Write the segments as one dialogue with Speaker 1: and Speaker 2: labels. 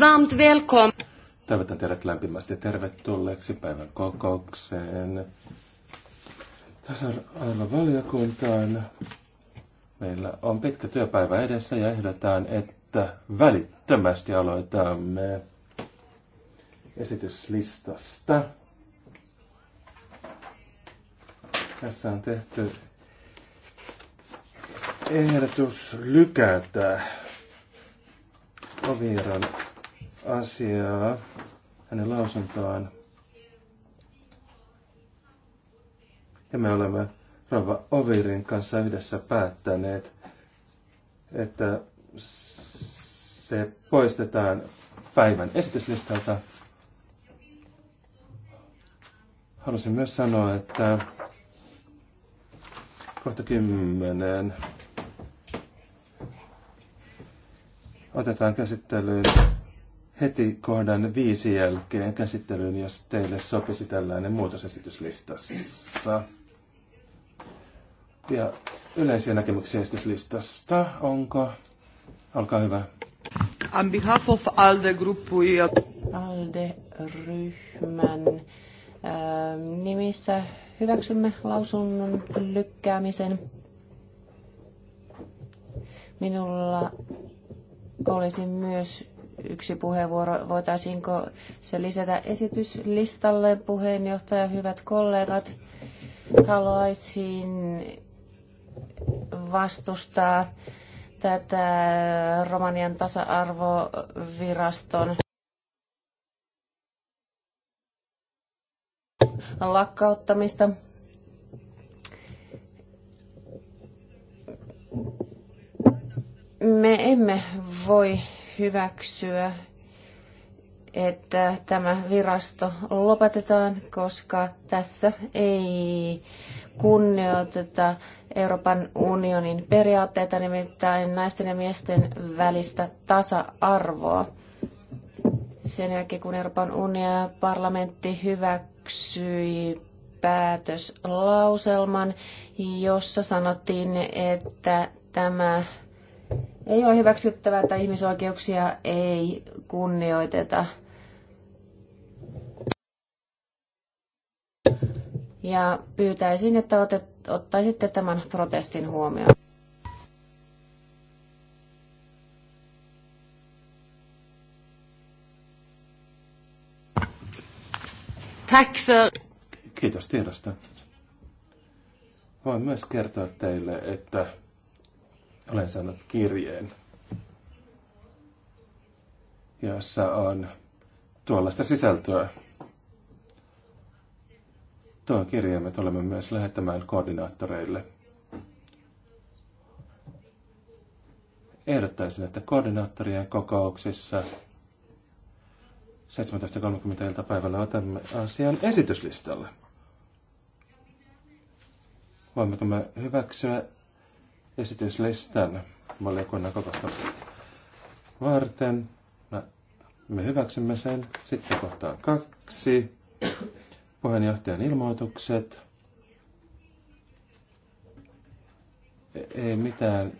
Speaker 1: varmt välkommen.
Speaker 2: Toivotan teidät lämpimästi tervetulleeksi päivän kokoukseen. Tasa-arvovaliokuntaan. Meillä on pitkä työpäivä edessä ja ehdotetaan, että välittömästi aloitamme esityslistasta. Tässä on tehty ehdotus lykätä Oviran asiaa hänen lausuntoaan. Ja me olemme Rova Ovirin kanssa yhdessä päättäneet, että se poistetaan päivän esityslistalta. Haluaisin myös sanoa, että kohta kymmenen otetaan käsittelyyn heti kohdan viisi jälkeen käsittelyyn, jos teille sopisi tällainen muutosesitys listassa. Ja yleisiä näkemyksiä esityslistasta, onko? Olkaa hyvä. On behalf of ALDE Group,
Speaker 3: ALDE-ryhmän ähm, nimissä hyväksymme lausunnon lykkäämisen. Minulla olisi myös yksi puheenvuoro. Voitaisiinko se lisätä esityslistalle, puheenjohtaja, hyvät kollegat? Haluaisin vastustaa tätä Romanian tasa-arvoviraston lakkauttamista. Me emme voi hyväksyä, että tämä virasto lopetetaan, koska tässä ei kunnioiteta Euroopan unionin periaatteita, nimittäin naisten ja miesten välistä tasa-arvoa. Sen jälkeen, kun Euroopan unionin parlamentti hyväksyi päätöslauselman, jossa sanottiin, että tämä ei ole hyväksyttävää, että ihmisoikeuksia ei kunnioiteta. Ja pyytäisin, että otet, ottaisitte tämän protestin huomioon.
Speaker 1: Tack för...
Speaker 2: Kiitos tiedosta. Voin myös kertoa teille, että olen saanut kirjeen, jossa on tuollaista sisältöä. Tuon kirjeen me tulemme myös lähettämään koordinaattoreille. Ehdottaisin, että koordinaattorien kokouksissa 17.30 iltapäivällä otamme asian esityslistalle. Voimmeko me hyväksyä esityslistan valiokunnan kokousta varten. Me hyväksymme sen. Sitten kohtaa kaksi. Puheenjohtajan ilmoitukset. E- ei mitään,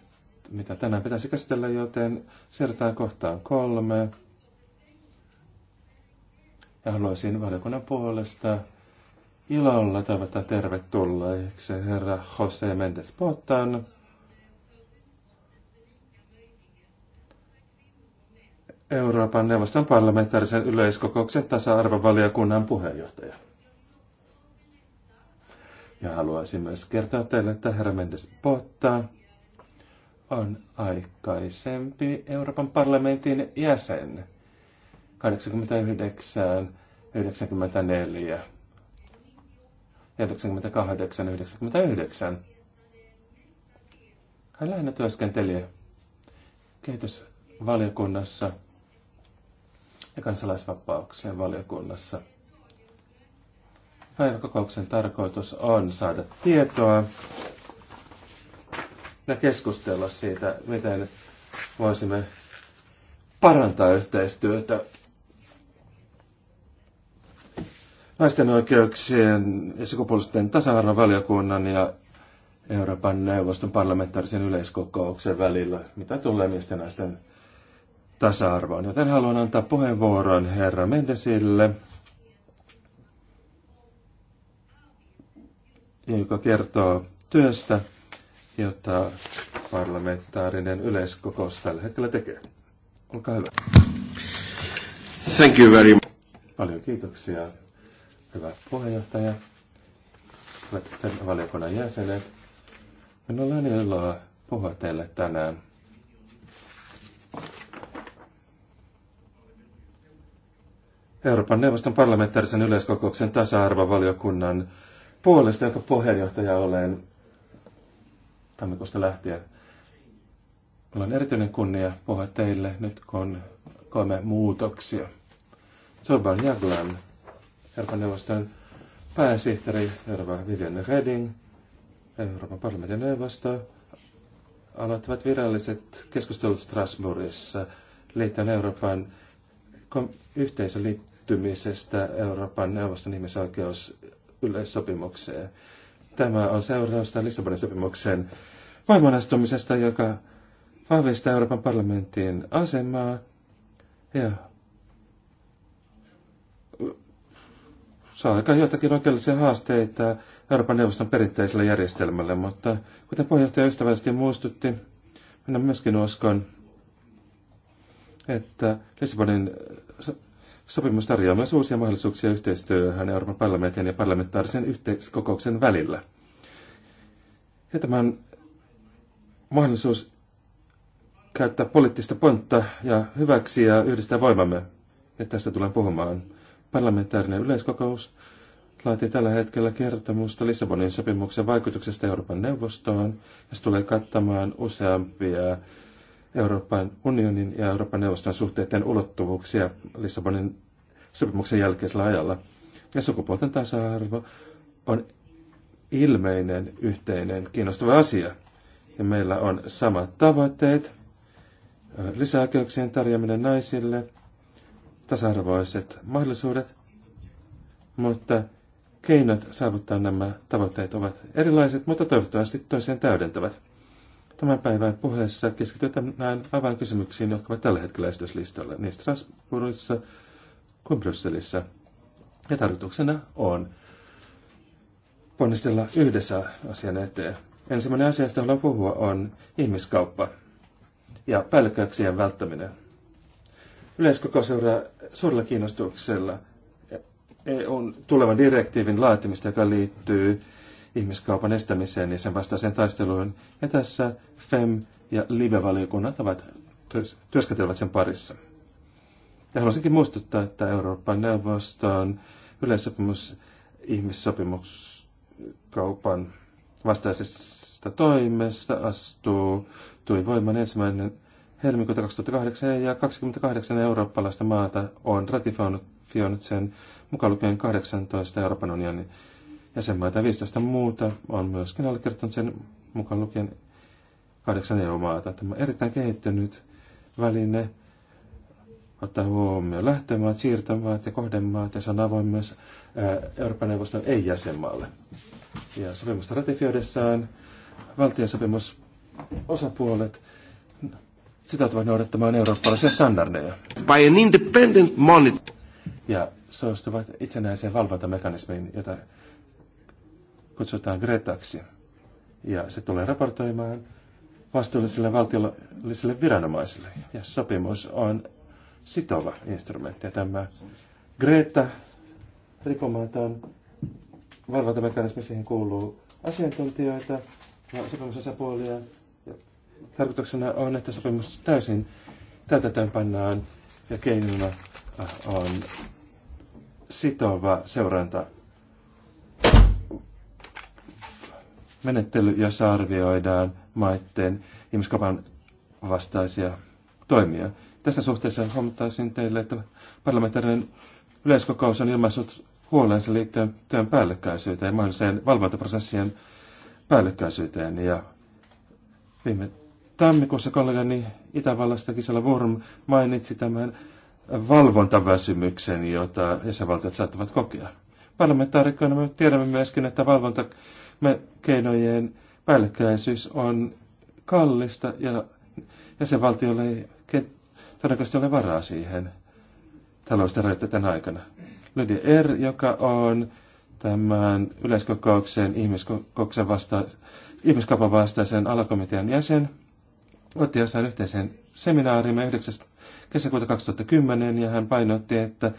Speaker 2: mitä tänään pitäisi käsitellä, joten siirrytään kohtaan kolme. Ja haluaisin valiokunnan puolesta ilolla toivottaa tervetulleeksi herra Jose Mendes Potan Euroopan neuvoston parlamentaarisen yleiskokouksen tasa-arvovaliokunnan puheenjohtaja. Ja haluaisin myös kertoa teille, että herra Mendes Potta on aikaisempi Euroopan parlamentin jäsen 89 94 98 99. Hän lähinnä työskenteli kehitysvaliokunnassa – ja kansalaisvapauksien valiokunnassa. Päiväkokouksen tarkoitus on saada tietoa ja keskustella siitä, miten voisimme parantaa yhteistyötä naisten oikeuksien ja sukupuolisten tasa-arvon valiokunnan ja Euroopan neuvoston parlamentaarisen yleiskokouksen välillä, mitä tulee miesten naisten tasa-arvoon. Joten haluan antaa puheenvuoron herra Mendesille, joka kertoo työstä, jota parlamentaarinen yleiskokous tällä hetkellä tekee. Olkaa hyvä. Thank you very much. Paljon kiitoksia, hyvä puheenjohtaja, hyvät valiokunnan jäsenet. Minulla on iloa puhua teille tänään Euroopan neuvoston parlamentaarisen yleiskokouksen tasa-arvovaliokunnan puolesta, jonka puheenjohtaja olen tammikuusta lähtien. Mulla on erityinen kunnia puhua teille nyt, kun kolme muutoksia. Torban Jaglan, Euroopan neuvoston pääsihteeri, Euroopan Vivian Redding, Euroopan parlamentin neuvosto, aloittavat viralliset keskustelut Strasbourgissa liittyen Euroopan Yhteisöliittymisestä liittymisestä Euroopan neuvoston yleissopimukseen. Tämä on seurausta Lissabonin sopimuksen voimanastumisesta, joka vahvistaa Euroopan parlamentin asemaa ja saa aika joitakin oikeudellisia haasteita Euroopan neuvoston perinteiselle järjestelmälle, mutta kuten puheenjohtaja ystävällisesti muistutti, minä myöskin uskon, että Lissabonin sopimus tarjoaa myös uusia mahdollisuuksia yhteistyöhön Euroopan parlamentin ja parlamentaarisen yhteiskokouksen välillä. Ja tämän mahdollisuus käyttää poliittista pontta ja hyväksi ja yhdistää voimamme. Ja tästä tulen puhumaan. Parlamentaarinen yleiskokous laatii tällä hetkellä kertomusta Lissabonin sopimuksen vaikutuksesta Euroopan neuvostoon ja se tulee kattamaan useampia Euroopan unionin ja Euroopan neuvoston suhteiden ulottuvuuksia Lissabonin sopimuksen jälkeisellä ajalla. Ja sukupuolten tasa-arvo on ilmeinen, yhteinen, kiinnostava asia. Ja meillä on samat tavoitteet, lisääkeyksien tarjoaminen naisille, tasa-arvoiset mahdollisuudet, mutta keinot saavuttaa nämä tavoitteet ovat erilaiset, mutta toivottavasti toiseen täydentävät. Tämän päivän puheessa keskitytään näin avainkysymyksiin, jotka ovat tällä hetkellä esityslistalla niin Strasbourgissa kuin Brysselissä. Ja tarkoituksena on ponnistella yhdessä asian eteen. Ensimmäinen asia, josta haluan puhua, on ihmiskauppa ja päällekkäyksien välttäminen. Yleiskoko seuraa suurella kiinnostuksella EUn e tulevan direktiivin laatimista, joka liittyy ihmiskaupan estämiseen ja sen vastaiseen taisteluun. Ja tässä FEM ja LIBE-valiokunnat ovat, työskentelevät sen parissa. Ja haluaisinkin muistuttaa, että Euroopan neuvoston yleissopimus ihmissopimuskaupan vastaisesta toimesta astuu tuin voimaan ensimmäinen helmikuuta 2008 ja 28 eurooppalaista maata on ratifioinut sen mukaan lukien 18 Euroopan unionin jäsenmaita. 15 muuta on myöskin allekirjoittanut sen mukaan lukien kahdeksan EU-maata. Tämä on erittäin kehittynyt väline ottaa huomioon lähtömaat, siirtomaat ja kohdemaat ja se on avoin myös Euroopan neuvoston ei-jäsenmaalle. Ja sopimusta ratifioidessaan valtiosopimus osapuolet sitoutuvat noudattamaan eurooppalaisia standardeja. By an independent monitor. Ja suostuvat itsenäiseen valvontamekanismiin, jota kutsutaan Gretaksi. Ja se tulee raportoimaan vastuullisille valtiollisille viranomaisille. Ja sopimus on sitova instrumentti. Ja tämä Greta rikomaton valvontamekanismi siihen kuuluu asiantuntijoita ja sopimusosapuolia. Ja tarkoituksena on, että sopimus täysin täytetään pannaan ja keinona on sitova seuranta menettely, jossa arvioidaan maiden ihmiskaupan vastaisia toimia. Tässä suhteessa huomattaisin teille, että parlamentaarinen yleiskokous on ilmaissut huolensa liittyen työn päällekkäisyyteen, mahdolliseen valvontaprosessien päällekkäisyyteen. Ja viime tammikuussa kollegani Itävallasta Kisela Wurm mainitsi tämän valvontaväsymyksen, jota jäsenvaltiot saattavat kokea. Parlamentaarikkoina me tiedämme myöskin, että valvonta keinojen päällekkäisyys on kallista ja jäsenvaltiolle ei todennäköisesti ole varaa siihen taloudellisten rajoitteiden aikana. Lydia R., er, joka on tämän yleiskokouksen ihmiskokouksen vasta, ihmiskaupan vastaisen alakomitean jäsen, otti osan yhteiseen seminaarimme 9. kesäkuuta 2010 ja hän painotti, että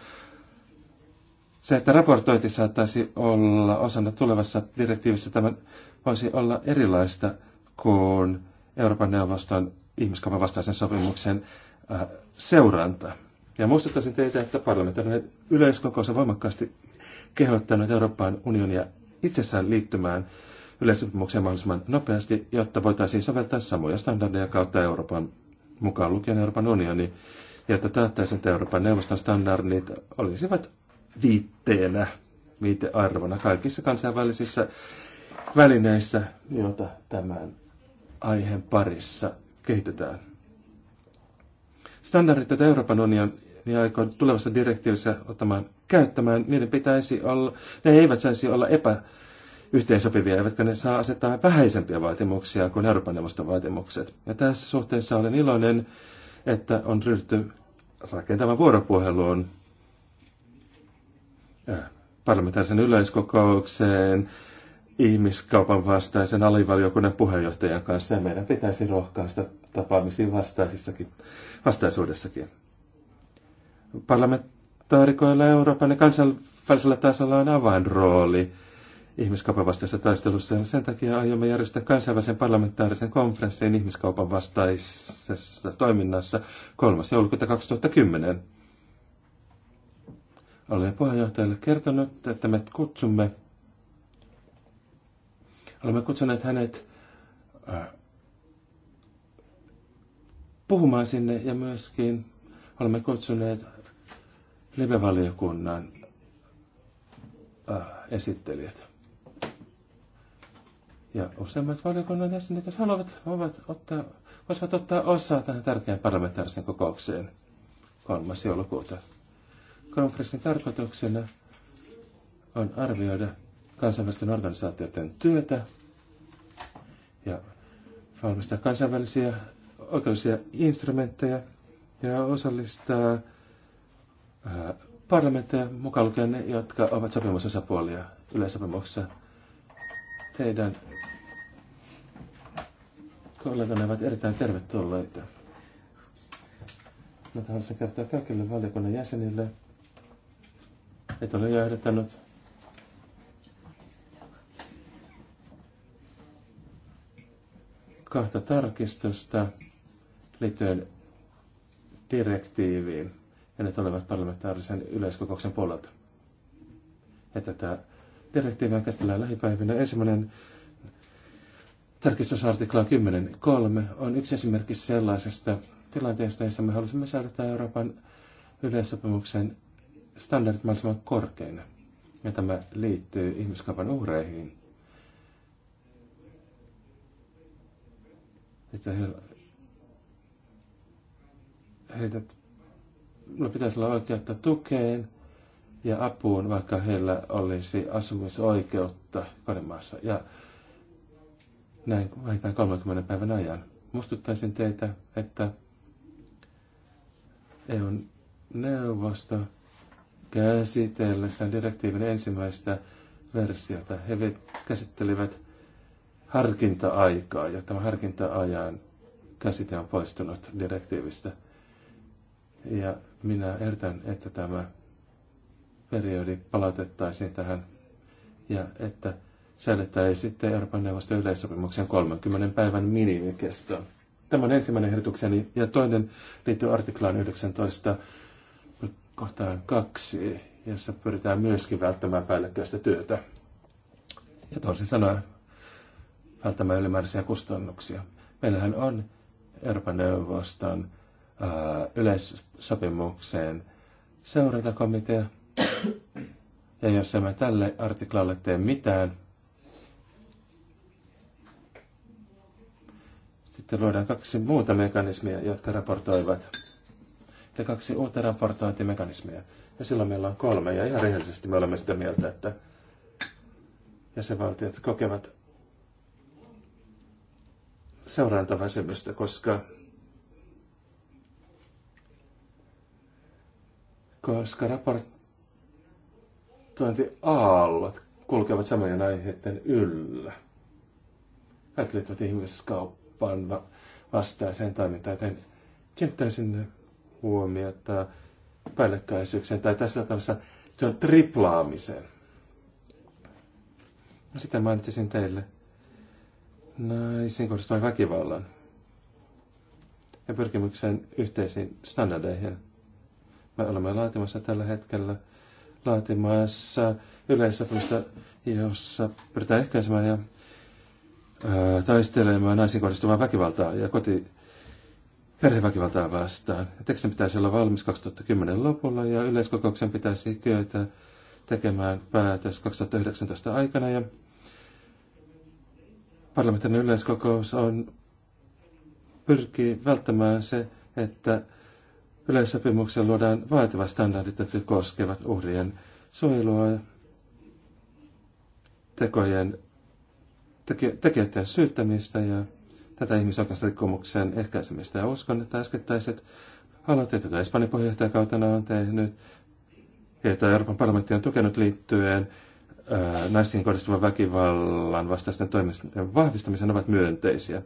Speaker 2: se, että raportointi saattaisi olla osana tulevassa direktiivissä, tämä voisi olla erilaista kuin Euroopan neuvoston ihmiskaupan vastaisen sopimuksen äh, seuranta. Ja muistuttaisin teitä, että parlamentaarinen yleiskokous on voimakkaasti kehottanut Euroopan unionia itsessään liittymään yleissopimukseen mahdollisimman nopeasti, jotta voitaisiin soveltaa samoja standardeja kautta Euroopan, mukaan lukien Euroopan unioni, jotta taattaisiin, että Euroopan neuvoston standardit olisivat viitteenä, viitearvona kaikissa kansainvälisissä välineissä, joita tämän aiheen parissa kehitetään. Standardit, joita Euroopan unioni aikoo tulevassa direktiivissä ottamaan käyttämään, niiden pitäisi olla, ne eivät saisi olla epä, yhteensopivia, eivätkä ne saa asettaa vähäisempiä vaatimuksia kuin Euroopan neuvoston vaatimukset. Ja tässä suhteessa olen iloinen, että on ryhdytty rakentamaan vuoropuheluun Äh, parlamentaarisen yleiskokoukseen ihmiskaupan vastaisen alivaliokunnan puheenjohtajan kanssa ja meidän pitäisi rohkaista tapaamisiin vastaisissakin, vastaisuudessakin. Parlamentaarikoilla Euroopan ja kansainvälisellä tasolla on avainrooli ihmiskaupan vastaisessa taistelussa. Sen takia aiomme järjestää kansainvälisen parlamentaarisen konferenssin ihmiskaupan vastaisessa toiminnassa 3. joulukuuta 2010. Olemme puheenjohtajalle kertonut, että me kutsumme, olemme kutsuneet hänet puhumaan sinne ja myöskin olemme kutsuneet live-valiokunnan esittelijät. Ja useimmat valiokunnan jäsenet, jos haluavat, voivat ottaa, voisivat ottaa osaa tähän tärkeään parlamentaariseen kokoukseen 3. joulukuuta. Konferenssin tarkoituksena on arvioida kansainvälisten organisaatioiden työtä ja valmistaa kansainvälisiä oikeudellisia instrumentteja ja osallistaa parlamentteja mukaan lukien ne, jotka ovat sopimusosapuolia yleissopimuksessa. Teidän kolleganne ovat erittäin tervetulleita. Mutta haluaisin kertoa kaikille valiokunnan jäsenille, et ole jo kahta tarkistusta liittyen direktiiviin, ja ne tulevat parlamentaarisen yleiskokouksen puolelta. Ja tätä direktiiviä käsitellään lähipäivinä. Ensimmäinen tarkistusartikla 10.3 on yksi esimerkki sellaisesta tilanteesta, jossa me halusimme säädättää Euroopan yleissopimuksen standardit mahdollisimman korkeina. Ja tämä liittyy ihmiskaupan uhreihin. Että he, heidät no, pitäisi olla oikeutta tukeen ja apuun, vaikka heillä olisi asumisoikeutta kodemaassa. Ja näin vähintään 30 päivän ajan. Muistuttaisin teitä, että eu neuvosto käsitellessään direktiivin ensimmäistä versiota. He käsittelivät harkinta-aikaa, ja tämä harkinta-ajan käsite on poistunut direktiivistä. Ja minä ehdotan, että tämä periodi palautettaisiin tähän ja että säädettäisiin sitten Euroopan neuvoston yleissopimuksen 30 päivän minimikestoon. Tämä on ensimmäinen ehdotukseni ja toinen liittyy artiklaan 19 kohtaan kaksi, jossa pyritään myöskin välttämään päällekkäistä työtä. Ja toisin sanoen välttämään ylimääräisiä kustannuksia. Meillähän on Euroopan neuvoston yleissopimukseen seurantakomitea. Ja jos emme tälle artiklalle tee mitään, sitten luodaan kaksi muuta mekanismia, jotka raportoivat ja kaksi uutta raportointimekanismia. Ja silloin meillä on kolme, ja ihan rehellisesti me olemme sitä mieltä, että jäsenvaltiot kokevat seurantaväsymystä, koska koska raportointiaallot kulkevat samojen aiheiden yllä. Kaikki liittyvät ihmiskauppaan vastaiseen toimintaan, joten kiinnittäisin huomiota päällekkäisyykseen tai tässä tavalla työn triplaamiseen. No, Sitten mainitsin teille naisiin kohdistuvan väkivallan ja pyrkimyksen yhteisiin standardeihin. Me olemme laatimassa tällä hetkellä laatimassa yleissopimusta, jossa pyritään ehkäisemään ja ää, taistelemaan naisiin kohdistuvaa väkivaltaa ja koti perheväkivaltaa vastaan. Tekstin pitäisi olla valmis 2010 lopulla ja yleiskokouksen pitäisi kyetä tekemään päätös 2019 aikana. Ja parlamentaarinen yleiskokous on pyrkii välttämään se, että yleissopimuksen luodaan vaativat standardit, jotka koskevat uhrien suojelua ja tekojen, tekijöiden syyttämistä ja tätä ihmisoikeusrikkomuksen ehkäisemistä. Ja uskon, että äskettäiset aloitteet, joita Espanjan puheenjohtajakautena on tehnyt, että joita Euroopan parlamentti on tukenut liittyen ää, naisiin kohdistuvan väkivallan vastaisten toimien vahvistamisen, ovat myönteisiä.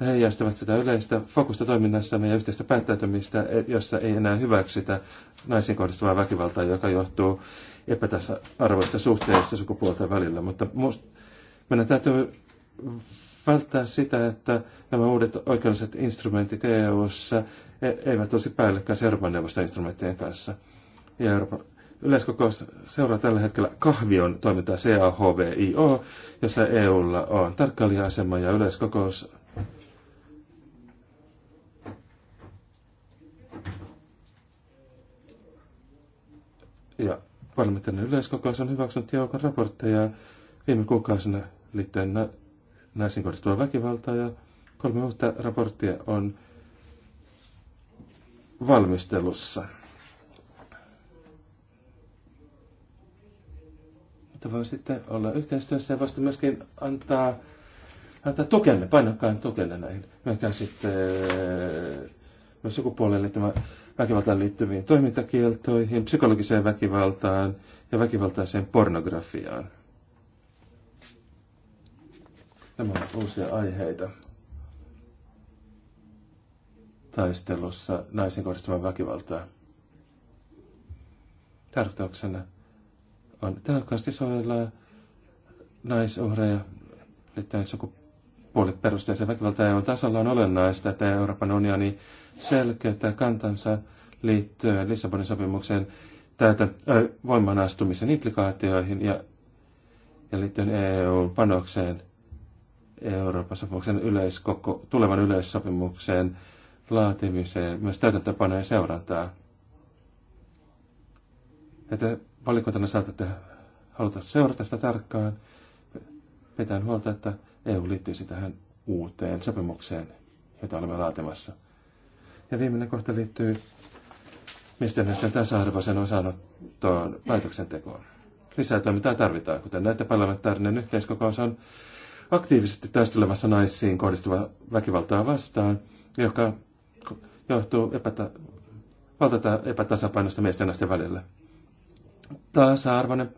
Speaker 2: He heijastavat sitä yleistä fokusta toiminnassa ja yhteistä päättäytymistä, e, jossa ei enää hyväksytä naisiin kohdistuvaa väkivaltaa, joka johtuu epätasa-arvoista suhteista sukupuolten välillä. Mutta meidän täytyy välttää sitä, että nämä uudet oikeudelliset instrumentit EU-ssa e- eivät olisi päällekkäin Euroopan neuvoston instrumenttien kanssa. Ja Euroopan yleiskokous seuraa tällä hetkellä kahvion toimintaa CAHVIO, jossa EUlla on tarkkailija-asema ja yleiskokous ja parlamentaarinen yleiskokous on hyväksynyt joukon raportteja viime kuukausina liittyen naisiin kohdistuvaa väkivaltaa ja kolme uutta raporttia on valmistelussa. Mutta voi sitten olla yhteistyössä ja vasta myöskin antaa, antaa tukenne, painokkaan tukenne näihin. Mekä sitten eh, myös sukupuolelle tämä väkivaltaan liittyviin toimintakieltoihin, psykologiseen väkivaltaan ja väkivaltaiseen pornografiaan. Nämä ovat uusia aiheita taistelussa naisen kohdistuvan väkivaltaa. Tarkoituksena on tehokkaasti suojella naisuhreja liittyen väkivaltaa väkivaltaan EUn tasolla on olennaista, että Euroopan unioni selkeyttää kantansa liittyen Lissabonin sopimuksen täytä, äh, voimaan astumisen implikaatioihin ja, ja liittyen EUn panokseen Euroopan sopimuksen yleiskoko, tulevan yleissopimuksen laatimiseen, myös täytäntöpaneen seurantaa. Että valikuntana saatatte haluta seurata sitä tarkkaan, pitää huolta, että EU liittyisi tähän uuteen sopimukseen, jota olemme laatimassa. Ja viimeinen kohta liittyy miesten näisten tasa-arvoisen osanottoon päätöksentekoon. Lisää toimintaa tarvitaan, kuten näette parlamentaarinen yhteiskokous on aktiivisesti taistelevassa naisiin kohdistuva väkivaltaa vastaan, joka johtuu epäta- valtata epätasapainosta miesten ja naisten välillä. Tasa-arvoinen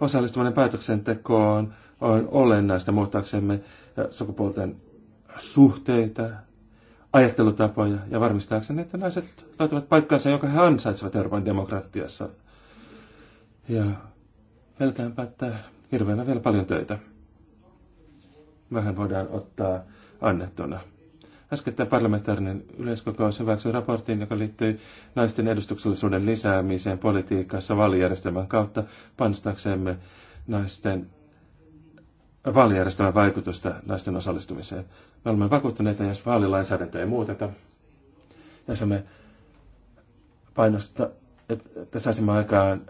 Speaker 2: osallistuminen päätöksentekoon on olennaista muuttaaksemme äh, sukupuolten suhteita, ajattelutapoja ja varmistaakseni, että naiset löytävät paikkaansa, jonka he ansaitsevat Euroopan demokratiassa. Ja pelkäänpä, että hirveänä vielä paljon töitä vähän voidaan ottaa annettuna. Äskettäin parlamentaarinen yleiskokous hyväksyi raportin, joka liittyy naisten edustuksellisuuden lisäämiseen politiikassa vaalijärjestelmän kautta panostaksemme naisten vaalijärjestelmän vaikutusta naisten osallistumiseen. Me olemme vakuuttuneita, jos vaalilainsäädäntö ei muuteta, jos me painosta, että saisimme aikaan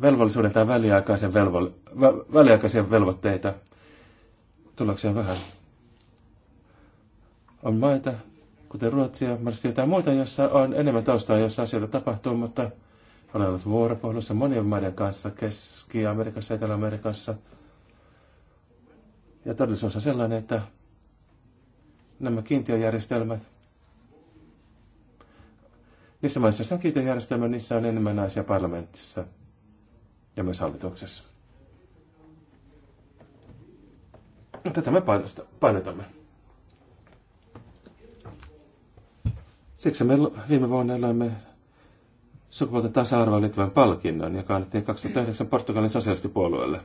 Speaker 2: velvollisuuden tai väliaikaisen velvo, väliaikaisia velvoitteita – tullakseen vähän. On maita, kuten Ruotsia, mahdollisesti jotain muita, jossa on enemmän taustaa, jossa asioita tapahtuu, mutta olen ollut vuoropuhelussa monien maiden kanssa, Keski-Amerikassa, Etelä-Amerikassa. Ja todellisuus on sellainen, että nämä kiintiöjärjestelmät, niissä maissa on kiintiöjärjestelmä, niissä on enemmän naisia parlamentissa ja myös hallituksessa. Tätä me painotamme. Siksi me viime vuonna elämme sukupuolten tasa-arvoon liittyvän palkinnon, joka annettiin 2009 Portugalin sosialistipuolueelle.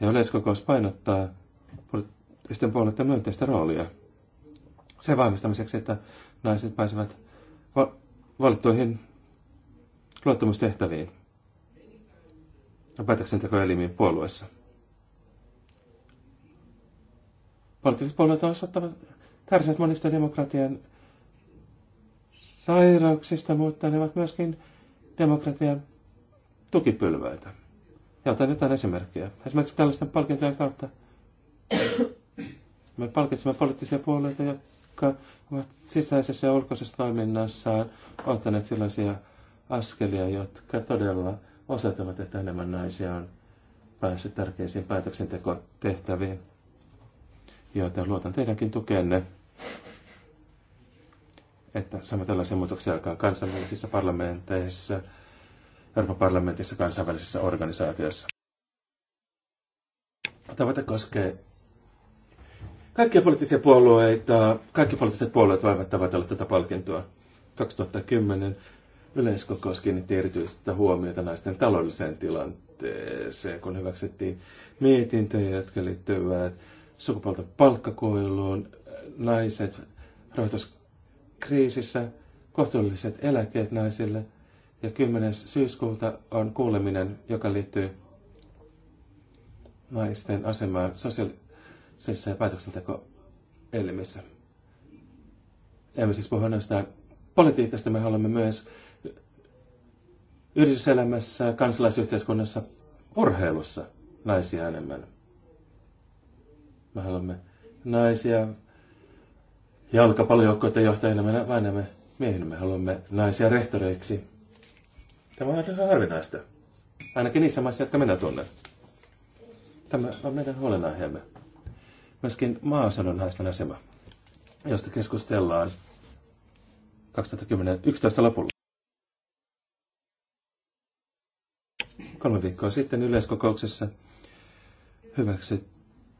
Speaker 2: Ja yleiskokous painottaa poliittisten puolueiden myönteistä roolia sen vahvistamiseksi, että naiset pääsevät valittuihin luottamustehtäviin ja päätöksentekoelimiin puolueessa. Poliittiset puolueet saattavat kärsivät monista demokratian sairauksista, mutta ne ovat myöskin demokratian tukipylväitä. Ja otan jotain esimerkkiä. Esimerkiksi tällaisten palkintojen kautta me palkitsemme poliittisia puolueita, jotka ovat sisäisessä ja ulkoisessa toiminnassaan ottaneet sellaisia askelia, jotka todella osoittavat, että enemmän naisia on päässyt tärkeisiin päätöksentekotehtäviin joten luotan teidänkin tukenne, että saamme tällaisia muutoksia aikaan kansainvälisissä parlamenteissa, Euroopan parlamentissa, kansainvälisissä organisaatioissa. Tavoite koskee kaikkia poliittisia puolueita. Kaikki poliittiset puolueet voivat tavoitella tätä palkintoa. 2010 yleiskokous kiinnitti erityistä huomiota naisten taloudelliseen tilanteeseen, kun hyväksyttiin mietintöjä, jotka liittyvät sukupuolten palkkakuiluun, naiset rahoituskriisissä, kohtuulliset eläkkeet naisille ja 10. syyskuuta on kuuleminen, joka liittyy naisten asemaan sosiaalisessa ja päätöksentekoelimissä. Emme siis puhu ainoastaan politiikasta, me haluamme myös yrityselämässä, kansalaisyhteiskunnassa, urheilussa naisia enemmän. Me haluamme naisia jalkapallojoukkoiden johtajina, me vainemme miehen, Me haluamme naisia rehtoreiksi. Tämä on aika harvinaista. Ainakin niissä maissa, jotka minä tunnen. Tämä on meidän huolenaiheemme. Myöskin maaseudun naisten asema, josta keskustellaan 2011 lopulla. Kolme viikkoa sitten yleiskokouksessa hyväksyt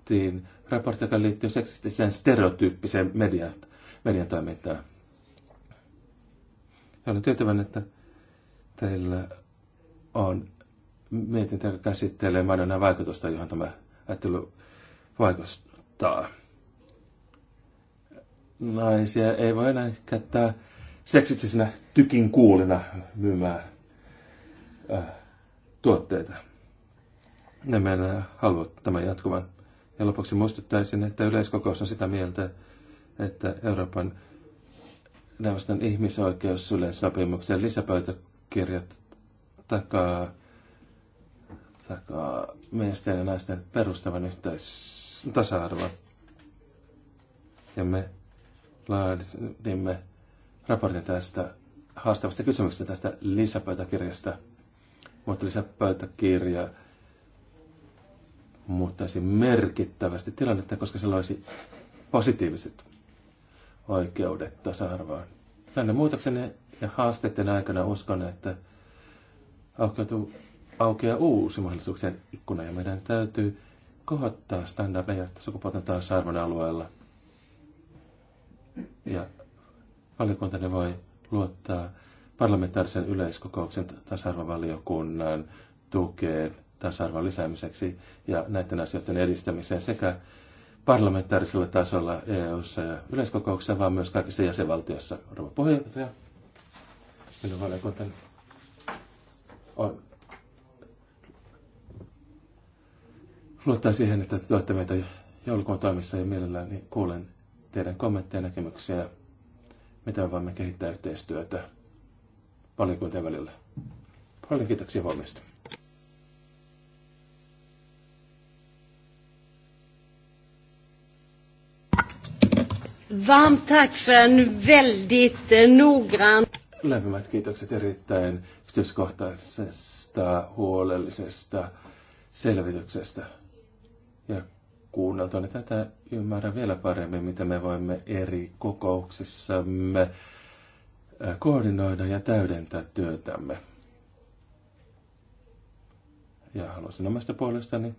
Speaker 2: tehtiin raportti, joka liittyy seksistiseen stereotyyppiseen median, median toimintaan. Ja olen tyytyväinen, että teillä on mietintö, joka käsittelee madonnan vaikutusta, johon tämä ajattelu vaikuttaa. Naisia ei voi enää käyttää seksitsisinä tykin kuulina myymään äh, tuotteita. Ne meidän haluavat tämän jatkuvan. Ja lopuksi muistuttaisin, että yleiskokous on sitä mieltä, että Euroopan neuvoston ihmisoikeusyleissopimuksen lisäpöytäkirjat takaa, takaa miesten ja naisten perustavan yhteis- tasa-arvon. Ja me laadimme raportin tästä haastavasta kysymyksestä tästä lisäpöytäkirjasta. Mutta lisäpöytäkirja muuttaisi merkittävästi tilannetta, koska se loisi positiiviset oikeudet tasa-arvoon. Näiden muutoksen ja haasteiden aikana uskon, että aukeutuu, aukeaa uusi mahdollisuuksien ikkuna ja meidän täytyy kohottaa standardeja sukupuolten tasa-arvon alueella. Ja valiokunta ne voi luottaa parlamentaarisen yleiskokouksen tasa-arvovaliokunnan tukeen – tasa-arvon lisäämiseksi ja näiden asioiden edistämiseen sekä parlamentaarisella tasolla EU-ssa ja yleiskokouksessa, vaan myös kaikissa jäsenvaltioissa. Rouva puheenjohtaja, minun valiokuntani on luottaa siihen, että tuotte meitä joulukuun toimissa ja mielelläni kuulen teidän kommentteja ja näkemyksiä, mitä me voimme kehittää yhteistyötä valiokuntien välillä. Paljon kiitoksia huomioista.
Speaker 1: Varmt tack för en väldigt eh, noggrann...
Speaker 2: Lämpimät kiitokset erittäin yksityiskohtaisesta, huolellisesta selvityksestä. Ja kuunneltuani tätä ymmärrän vielä paremmin, mitä me voimme eri kokouksissamme eh, koordinoida ja täydentää työtämme. Ja haluaisin omasta puolestani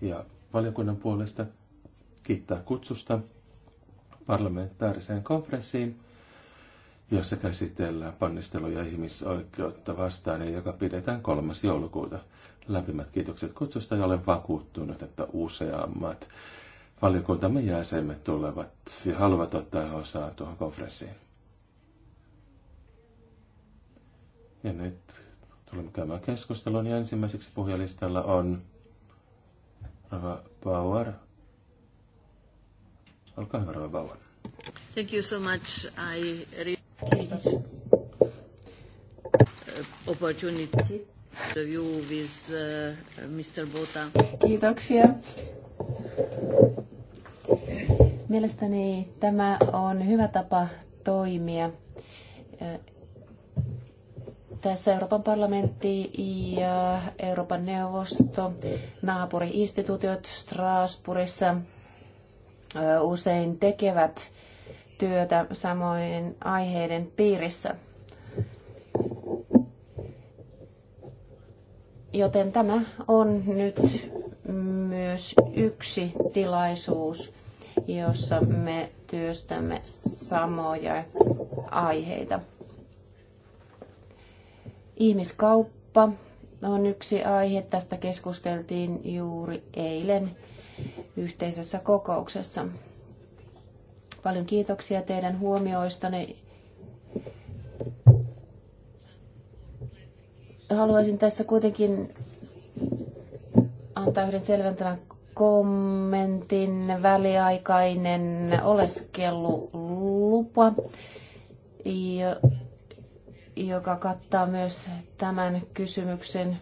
Speaker 2: ja valiokunnan puolesta kiittää kutsusta parlamentaariseen konferenssiin, jossa käsitellään pannisteluja ihmisoikeutta vastaan ja joka pidetään 3. joulukuuta. Lämpimät kiitokset kutsusta ja olen vakuuttunut, että useammat valiokuntamme jäsenet tulevat ja haluavat ottaa osaa tuohon konferenssiin. Ja nyt tulemme käymään keskustelun ja ensimmäiseksi puhujalistalla on Rava Bauer Olkaa hyvä, Rova Bauer.
Speaker 1: Thank you so much. I Kiitos. opportunity to you with uh, Mr. Bota.
Speaker 3: Kiitoksia. Mielestäni tämä on hyvä tapa toimia. Uh, tässä Euroopan parlamentti ja Euroopan neuvosto, naapuriinstituutiot Strasbourgissa – usein tekevät työtä samojen aiheiden piirissä. Joten tämä on nyt myös yksi tilaisuus, jossa me työstämme samoja aiheita. Ihmiskauppa on yksi aihe. Tästä keskusteltiin juuri eilen yhteisessä kokouksessa. Paljon kiitoksia teidän huomioistanne. Haluaisin tässä kuitenkin antaa yhden selventävän kommentin väliaikainen oleskelulupa, joka kattaa myös tämän kysymyksen.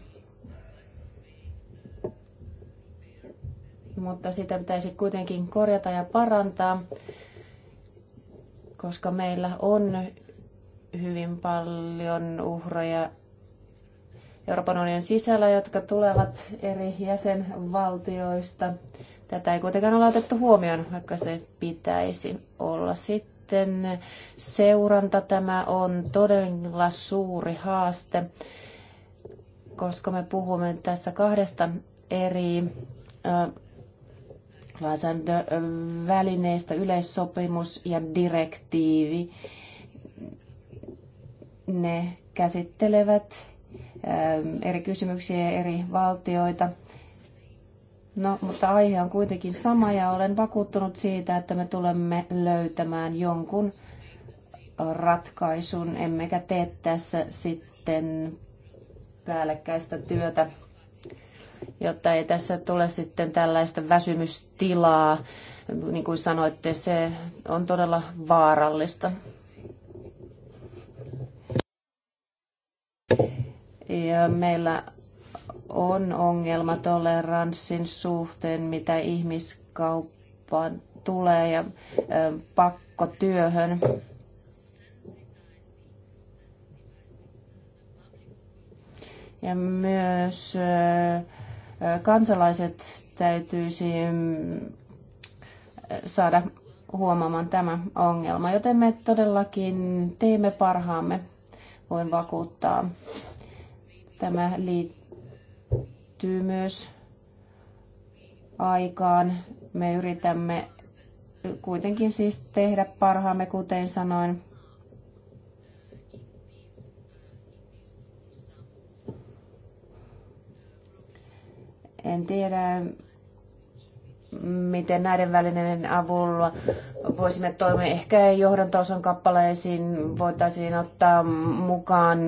Speaker 3: mutta sitä pitäisi kuitenkin korjata ja parantaa, koska meillä on hyvin paljon uhroja Euroopan unionin sisällä, jotka tulevat eri jäsenvaltioista. Tätä ei kuitenkaan ole otettu huomioon, vaikka se pitäisi olla sitten. Seuranta tämä on todella suuri haaste, koska me puhumme tässä kahdesta eri lainsäädäntövälineistä yleissopimus ja direktiivi. Ne käsittelevät ähm, eri kysymyksiä ja eri valtioita. No, mutta aihe on kuitenkin sama ja olen vakuuttunut siitä, että me tulemme löytämään jonkun ratkaisun, emmekä tee tässä sitten päällekkäistä työtä jotta ei tässä tule sitten tällaista väsymystilaa. Niin kuin sanoitte, se on todella vaarallista. Ja meillä on ongelma toleranssin suhteen, mitä ihmiskauppaan tulee ja pakkotyöhön. Ja myös Kansalaiset täytyisi mm, saada huomaamaan tämä ongelma, joten me todellakin teemme parhaamme, voin vakuuttaa. Tämä liittyy myös aikaan. Me yritämme kuitenkin siis tehdä parhaamme, kuten sanoin. En tiedä, miten näiden välinen avulla voisimme toimia. Ehkä johdantoosan kappaleisiin voitaisiin ottaa mukaan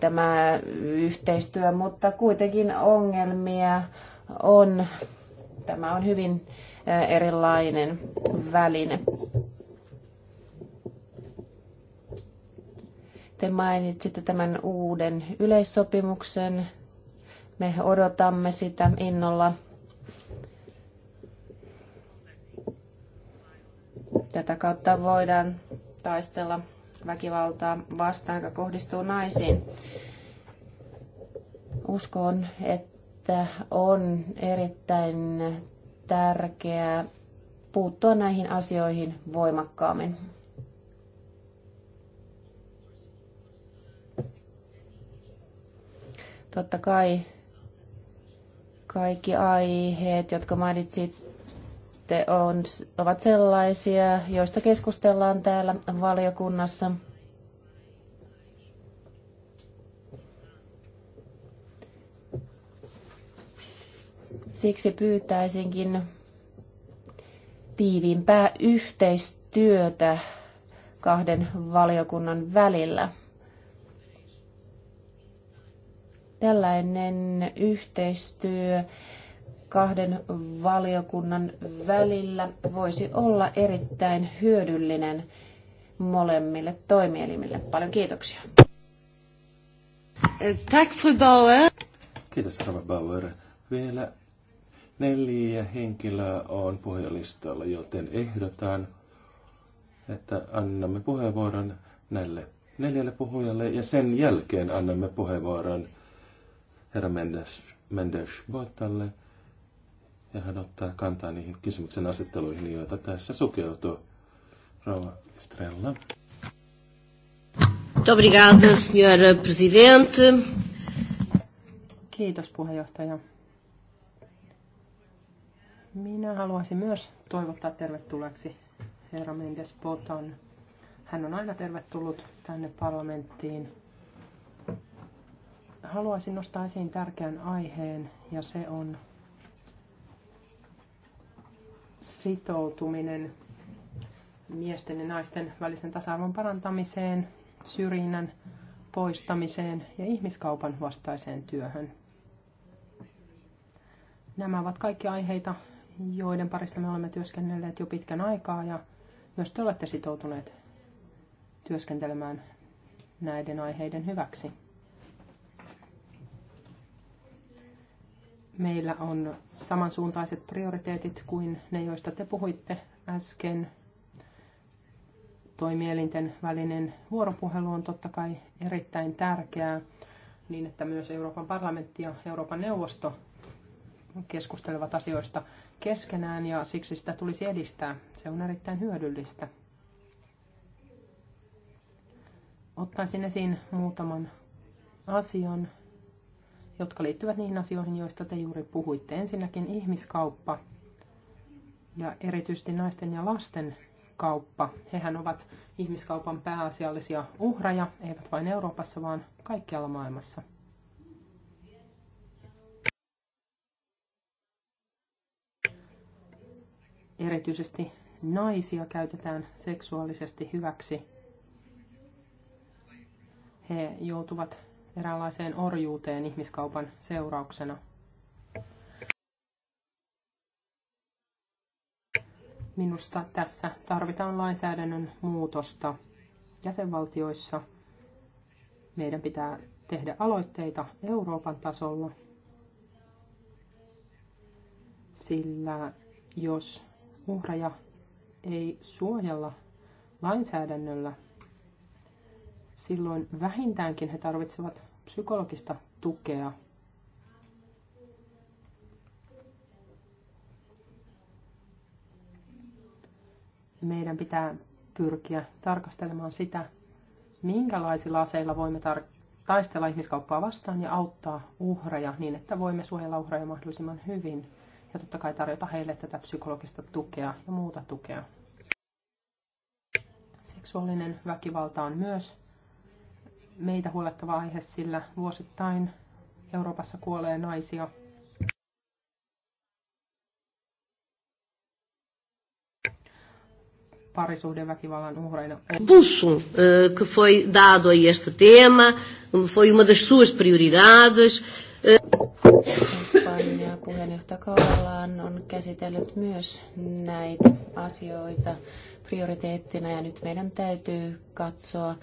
Speaker 3: tämä yhteistyö, mutta kuitenkin ongelmia on. Tämä on hyvin erilainen väline. Te mainitsitte tämän uuden yleissopimuksen me odotamme sitä innolla. Tätä kautta voidaan taistella väkivaltaa vastaan, joka kohdistuu naisiin. Uskon, että on erittäin tärkeää puuttua näihin asioihin voimakkaammin. Totta kai kaikki aiheet, jotka mainitsitte, on, ovat sellaisia, joista keskustellaan täällä valiokunnassa. Siksi pyytäisinkin tiiviimpää yhteistyötä kahden valiokunnan välillä. Tällainen yhteistyö kahden valiokunnan välillä voisi olla erittäin hyödyllinen molemmille toimielimille. Paljon kiitoksia.
Speaker 2: Tack fru Bauer. Kiitos Rava Bauer. Vielä neljä henkilöä on puheenlistalla, joten ehdotan, että annamme puheenvuoron näille neljälle puhujalle ja sen jälkeen annamme puheenvuoron herra Mendes, Mendes Bottalle ja hän ottaa kantaa niihin kysymyksen asetteluihin, joita tässä sukeutuu. Rauha Estrella.
Speaker 4: Obrigada, senhora presidente. Kiitos puheenjohtaja. Minä haluaisin myös toivottaa tervetulleeksi herra Mendes Botan. Hän on aina tervetullut tänne parlamenttiin haluaisin nostaa esiin tärkeän aiheen ja se on sitoutuminen miesten ja naisten välisen tasa-arvon parantamiseen, syrjinnän poistamiseen ja ihmiskaupan vastaiseen työhön. Nämä ovat kaikki aiheita, joiden parissa me olemme työskennelleet jo pitkän aikaa ja myös te olette sitoutuneet työskentelemään näiden aiheiden hyväksi. Meillä on samansuuntaiset prioriteetit kuin ne, joista te puhuitte äsken. Toimielinten välinen vuoropuhelu on totta kai erittäin tärkeää, niin että myös Euroopan parlamentti ja Euroopan neuvosto keskustelevat asioista keskenään ja siksi sitä tulisi edistää. Se on erittäin hyödyllistä. Ottaisin esiin muutaman asian, jotka liittyvät niihin asioihin, joista te juuri puhuitte. Ensinnäkin ihmiskauppa ja erityisesti naisten ja lasten kauppa. Hehän ovat ihmiskaupan pääasiallisia uhraja, eivät vain Euroopassa, vaan kaikkialla maailmassa. Erityisesti naisia käytetään seksuaalisesti hyväksi. He joutuvat eräänlaiseen orjuuteen ihmiskaupan seurauksena. Minusta tässä tarvitaan lainsäädännön muutosta jäsenvaltioissa. Meidän pitää tehdä aloitteita Euroopan tasolla, sillä jos uhraja ei suojella lainsäädännöllä, silloin vähintäänkin he tarvitsevat psykologista tukea. Meidän pitää pyrkiä tarkastelemaan sitä, minkälaisilla aseilla voimme tar- taistella ihmiskauppaa vastaan ja auttaa uhreja niin, että voimme suojella uhreja mahdollisimman hyvin ja totta kai tarjota heille tätä psykologista tukea ja muuta tukea. Seksuaalinen väkivalta on myös meitä huolettava aihe, sillä vuosittain Euroopassa kuolee naisia parisuhdeväkivallan uhreina.
Speaker 1: Pulso eh, que foi dado a este tema foi uma das suas prioridades. Eh.
Speaker 4: Espanja
Speaker 3: puheenjohtajakaudellaan on käsitellyt myös näitä asioita prioriteettina ja nyt meidän täytyy katsoa,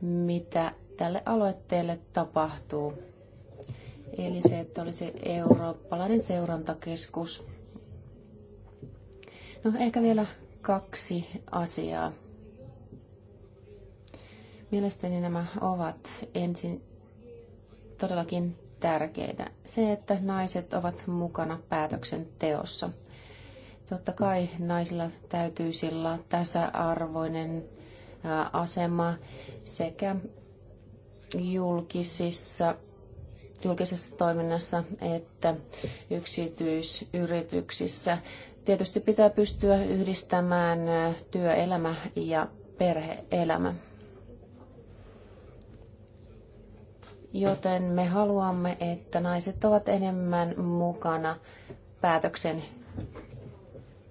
Speaker 3: mitä tälle aloitteelle tapahtuu. Eli se, että olisi eurooppalainen seurantakeskus. No ehkä vielä kaksi asiaa. Mielestäni nämä ovat ensin todellakin tärkeitä. Se, että naiset ovat mukana päätöksenteossa. Totta kai naisilla täytyy olla tasa-arvoinen asema sekä julkisissa, julkisessa toiminnassa että yksityisyrityksissä. Tietysti pitää pystyä yhdistämään työelämä ja perheelämä. Joten me haluamme, että naiset ovat enemmän mukana päätöksen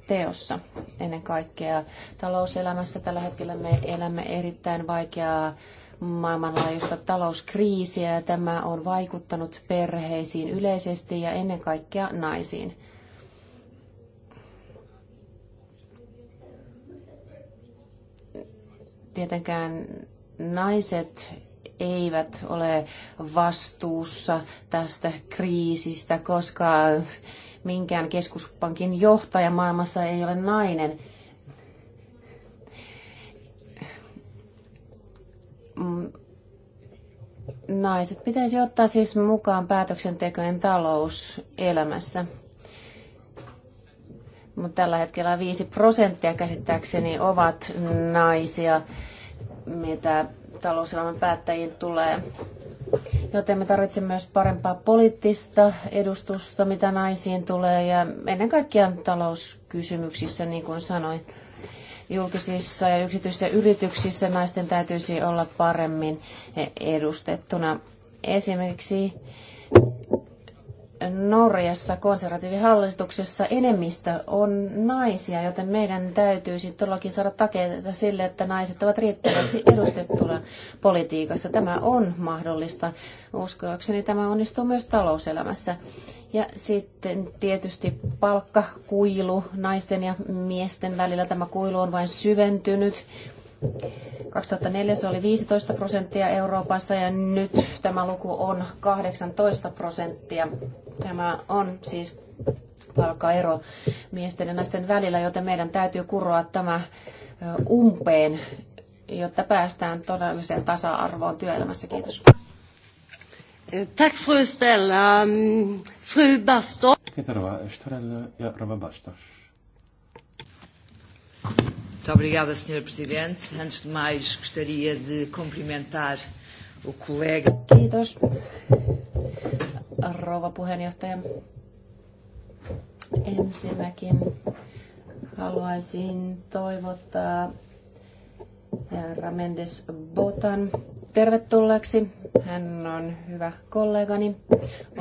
Speaker 3: teossa ennen kaikkea talouselämässä. Tällä hetkellä me elämme erittäin vaikeaa maailmanlaajuista talouskriisiä ja tämä on vaikuttanut perheisiin yleisesti ja ennen kaikkea naisiin. Tietenkään naiset eivät ole vastuussa tästä kriisistä, koska minkään keskuspankin johtaja maailmassa ei ole nainen. Mm, naiset pitäisi ottaa siis mukaan päätöksentekojen talouselämässä. Mutta tällä hetkellä 5 prosenttia käsittääkseni ovat naisia, mitä talouselämän päättäjiin tulee. Joten me tarvitsemme myös parempaa poliittista edustusta, mitä naisiin tulee, ja ennen kaikkea talouskysymyksissä, niin kuin sanoin julkisissa ja yksityisissä yrityksissä naisten täytyisi olla paremmin edustettuna. Esimerkiksi Norjassa konservatiivihallituksessa enemmistö on naisia, joten meidän täytyisi todellakin saada takeita sille, että naiset ovat riittävästi edustettuna politiikassa. Tämä on mahdollista. Uskoakseni tämä onnistuu myös talouselämässä. Ja sitten tietysti palkkakuilu naisten ja miesten välillä. Tämä kuilu on vain syventynyt 2004 se oli 15 prosenttia Euroopassa ja nyt tämä luku on 18 prosenttia. Tämä on siis palkkaero miesten ja naisten välillä, joten meidän täytyy kuroa tämä umpeen, jotta päästään todelliseen tasa-arvoon työelämässä. Kiitos.
Speaker 1: Eh, tack fru Stella. Mm, fru Bastos.
Speaker 2: Kiitos Rova Estrella ja Rova Bastos.
Speaker 5: Muito obrigada, Sr. Presidente. Antes de mais, gostaria de cumprimentar o
Speaker 6: colega.
Speaker 3: Kiitos, rouva puheenjohtaja. Ensinnäkin haluaisin toivottaa herra Mendes Botan tervetulleeksi. Hän on hyvä kollegani.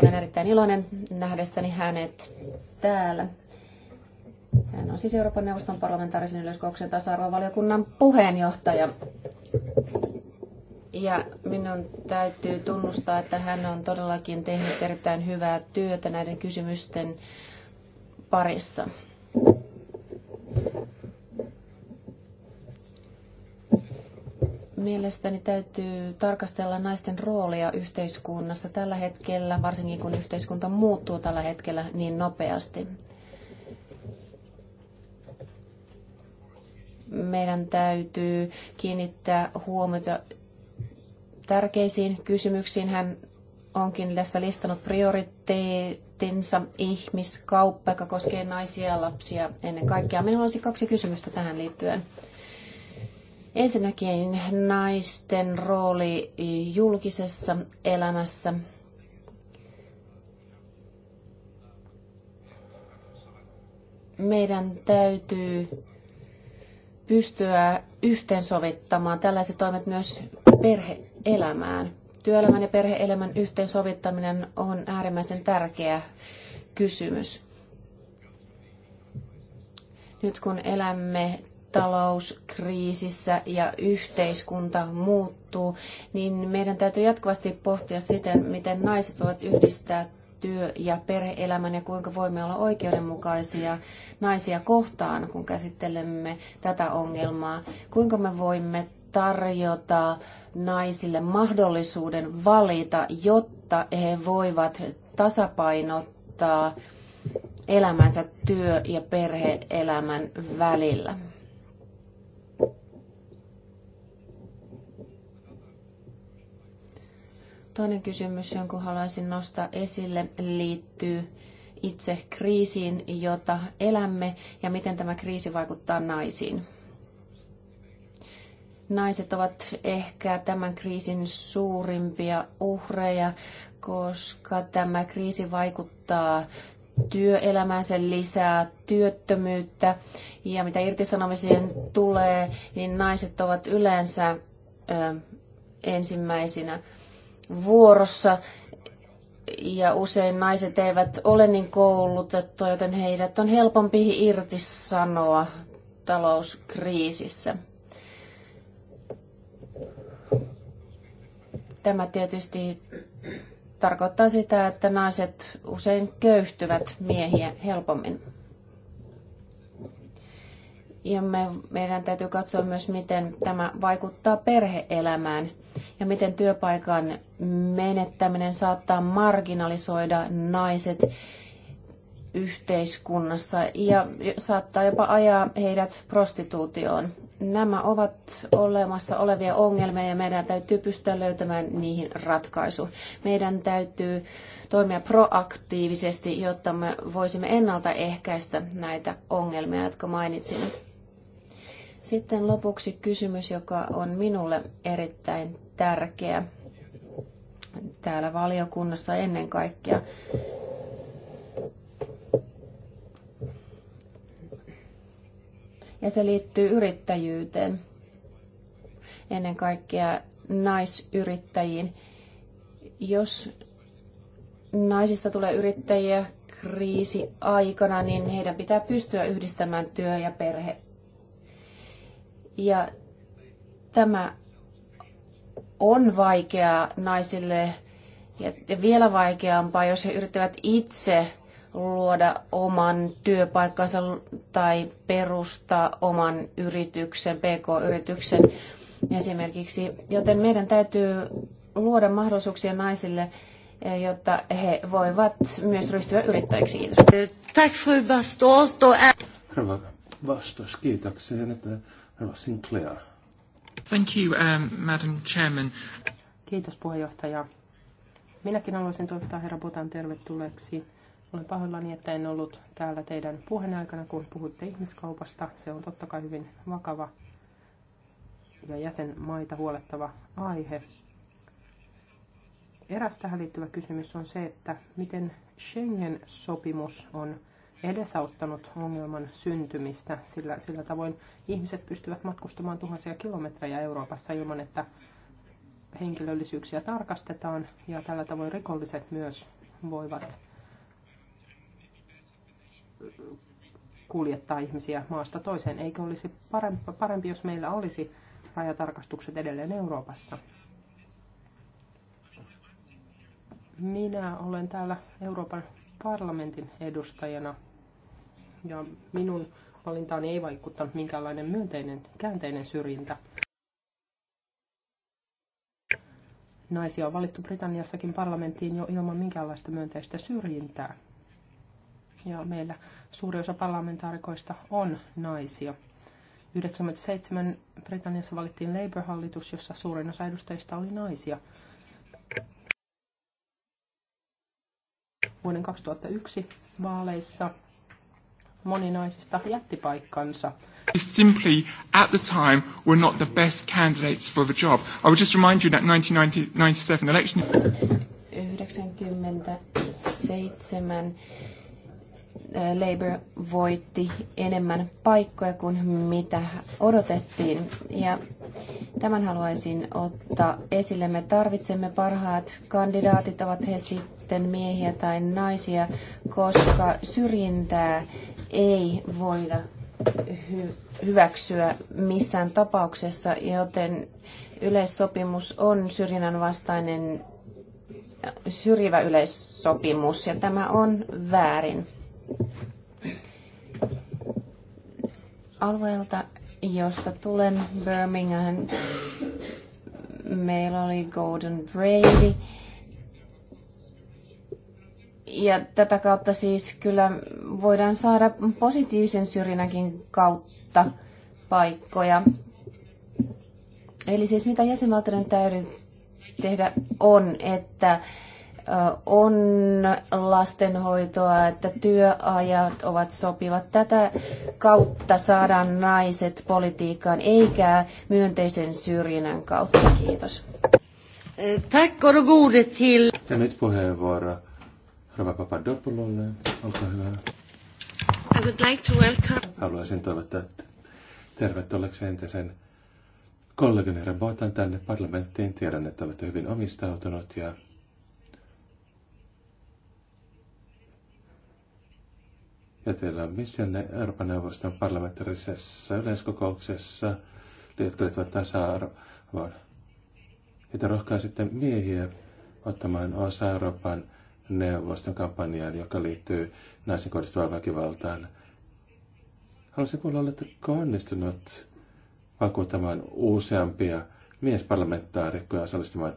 Speaker 3: Olen erittäin iloinen nähdessäni hänet täällä. Hän on siis Euroopan neuvoston parlamentaarisen yleiskokouksen tasa-arvovaliokunnan puheenjohtaja. Ja minun täytyy tunnustaa, että hän on todellakin tehnyt erittäin hyvää työtä näiden kysymysten parissa. Mielestäni täytyy tarkastella naisten roolia yhteiskunnassa tällä hetkellä, varsinkin kun yhteiskunta muuttuu tällä hetkellä niin nopeasti. meidän täytyy kiinnittää huomiota tärkeisiin kysymyksiin. Hän onkin tässä listannut prioriteettinsa ihmiskauppa, joka koskee naisia ja lapsia ennen kaikkea. Minulla olisi kaksi kysymystä tähän liittyen. Ensinnäkin naisten rooli julkisessa elämässä. Meidän täytyy pystyä yhteensovittamaan tällaiset toimet myös perheelämään. Työelämän ja perheelämän yhteensovittaminen on äärimmäisen tärkeä kysymys. Nyt kun elämme talouskriisissä ja yhteiskunta muuttuu, niin meidän täytyy jatkuvasti pohtia sitä, miten naiset voivat yhdistää työ- ja perheelämän ja kuinka voimme olla oikeudenmukaisia naisia kohtaan, kun käsittelemme tätä ongelmaa. Kuinka me voimme tarjota naisille mahdollisuuden valita, jotta he voivat tasapainottaa elämänsä työ- ja perheelämän välillä. Toinen kysymys, jonka haluaisin nostaa esille, liittyy itse kriisiin, jota elämme ja miten tämä kriisi vaikuttaa naisiin. Naiset ovat ehkä tämän kriisin suurimpia uhreja, koska tämä kriisi vaikuttaa työelämään, sen lisää työttömyyttä ja mitä irtisanomisiin tulee, niin naiset ovat yleensä ö, ensimmäisinä vuorossa ja usein naiset eivät ole niin koulutettuja, joten heidät on helpompi irtisanoa talouskriisissä. Tämä tietysti tarkoittaa sitä, että naiset usein köyhtyvät miehiä helpommin. Ja me, meidän täytyy katsoa myös, miten tämä vaikuttaa perheelämään ja miten työpaikan menettäminen saattaa marginalisoida naiset yhteiskunnassa ja saattaa jopa ajaa heidät prostituutioon. Nämä ovat olemassa olevia ongelmia ja meidän täytyy pystyä löytämään niihin ratkaisu. Meidän täytyy toimia proaktiivisesti, jotta me voisimme ennaltaehkäistä näitä ongelmia, jotka mainitsin. Sitten lopuksi kysymys, joka on minulle erittäin tärkeä täällä valiokunnassa ennen kaikkea. Ja se liittyy yrittäjyyteen, ennen kaikkea naisyrittäjiin. Jos naisista tulee yrittäjiä kriisi aikana, niin heidän pitää pystyä yhdistämään työ ja perhe ja tämä on vaikeaa naisille ja vielä vaikeampaa, jos he yrittävät itse luoda oman työpaikkansa tai perustaa oman yrityksen, pk-yrityksen esimerkiksi. Joten meidän täytyy luoda mahdollisuuksia naisille, eh, jotta he voivat myös ryhtyä yrittäjiksi. Kiitos. Eh, tack fru
Speaker 2: kiitoksia. Eh, Sinclair. Thank you, um, Madam Chairman.
Speaker 4: Kiitos puheenjohtaja. Minäkin haluaisin toivottaa herra Botan tervetulleeksi. Olen pahoillani, että en ollut täällä teidän puheen aikana, kun puhutte ihmiskaupasta. Se on totta kai hyvin vakava ja jäsenmaita huolettava aihe. Eräs tähän liittyvä kysymys on se, että miten Schengen-sopimus on edesauttanut ongelman syntymistä, sillä, sillä tavoin ihmiset pystyvät matkustamaan tuhansia kilometrejä Euroopassa ilman, että henkilöllisyyksiä tarkastetaan ja tällä tavoin rikolliset myös voivat kuljettaa ihmisiä maasta toiseen. Eikö olisi parempi, parempi jos meillä olisi rajatarkastukset edelleen Euroopassa? Minä olen täällä Euroopan parlamentin edustajana ja minun valintaani ei vaikuttanut minkäänlainen myönteinen, käänteinen syrjintä. Naisia on valittu Britanniassakin parlamenttiin jo ilman minkäänlaista myönteistä syrjintää. Ja meillä suuri osa parlamentaarikoista on naisia. 97 Britanniassa valittiin Labour-hallitus, jossa suurin osa edustajista oli naisia. Vuoden 2001 vaaleissa moninaisesta jättipaikkansa.
Speaker 2: Simply at the time were not the best candidates for the job. I would just remind you that 1997 election.
Speaker 3: 97 Labour voitti enemmän paikkoja kuin mitä odotettiin. Ja tämän haluaisin ottaa esille. Me tarvitsemme parhaat kandidaatit, ovat he sitten miehiä tai naisia, koska syrjintää ei voida hy- hyväksyä missään tapauksessa, joten yleissopimus on syrjinnän vastainen syrjivä yleissopimus ja tämä on väärin. Alueelta, josta tulen, Birmingham, meillä oli Golden Brady. Ja tätä kautta siis kyllä voidaan saada positiivisen syrjinnäkin kautta paikkoja. Eli siis mitä jäsenvaltioiden täytyy tehdä on, että on lastenhoitoa, että työajat ovat sopivat. Tätä kautta saadaan naiset politiikkaan, eikä myönteisen syrjinnän kautta. Kiitos. Tack
Speaker 1: och gode till...
Speaker 2: Ja nyt puheenvuoro Rova Papadopoulolle. Olkaa hyvä. I
Speaker 1: would like to welcome...
Speaker 2: Haluaisin toivottaa tervetulleeksi entisen kollegani Rebotan tänne parlamenttiin. Tiedän, että olette hyvin omistautunut ja ja mission Euroopan neuvoston parlamentaarisessa yleiskokouksessa, jotka liittyvät tasa-arvoon. Ja te rohkaisitte miehiä ottamaan osa Euroopan neuvoston kampanjaan, joka liittyy naisen kohdistuvaan väkivaltaan. Haluaisin kuulla, oletteko onnistunut vakuuttamaan useampia miesparlamentaarikkoja osallistumaan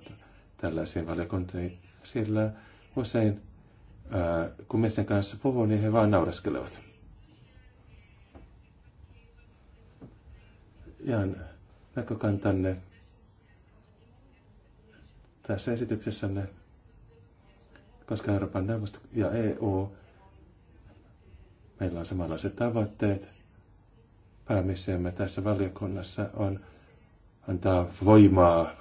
Speaker 2: tällaisiin valiokuntiin, sillä usein kun miesten kanssa puhuu, niin he vain nauraskelevat. Jaan näkökantanne tässä esityksessänne, koska Euroopan neuvosto ja EU, meillä on samanlaiset tavoitteet. Päämissiomme tässä valiokunnassa on antaa voimaa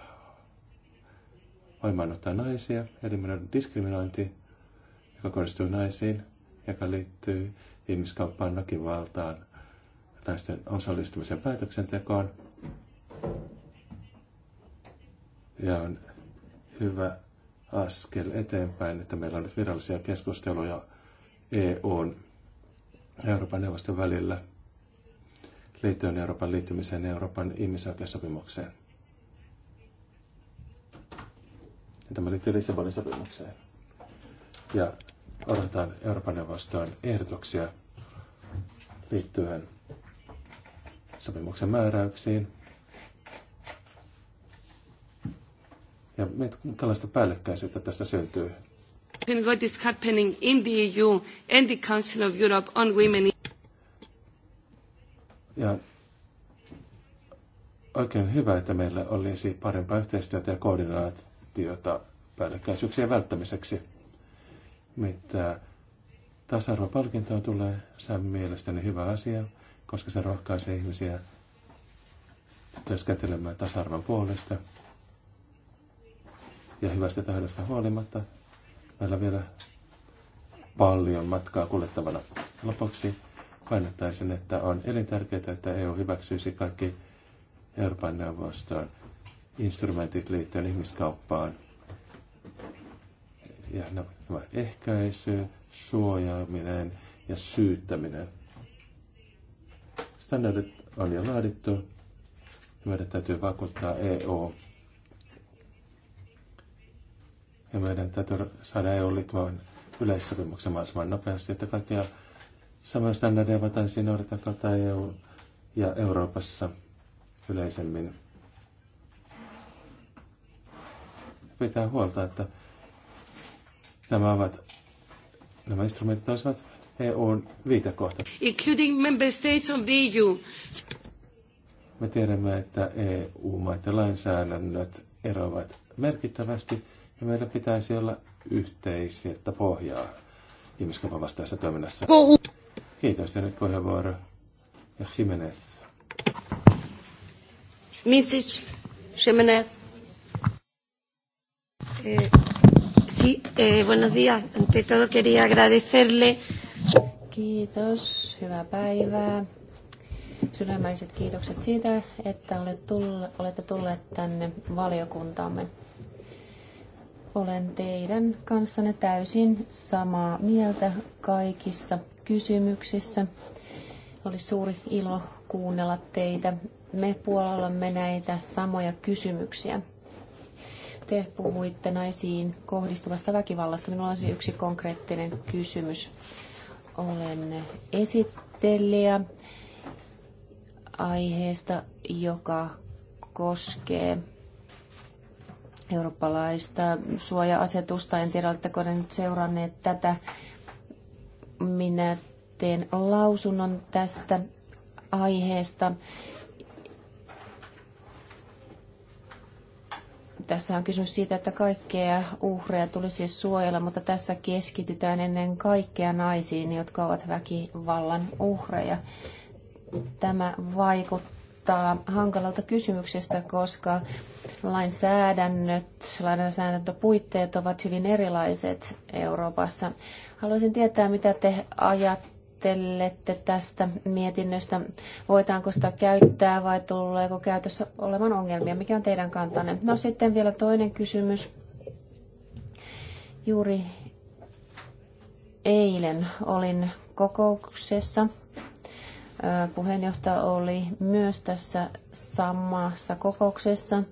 Speaker 2: ottaa naisia, eli meidän diskriminointi joka kohdistuu naisiin, joka liittyy ihmiskauppaan, väkivaltaan, naisten osallistumiseen päätöksentekoon. Ja on hyvä askel eteenpäin, että meillä on nyt virallisia keskusteluja EUn Euroopan neuvoston välillä liittyen Euroopan liittymiseen Euroopan ihmisoikeussopimukseen. Ja tämä liittyy Lissabonin sopimukseen. Ja odotan Euroopan neuvoston ehdotuksia liittyen sopimuksen määräyksiin ja minkälaista päällekkäisyyttä tästä syntyy.
Speaker 1: what is happening in the EU and the Council of Europe on women
Speaker 2: ja oikein hyvä, että meillä olisi parempaa yhteistyötä ja koordinaatiota päällekkäisyyksien välttämiseksi. Mitä tasa arvopalkintoa tulee, se on mielestäni hyvä asia, koska se rohkaisee ihmisiä työskentelemään tasa-arvon puolesta. Ja hyvästä tahdosta huolimatta, meillä on vielä paljon matkaa kuljettavana. Lopuksi painottaisin, että on elintärkeää, että EU hyväksyisi kaikki Euroopan neuvoston instrumentit liittyen ihmiskauppaan ja no, tämä ehkäisy, suojaaminen ja syyttäminen. Standardit on jo laadittu meidän täytyy vakuuttaa EU. Ja meidän täytyy saada EU liittymään yleissopimuksen mahdollisimman nopeasti, että kaikkia samoja standardeja voitaisiin noudattaa kautta EU ja Euroopassa yleisemmin. Pitää huolta, että Nämä ovat nämä instrumentit olisivat EUn viitekohta.
Speaker 1: Including member states of the EU.
Speaker 2: Me tiedämme, että EU-maiden lainsäädännöt eroavat merkittävästi ja meillä pitäisi olla yhteistä pohjaa ihmiskaupan vastaisessa toiminnassa. Kiitos ja nyt puheenvuoro. Ja Jimenez.
Speaker 1: Mrs. Jimenez.
Speaker 3: Eh. Sí, eh, buenos días. Ante todo quería agradecerle. Kiitos, hyvää päivää. Sydämelliset kiitokset siitä, että olette tulleet tänne valiokuntaamme. Olen teidän kanssanne täysin samaa mieltä kaikissa kysymyksissä. Oli suuri ilo kuunnella teitä. Me puolellamme näitä samoja kysymyksiä. Te puhuitte naisiin kohdistuvasta väkivallasta. Minulla olisi yksi konkreettinen kysymys. Olen esittelijä aiheesta, joka koskee eurooppalaista suoja-asetusta. En tiedä, oletteko nyt seuranneet tätä. Minä teen lausunnon tästä aiheesta Tässä on kysymys siitä, että kaikkea uhreja tulisi suojella, mutta tässä keskitytään ennen kaikkea naisiin, jotka ovat väkivallan uhreja. Tämä vaikuttaa hankalalta kysymyksestä, koska lainsäädännöt, lainsäädäntöpuitteet ovat hyvin erilaiset Euroopassa. Haluaisin tietää, mitä te ajatte ajattelette tästä mietinnöstä? Voitaanko sitä käyttää vai tuleeko käytössä olevan ongelmia? Mikä on teidän kantanne? No sitten vielä toinen kysymys. Juuri eilen olin kokouksessa. Puheenjohtaja oli myös tässä samassa kokouksessa.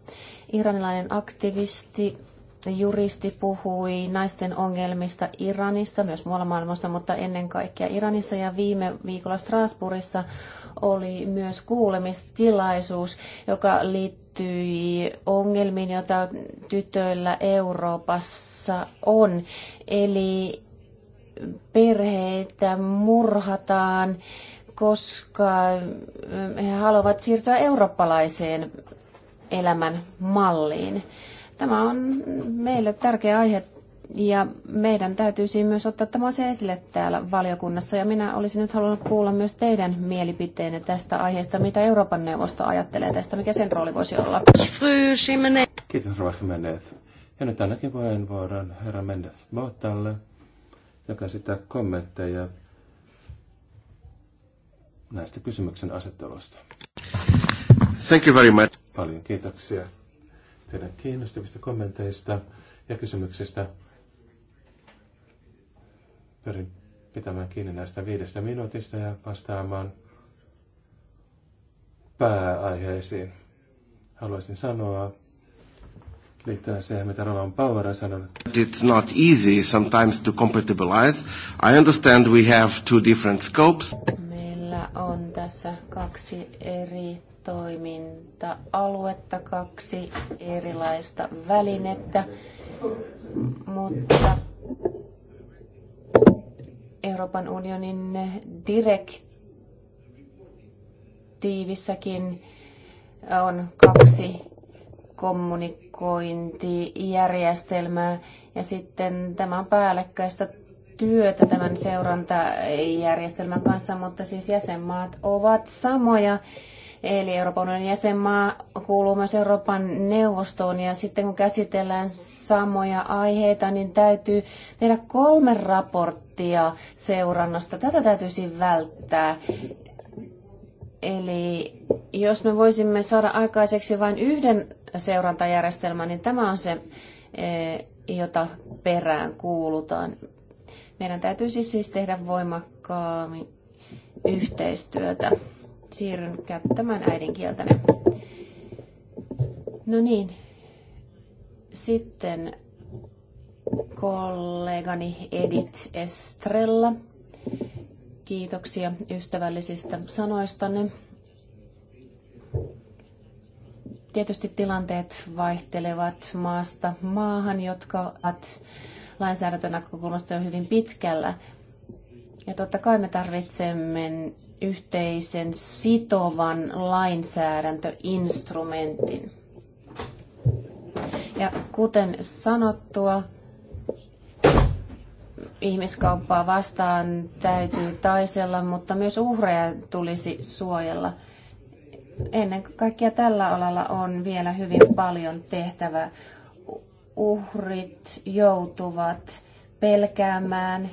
Speaker 3: Iranilainen aktivisti juristi puhui naisten ongelmista Iranissa, myös muualla maailmassa, mutta ennen kaikkea Iranissa. Ja viime viikolla Strasbourgissa oli myös kuulemistilaisuus, joka liittyi ongelmiin, joita tytöillä Euroopassa on. Eli perheitä murhataan, koska he haluavat siirtyä eurooppalaiseen elämän malliin. Tämä on meille tärkeä aihe ja meidän täytyisi myös ottaa tämä asia esille täällä valiokunnassa. Ja minä olisin nyt halunnut kuulla myös teidän mielipiteenne tästä aiheesta, mitä Euroopan neuvosto ajattelee tästä, mikä sen rooli voisi
Speaker 2: olla. Kiitos Rova Jimenez. Ja nyt ainakin puheenvuoron herra Mendes Botalle, joka sitä kommentteja näistä kysymyksen asettelusta. Thank you very much. Paljon kiitoksia teidän kiinnostavista kommenteista ja kysymyksistä. Pyrin pitämään kiinni näistä viidestä minuutista ja vastaamaan pääaiheisiin. Haluaisin sanoa liittyen siihen, mitä Roman Power on sanonut. It's not easy sometimes to compatibilize. I understand we have two different scopes.
Speaker 3: Meillä on tässä kaksi eri toiminta-aluetta, kaksi erilaista välinettä, mutta Euroopan unionin direktiivissäkin on kaksi kommunikointijärjestelmää ja sitten tämä on päällekkäistä työtä tämän seurantajärjestelmän kanssa, mutta siis jäsenmaat ovat samoja Eli Euroopan unionin jäsenmaa kuuluu myös Euroopan neuvostoon ja sitten kun käsitellään samoja aiheita, niin täytyy tehdä kolme raporttia seurannasta. Tätä täytyisi välttää. Eli jos me voisimme saada aikaiseksi vain yhden seurantajärjestelmän, niin tämä on se, eh, jota perään kuulutaan. Meidän täytyisi siis, siis tehdä voimakkaammin yhteistyötä siirryn käyttämään äidinkieltäni. No niin, sitten kollegani Edith Estrella. Kiitoksia ystävällisistä sanoistanne. Tietysti tilanteet vaihtelevat maasta maahan, jotka ovat lainsäädäntönäkökulmasta jo hyvin pitkällä, ja totta kai me tarvitsemme yhteisen sitovan lainsäädäntöinstrumentin. Ja kuten sanottua, ihmiskauppaa vastaan täytyy taisella, mutta myös uhreja tulisi suojella. Ennen kaikkea tällä alalla on vielä hyvin paljon tehtävää. Uhrit joutuvat pelkäämään,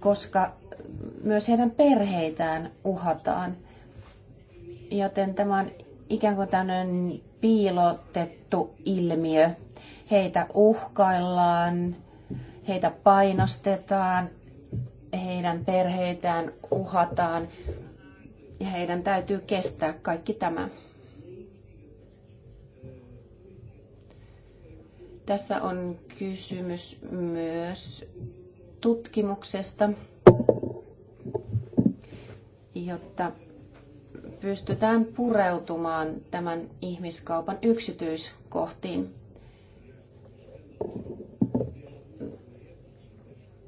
Speaker 3: koska myös heidän perheitään uhataan. Joten tämä on ikään kuin tämmöinen piilotettu ilmiö. Heitä uhkaillaan, heitä painostetaan, heidän perheitään uhataan ja heidän täytyy kestää kaikki tämä. Tässä on kysymys myös tutkimuksesta jotta pystytään pureutumaan tämän ihmiskaupan yksityiskohtiin.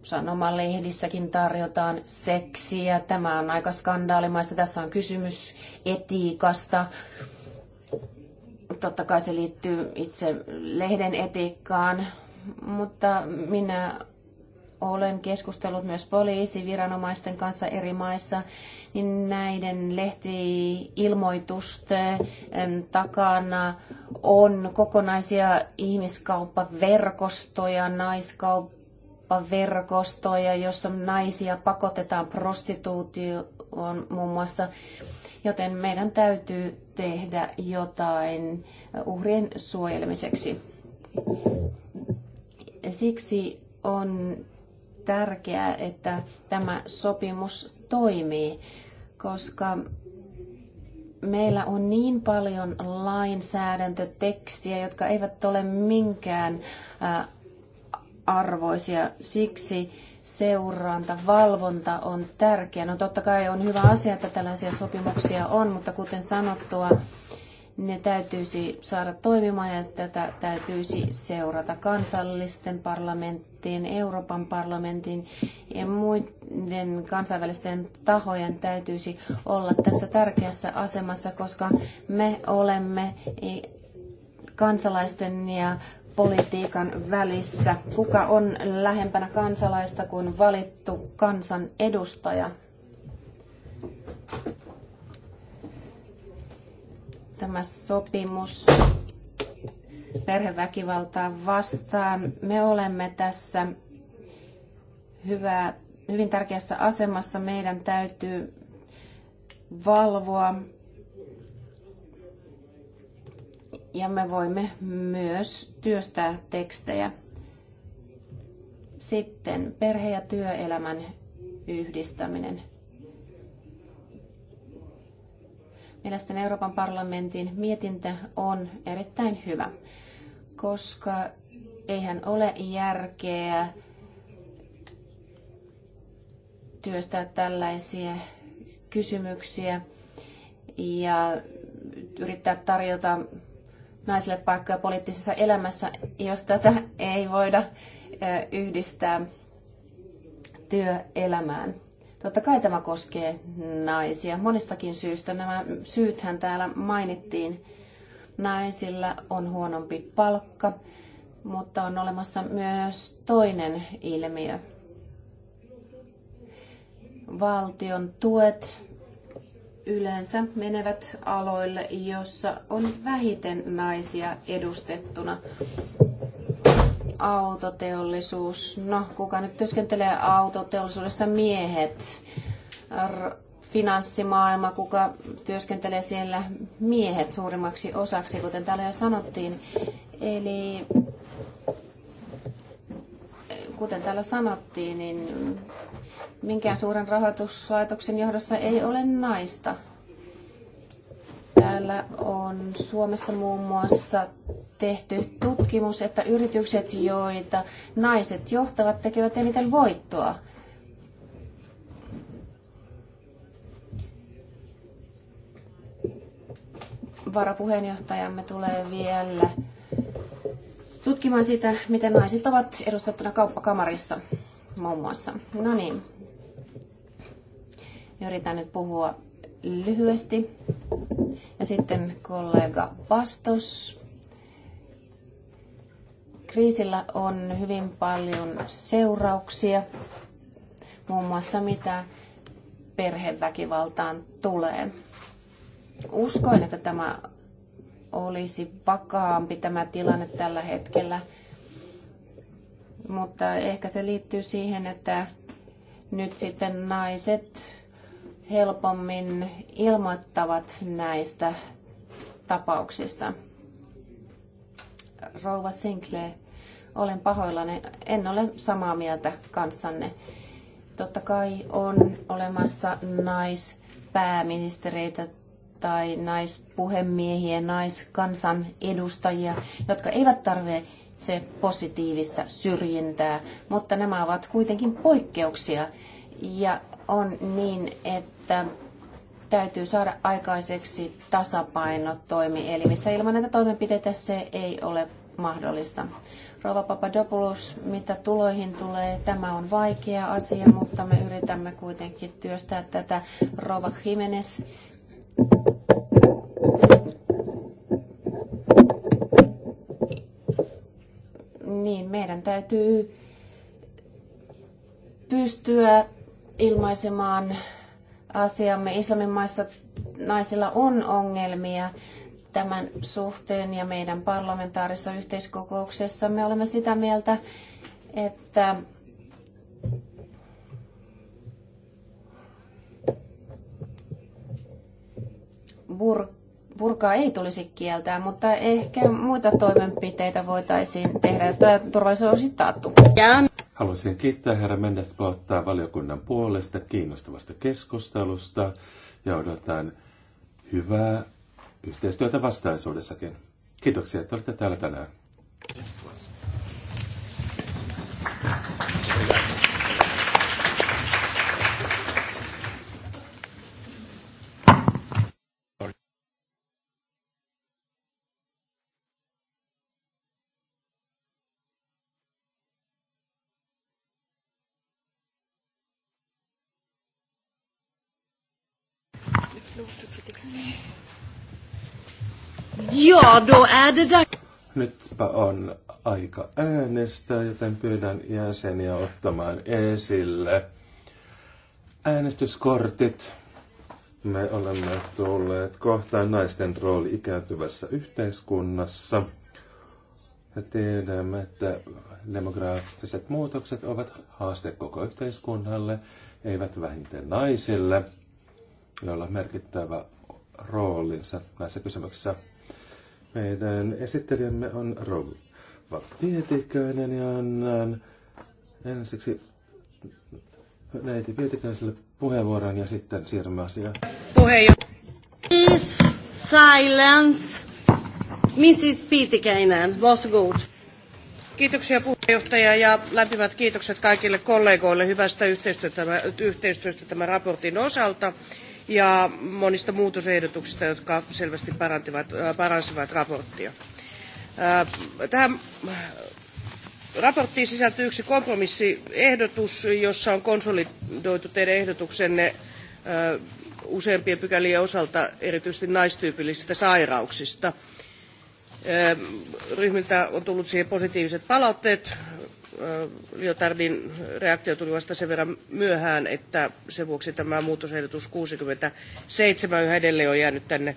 Speaker 3: Sanomalehdissäkin tarjotaan seksiä. Tämä on aika skandaalimaista. Tässä on kysymys etiikasta. Totta kai se liittyy itse lehden etiikkaan, mutta minä olen keskustellut myös poliisiviranomaisten kanssa eri maissa, niin näiden lehtiilmoitusten takana on kokonaisia ihmiskauppaverkostoja, naiskauppaverkostoja, jossa naisia pakotetaan prostituutioon muun muassa. Joten meidän täytyy tehdä jotain uhrien suojelemiseksi. Siksi on tärkeää, että tämä sopimus toimii, koska meillä on niin paljon lainsäädäntötekstiä, jotka eivät ole minkään arvoisia. Siksi seuranta, valvonta on tärkeää. No totta kai on hyvä asia, että tällaisia sopimuksia on, mutta kuten sanottua, ne täytyisi saada toimimaan ja tätä täytyisi seurata kansallisten parlamenttien parlamenttiin, Euroopan parlamentin ja muiden kansainvälisten tahojen täytyisi olla tässä tärkeässä asemassa, koska me olemme kansalaisten ja politiikan välissä. Kuka on lähempänä kansalaista kuin valittu kansan edustaja? Tämä sopimus perheväkivaltaa vastaan. Me olemme tässä hyvää, hyvin tärkeässä asemassa. Meidän täytyy valvoa ja me voimme myös työstää tekstejä. Sitten perhe- ja työelämän yhdistäminen. Mielestäni Euroopan parlamentin mietintö on erittäin hyvä koska eihän ole järkeä työstää tällaisia kysymyksiä ja yrittää tarjota naisille paikkoja poliittisessa elämässä, jos tätä ei voida yhdistää työelämään. Totta kai tämä koskee naisia monistakin syystä. Nämä syythän täällä mainittiin naisilla on huonompi palkka, mutta on olemassa myös toinen ilmiö. Valtion tuet yleensä menevät aloille, jossa on vähiten naisia edustettuna. Autoteollisuus. No, kuka nyt työskentelee autoteollisuudessa? Miehet finanssimaailma, kuka työskentelee siellä miehet suurimmaksi osaksi, kuten täällä jo sanottiin. Eli kuten täällä sanottiin, niin minkään suuren rahoituslaitoksen johdossa ei ole naista. Täällä on Suomessa muun muassa tehty tutkimus, että yritykset, joita naiset johtavat, tekevät eniten voittoa – varapuheenjohtajamme tulee vielä tutkimaan sitä, miten naiset ovat edustettuna kauppakamarissa muun muassa. No niin, yritän nyt puhua lyhyesti. Ja sitten kollega Bastos. Kriisillä on hyvin paljon seurauksia, muun muassa mitä perheväkivaltaan tulee uskoin, että tämä olisi vakaampi tämä tilanne tällä hetkellä. Mutta ehkä se liittyy siihen, että nyt sitten naiset helpommin ilmoittavat näistä tapauksista. Rouva Sinclair, olen pahoillani. En ole samaa mieltä kanssanne. Totta kai on olemassa naispääministereitä tai naispuhemiehiä, naiskansan edustajia, jotka eivät tarvitse positiivista syrjintää, mutta nämä ovat kuitenkin poikkeuksia. Ja on niin, että täytyy saada aikaiseksi tasapaino toimielimissä. Ilman näitä toimenpiteitä se ei ole mahdollista. Rova Papadopoulos, mitä tuloihin tulee, tämä on vaikea asia, mutta me yritämme kuitenkin työstää tätä. Rova Jimenez niin meidän täytyy pystyä ilmaisemaan asiamme. Islamin maissa naisilla on ongelmia tämän suhteen ja meidän parlamentaarissa yhteiskokouksessa me olemme sitä mieltä, että burka purkaa ei tulisi kieltää, mutta ehkä muita toimenpiteitä voitaisiin tehdä, että turvallisuus olisi taattu.
Speaker 2: Haluaisin kiittää herra Mendes Pohtaa valiokunnan puolesta kiinnostavasta keskustelusta ja odotan hyvää yhteistyötä vastaisuudessakin. Kiitoksia, että olette täällä tänään.
Speaker 1: Ja, då är det dags.
Speaker 2: Nytpä on aika äänestää, joten pyydän jäseniä ottamaan esille äänestyskortit. Me olemme tulleet kohtaan naisten rooli ikääntyvässä yhteiskunnassa. Ja tiedämme, että demograafiset muutokset ovat haaste koko yhteiskunnalle, eivät vähintään naisille, joilla on merkittävä roolinsa näissä kysymyksissä. Meidän esittelijämme on Rouva Pietikäinen ja annan ensiksi neiti Pietikäiselle puheenvuoron ja sitten siirrymme asiaan.
Speaker 1: Puheenjohtaja. Please silence. Mrs. Pietikäinen, good. Kiitoksia puheenjohtaja
Speaker 5: ja lämpimät kiitokset kaikille kollegoille hyvästä yhteistyöstä, yhteistyöstä tämän raportin osalta ja monista muutosehdotuksista, jotka selvästi parantivat, äh, paransivat raporttia. Äh, tähän äh, raporttiin sisältyy yksi kompromissiehdotus, jossa on konsolidoitu teidän ehdotuksenne useampien pykälien osalta erityisesti naistyypillisistä sairauksista. Ryhmiltä on tullut siihen positiiviset palautteet. Liotardin reaktio tuli vasta sen verran myöhään, että sen vuoksi tämä muutosehdotus 67 yhä edelleen on jäänyt tänne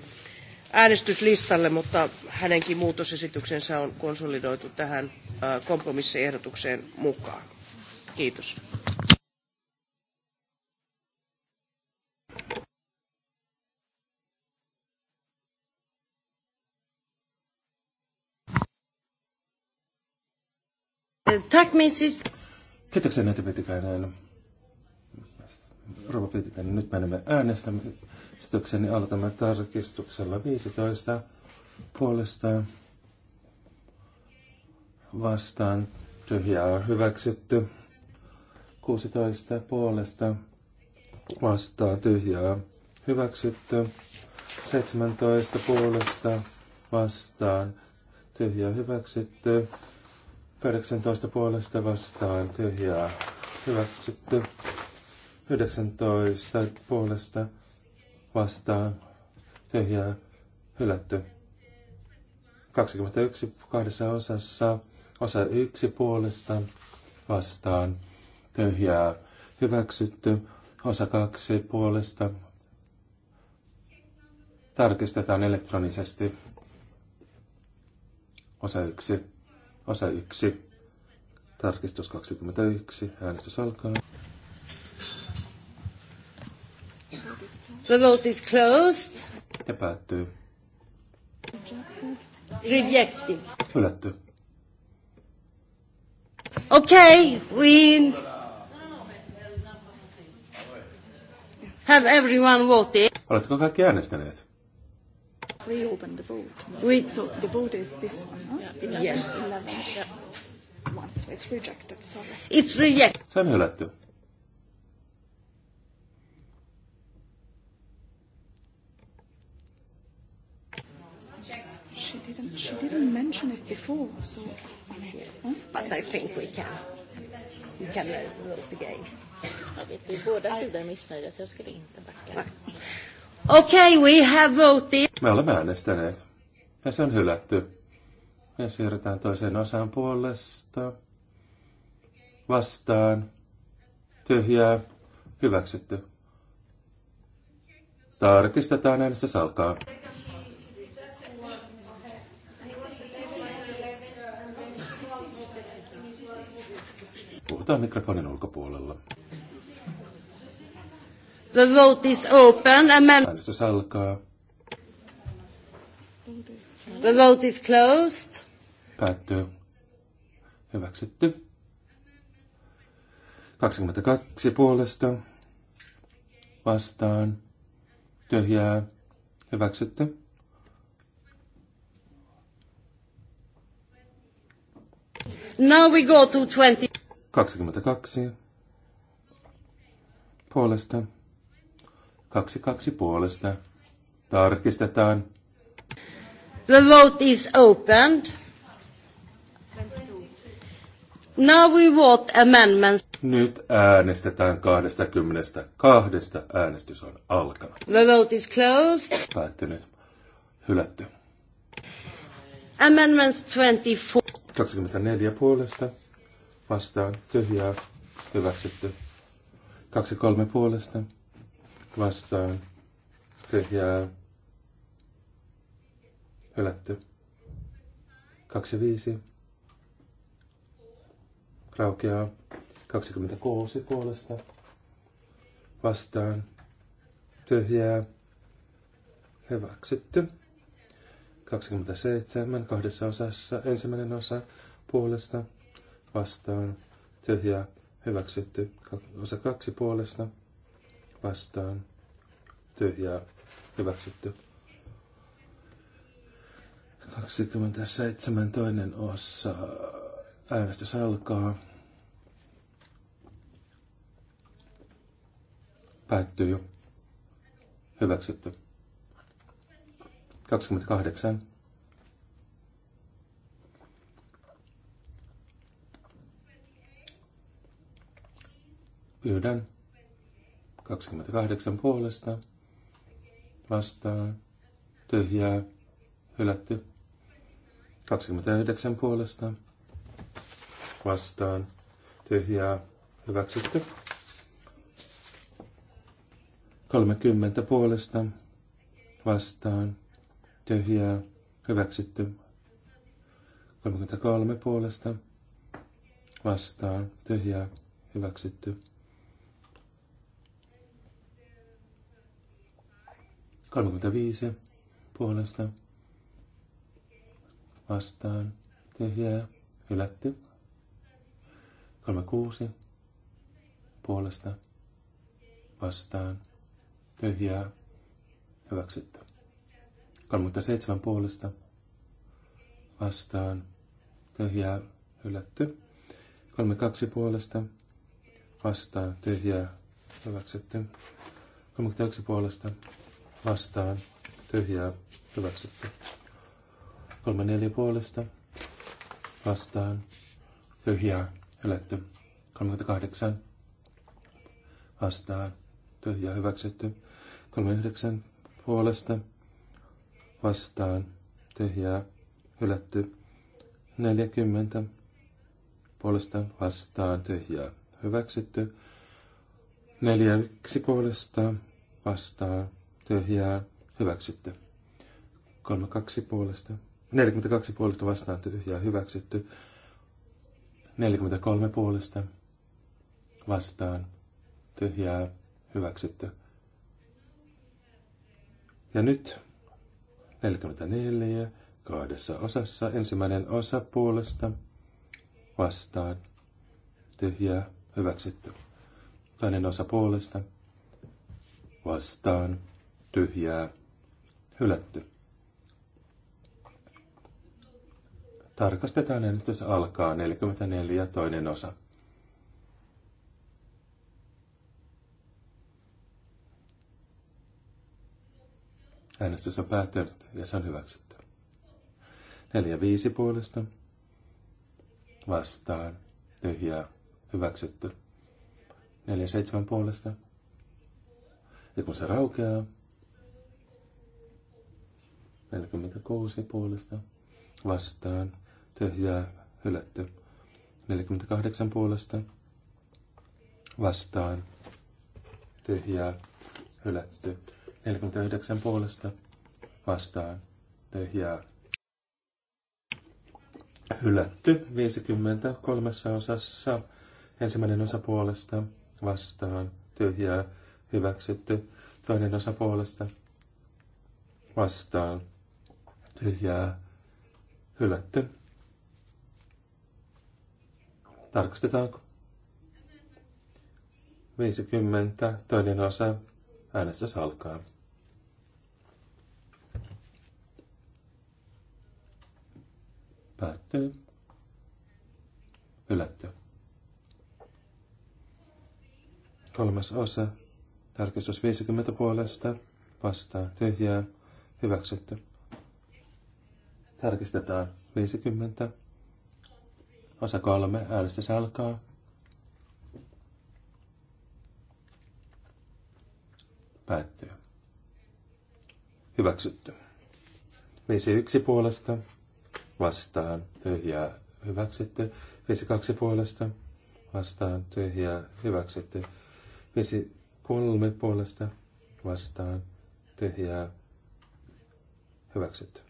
Speaker 5: äänestyslistalle, mutta hänenkin muutosesityksensä on konsolidoitu tähän kompromissiehdotukseen mukaan. Kiitos.
Speaker 1: Tack min syster.
Speaker 2: Kiitoksia näitä Pietikäinen. Rouva Pietikäinen, nyt menemme äänestämistöksen ja aloitamme tarkistuksella 15 puolesta vastaan tyhjää on hyväksytty. 16 puolesta vastaan tyhjää hyväksytty. 17 puolesta vastaan tyhjää hyväksytty. 18 puolesta vastaan tyhjää hyväksytty. 19 puolesta vastaan tyhjää hylätty. 21 kahdessa osassa osa 1 puolesta vastaan tyhjää hyväksytty. Osa 2 puolesta tarkistetaan elektronisesti. Osa 1. Osa 1. Tarkistus 21. Äänestys alkaa.
Speaker 1: The vote is closed. Ja päättyy. Rejected. Hylätty. Okay, we have everyone voted.
Speaker 2: Oletko kaikki äänestäneet?
Speaker 1: reopen the vote. We, so the vote is this one, no? Yeah. Yes. 11. Yeah. One, it's rejected,
Speaker 2: sorry. It's rejected. Samuel
Speaker 6: She didn't, she didn't mention it before, so... huh?
Speaker 1: But I think we can. We can uh, vote again. Jag vet, det är båda sidor missnöjda, så jag skulle
Speaker 2: inte backa.
Speaker 1: Okay, we have voted.
Speaker 2: Me olemme äänestäneet. Ja se on hylätty. Ja siirrytään toiseen osaan puolesta. Vastaan. Tyhjää. Hyväksytty. Tarkistetaan äänestys alkaa. Puhutaan mikrofonin ulkopuolella. The
Speaker 1: vote is open. Äänestys alkaa. The vote is closed.
Speaker 2: Päättyy. Hyväksytty. 22 puolesta. Vastaan. Tyhjää. Hyväksytty.
Speaker 1: Now we go to 20.
Speaker 2: 22. Puolesta 22 puolesta. Tarkistetaan.
Speaker 1: The vote is opened. Now we vote amendments.
Speaker 2: Nyt äänestetään 22. Äänestys on alkanut.
Speaker 1: The vote is closed.
Speaker 2: Päättynyt. Hylätty.
Speaker 1: Amendments 24.
Speaker 2: 24 puolesta. Vastaan. Tyhjää. Hyväksytty. 23 puolesta vastaan tyhjää hylätty. viisi. raukeaa 26 puolesta vastaan tyhjää hyväksytty. 27 kahdessa osassa ensimmäinen osa puolesta vastaan tyhjää hyväksytty. Osa kaksi puolesta vastaan tyhjää hyväksytty. 27 toinen osa. Äänestys alkaa. Päättyy. jo. Hyväksytty. 28. Pyydän 28 puolesta vastaan tyhjää hylätty. 29 puolesta vastaan tyhjää hyväksytty. 30 puolesta vastaan tyhjää hyväksytty. 33 puolesta vastaan tyhjää hyväksytty. 35 puolesta vastaan tyhjää hylätty. 36 puolesta vastaan tyhjää hyväksytty. 37 puolesta vastaan tyhjää hylätty. 32 puolesta vastaan tyhjää hyväksytty. 31 puolesta vastaan tyhjää hyväksytty. Kolme neljä puolesta vastaan tyhjää hylätty. 38 vastaan tyhjää hyväksytty. 39 puolesta vastaan tyhjää hylätty. 40 puolesta vastaan tyhjää hyväksytty. 41 puolesta vastaan tyhjää hyväksytty. 32 puolesta. 42 puolesta vastaan tyhjää hyväksytty. 43 puolesta vastaan tyhjää hyväksytty. Ja nyt 44 kahdessa osassa. Ensimmäinen osa puolesta vastaan tyhjää hyväksytty. Toinen osa puolesta vastaan tyhjää, hylätty. Tarkastetaan äänestys alkaa 44 toinen osa. Äänestys on päättynyt ja se on hyväksytty. 4-5 puolesta. Vastaan. Tyhjää. Hyväksytty. 4-7 puolesta. Ja kun se raukeaa, 46 puolesta vastaan tyhjää hylätty. 48 puolesta vastaan tyhjää hylätty. 49 puolesta vastaan tyhjää hylätty. 50 kolmessa osassa ensimmäinen osa puolesta vastaan tyhjää hyväksytty. Toinen osa puolesta vastaan tyhjää hylätty. Tarkastetaanko? 50, toinen osa, äänestys alkaa. Päättyy. Hylätty. Kolmas osa, tarkistus 50 puolesta, vastaa tyhjää, hyväksytty. Tarkistetaan 50. Osa kolme. Äänestys alkaa. Päättyy. Hyväksytty. 51 puolesta. Vastaan. Tyhjää. Hyväksytty. 52 puolesta. Vastaan. Tyhjää. Hyväksytty. 53 puolesta. Vastaan. Tyhjää. Hyväksytty.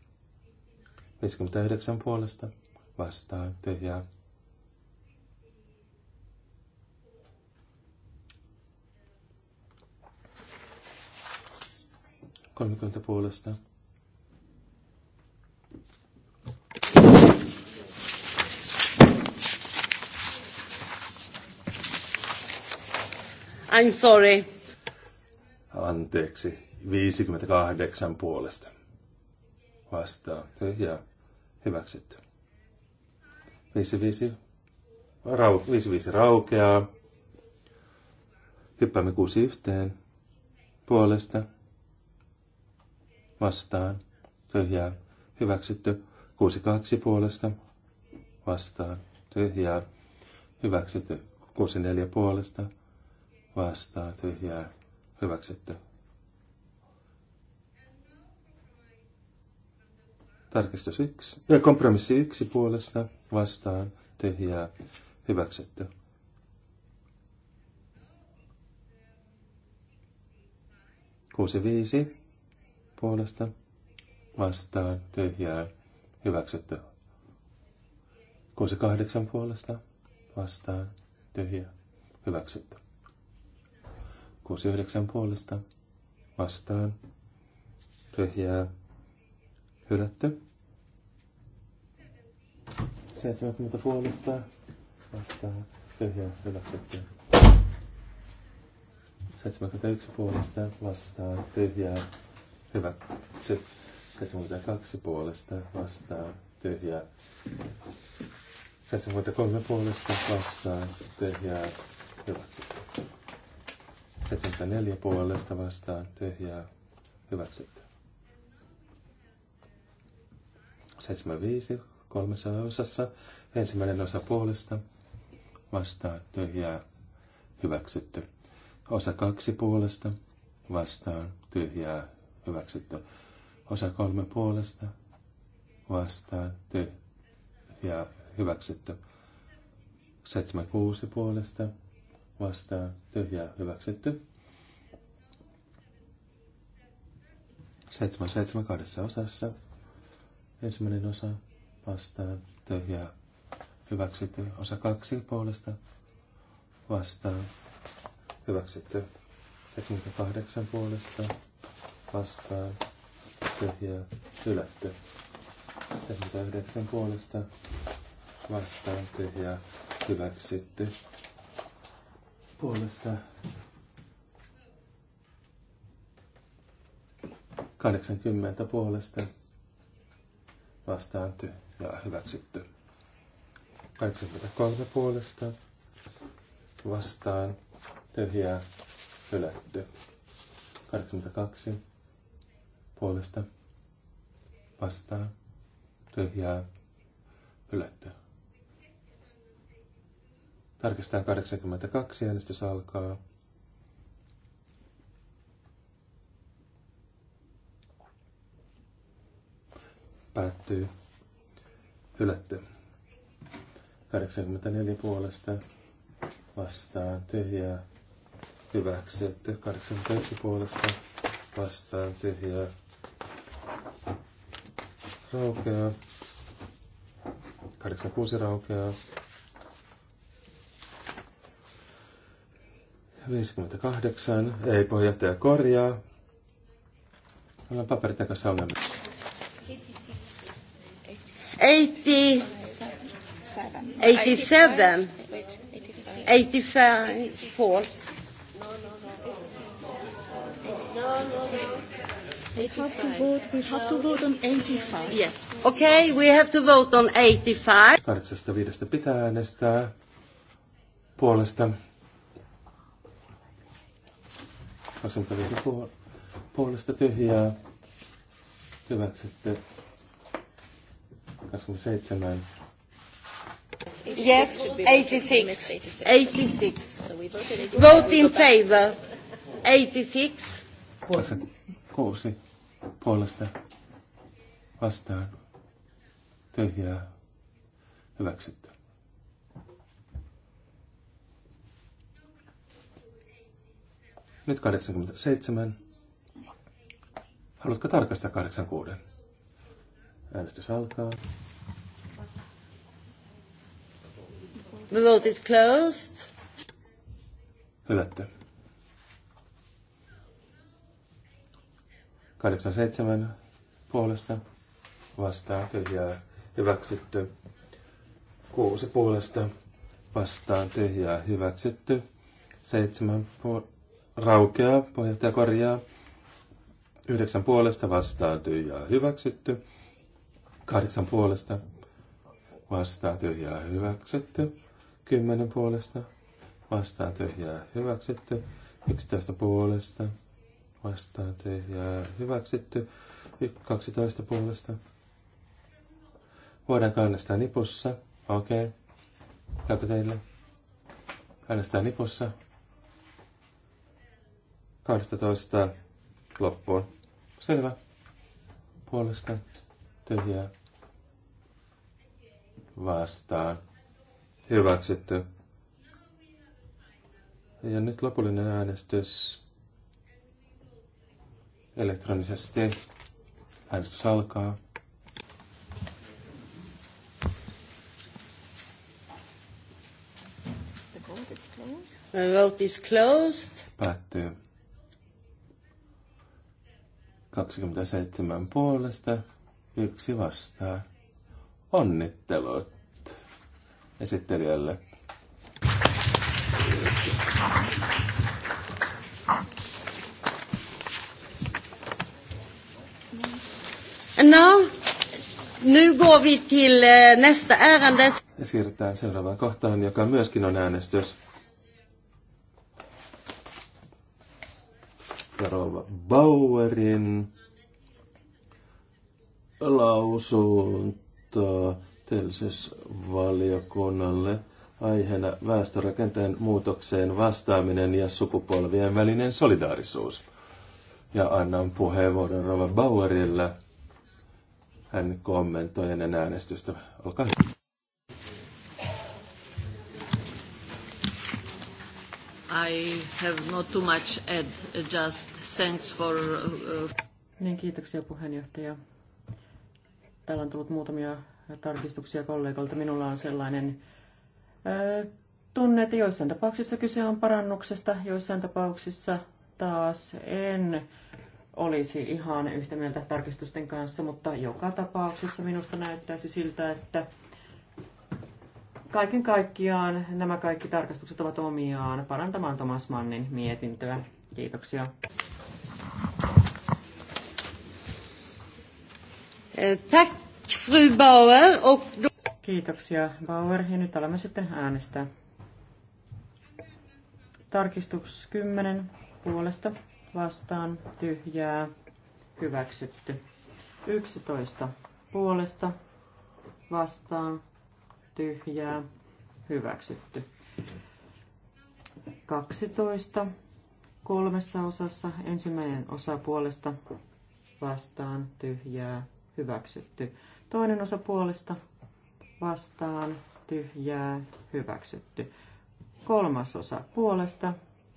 Speaker 2: 59 puolesta vastaa tyhjää. kolmikunta puolesta.
Speaker 1: I'm sorry.
Speaker 2: Anteeksi. 58 puolesta. Vastaa. Tyhjää. Hyväksytty. 55 rau, raukeaa. Hyppäämme 6 yhteen. Puolesta. Vastaan. Tyhjää. Hyväksytty. kaksi puolesta. Vastaan. Tyhjää. Hyväksytty. neljä puolesta. Vastaan. Tyhjää. Hyväksytty. Tarkistus yksi, ja kompromissi yksi puolesta vastaan tyhjää hyväksytty. Kuusi viisi puolesta vastaan tyhjää hyväksytty. Kuusi kahdeksan puolesta vastaan tyhjää hyväksytty. Kuusi yhdeksän puolesta vastaan tyhjää Hylätty. Seitsemänkymmentä puolesta vastaa tyhjää hyväksytty. 71 puolesta vastaa tyhjää hyväksytty. 72 puolesta vastaa tyhjää. 73 puolesta vastaa tyhjää hyväksytty. 74 puolesta vastaa tyhjää hyväksytty. 75 kolmessa osassa. Ensimmäinen osa puolesta vastaan tyhjää hyväksytty. Osa kaksi puolesta vastaan tyhjää hyväksytty. Osa kolme puolesta vastaan tyhjää hyväksytty. 76 puolesta vastaan tyhjää hyväksytty. 77 kahdessa osassa Ensimmäinen osa vastaa tyhjää hyväksytty. Osa kaksi puolesta vastaa hyväksytty. 78 puolesta vastaa tyhjää hylätty. 79 puolesta vastaa tyhjää hyväksytty. Puolesta 80 puolesta vastaanty ja hyväksytty. 83 puolesta vastaan tyhjää hylätty. 82 puolesta vastaan tyhjää hylätty. Tarkistetaan 82, äänestys alkaa. päättyy, hylätty. 84 puolesta vastaan tyhjää, hyväksytty. 81 puolesta vastaan tyhjää, raukeaa. 86 raukeaa. 58. Ei puheenjohtaja korjaa. Olen paperit kanssa ongelmia.
Speaker 1: 80, 87, 85 false.
Speaker 6: No, no, no. We We have to vote on
Speaker 1: 85. Yes. Okay, we have to vote on 85.
Speaker 2: 85 pitää äänestää puolesta. 25 puolesta tyhjää. Hyväksytte. 27.
Speaker 1: Yes, 86. 86. Vote in favor. 86.
Speaker 2: 86 puolesta vastaan tyhjää hyväksytty. Nyt 87. Haluatko tarkastaa 86? Äänestys alkaa.
Speaker 1: The vote is closed.
Speaker 2: Hylätty. 87 puolesta vastaa tyhjää hyväksytty. 6 puolesta vastaan tyhjää hyväksytty. 7 puolesta raukeaa, puheenjohtaja korjaa. 9 puolesta vastaan tyhjää hyväksytty. Kahdeksan puolesta vastaa tyhjää hyväksytty. Kymmenen puolesta vastaa tyhjää hyväksytty. Yksitoista puolesta vastaa tyhjää hyväksytty. Kaksitoista puolesta. Voidaan äänestää nipussa. Okei. Okay. Käykö teille? Äänestää nipussa. 12 loppuun. Selvä. Puolesta tyhjää vastaan. Hyväksytty. Ja nyt lopullinen äänestys elektronisesti. Äänestys alkaa.
Speaker 1: The vote is closed.
Speaker 2: Päättyy. 27 puolesta, Yksi vastaa, Onnittelut esittelijälle.
Speaker 1: No, nu går vi till eh, nästa ärende.
Speaker 2: Ja siirrytään seuraavaan kohtaan, joka myöskin on äänestys. Ja Bauerin lausunto teollisuusvaliokunnalle aiheena väestörakenteen muutokseen vastaaminen ja sukupolvien välinen solidaarisuus. Ja annan puheenvuoron Rova Bauerille. Hän kommentoi ennen äänestystä. Olkaa hyvä.
Speaker 5: I have not too much add, just thanks for... Uh... Niin, kiitoksia puheenjohtaja. Täällä on tullut muutamia tarkistuksia kollegalta. Minulla on sellainen tunne, että joissain tapauksissa kyse on parannuksesta, joissain tapauksissa taas en olisi ihan yhtä mieltä tarkistusten kanssa, mutta joka tapauksessa minusta näyttäisi siltä, että kaiken kaikkiaan nämä kaikki tarkastukset ovat omiaan parantamaan Thomas Mannin mietintöä. Kiitoksia. Eh, tack, fru Bauer. Och då... Kiitoksia, Bauer. Ja nyt alamme sitten äänestää. Tarkistus 10 puolesta vastaan tyhjää hyväksytty. 11 puolesta vastaan tyhjää hyväksytty. 12 kolmessa osassa ensimmäinen osa puolesta vastaan tyhjää hyväksytty. Toinen osa puolesta vastaan tyhjää hyväksytty. Kolmas osa puolesta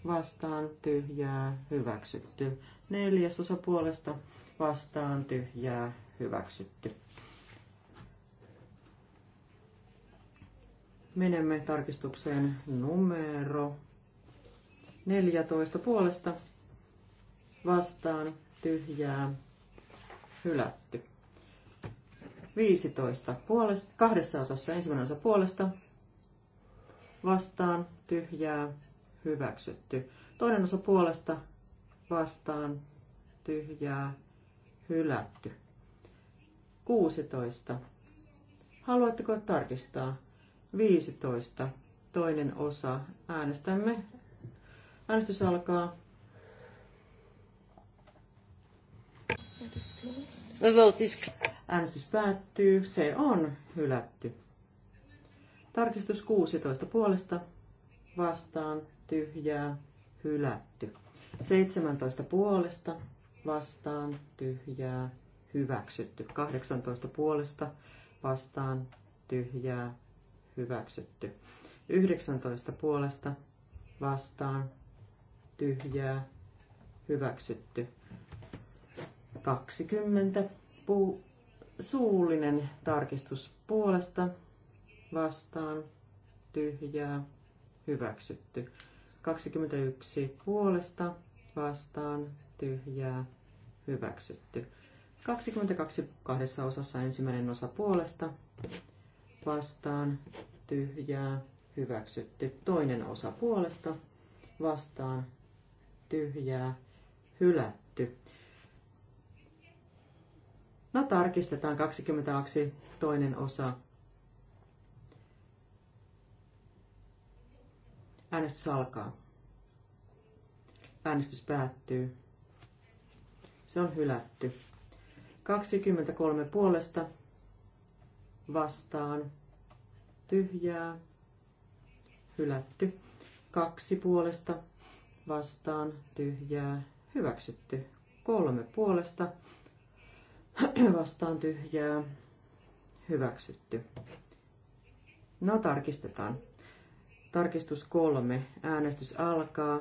Speaker 5: vastaan tyhjää hyväksytty. Neljäs osa puolesta vastaan tyhjää hyväksytty. Menemme tarkistukseen numero 14 puolesta vastaan tyhjää hylätty. 15 puolesta, kahdessa osassa ensimmäinen osa puolesta, vastaan, tyhjää, hyväksytty. Toinen osa puolesta, vastaan, tyhjää, hylätty. 16. Haluatteko tarkistaa? 15. Toinen osa. Äänestämme. Äänestys alkaa. The vote is Äänestys päättyy. Se on hylätty. Tarkistus 16 puolesta vastaan tyhjää hylätty. 17 puolesta vastaan tyhjää hyväksytty. 18 puolesta vastaan tyhjää hyväksytty. 19 puolesta vastaan tyhjää hyväksytty. 20 puu Suullinen tarkistus puolesta vastaan tyhjää hyväksytty. 21 puolesta vastaan tyhjää hyväksytty. 22 kahdessa osassa ensimmäinen osa puolesta vastaan tyhjää hyväksytty. Toinen osa puolesta vastaan tyhjää hylätty. No tarkistetaan 22 toinen osa. Äänestys alkaa. Äänestys päättyy. Se on hylätty. 23 puolesta vastaan tyhjää hylätty. Kaksi puolesta vastaan tyhjää hyväksytty. Kolme puolesta vastaan tyhjää, hyväksytty. No tarkistetaan. Tarkistus kolme. Äänestys alkaa.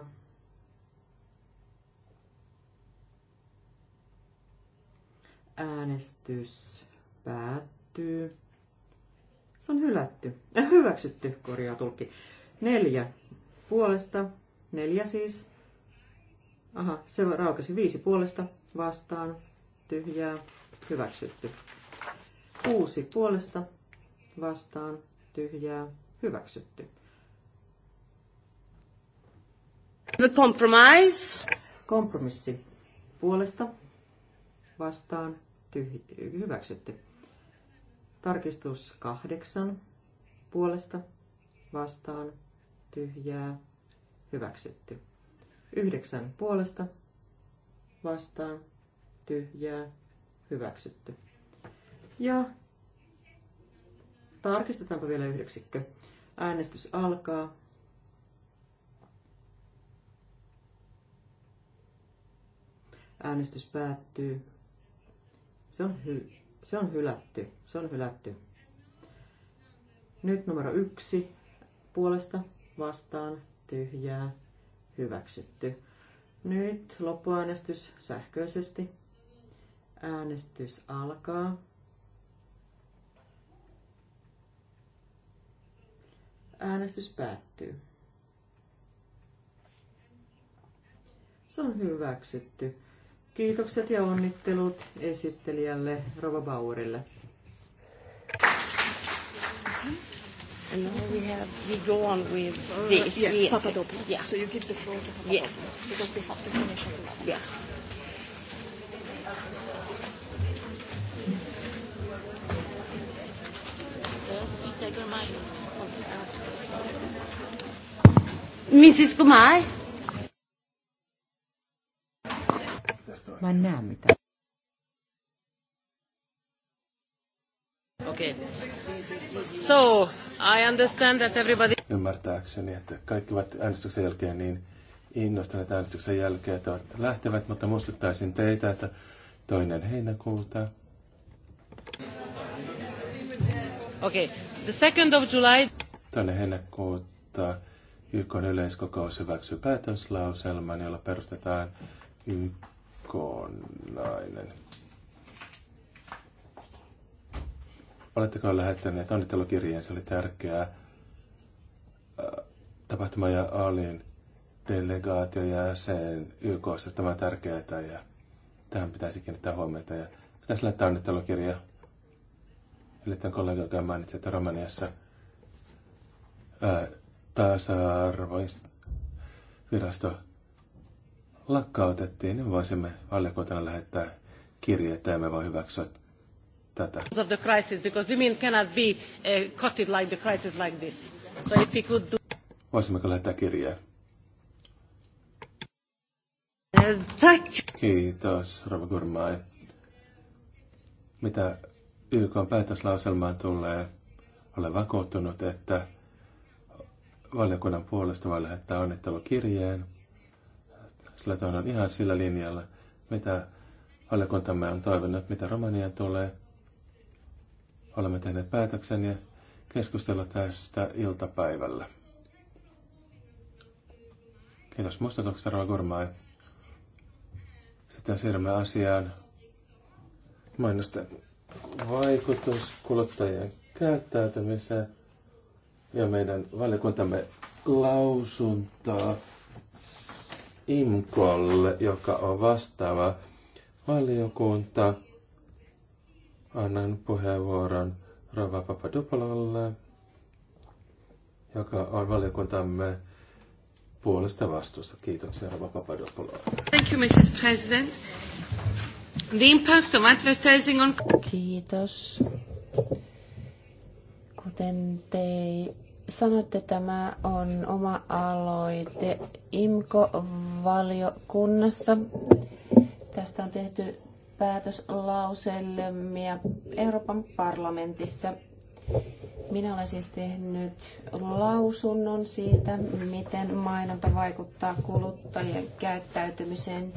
Speaker 5: Äänestys päättyy. Se on hylätty. Äh, hyväksytty, korjaa tulkki. Neljä. Puolesta. Neljä siis. Aha, se raukasi viisi puolesta vastaan. Tyhjää. Hyväksytty. Kuusi puolesta vastaan tyhjää. Hyväksytty. The compromise. Kompromissi. Puolesta vastaan tyhjä hyväksytty. Tarkistus kahdeksan. Puolesta vastaan tyhjää. Hyväksytty. Yhdeksän puolesta vastaan tyhjää hyväksytty. Ja tarkistetaanpa vielä yhdeksikkö. Äänestys alkaa. Äänestys päättyy. Se on, hy- se on hylätty. Se on hylätty. Nyt numero yksi. Puolesta vastaan tyhjää hyväksytty. Nyt loppuäänestys sähköisesti. Äänestys alkaa. Äänestys päättyy. Se on hyväksytty. Kiitokset ja onnittelut esittelijälle Rova Bauerille. And now we have we go on with oh, this. Yes, Papadopoulos. Yeah. So you give the floor to Papadopoulos yeah. because we have to finish at Yeah.
Speaker 1: Mrs. Kumai?
Speaker 2: Mä en näe mitään.
Speaker 4: Okei. Okay. So, I understand that everybody...
Speaker 2: Ymmärtääkseni, että kaikki ovat äänestyksen jälkeen niin innostuneet äänestyksen jälkeen, että lähtevät, mutta muistuttaisin teitä, että toinen heinäkuuta
Speaker 4: Okay. The 2nd of July...
Speaker 2: Tälle heinäkuuta YK yleiskokous hyväksyy päätöslauselman, jolla perustetaan YK nainen. Oletteko lähettäneet onnittelukirjeen? Se oli tärkeää äh, tapahtuma ja Alin delegaatio jäsen YKssa tämä on tärkeää ja tähän pitäisi kiinnittää huomiota ja pitäisi lähettää onnittelukirjaa. Hiljattain kollega, joka mainitsi, että Romaniassa tasa-arvoisvirasto lakkautettiin, niin voisimme valiokuntana lähettää kirjeitä ja me voi hyväksyä tätä.
Speaker 1: Of the crisis, because women cannot be uh, eh, caught like the crisis like this. So if we could do...
Speaker 2: Voisimmeko lähettää kirjaa? Tack. Kiitos, Rova Gurmai. Mitä YK päätöslauselmaan tulee, olen vakuuttunut, että valiokunnan puolesta voi lähettää onnittelukirjeen. Sillä on ihan sillä linjalla, mitä valiokuntamme on toivonut, mitä Romania tulee. Olemme tehneet päätöksen ja keskustella tästä iltapäivällä. Kiitos muistutuksesta, Rova Gurmai. Sitten siirrymme asiaan mainosten vaikutus kuluttajien käyttäytymiseen ja meidän valiokuntamme lausuntaa IMKOlle, joka on vastaava valiokunta. Annan puheenvuoron Rova Papadopololle, joka on valiokuntamme puolesta vastuussa. Kiitoksia Rova Papadopolo.
Speaker 1: Thank you, Mrs. President.
Speaker 3: The impact of advertising on... Kiitos. Kuten te sanoitte, tämä on oma aloite IMKO-valiokunnassa. Tästä on tehty päätöslauselmia Euroopan parlamentissa. Minä olen siis tehnyt lausunnon siitä, miten mainonta vaikuttaa kuluttajien käyttäytymiseen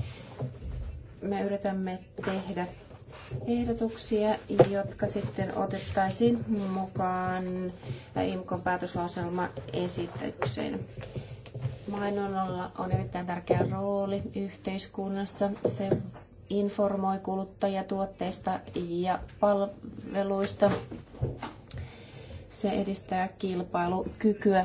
Speaker 3: me yritämme tehdä ehdotuksia, jotka sitten otettaisiin mukaan IMKon päätöslauselma esitykseen. Mainonnalla on erittäin tärkeä rooli yhteiskunnassa. Se informoi kuluttajia tuotteista ja palveluista. Se edistää kilpailukykyä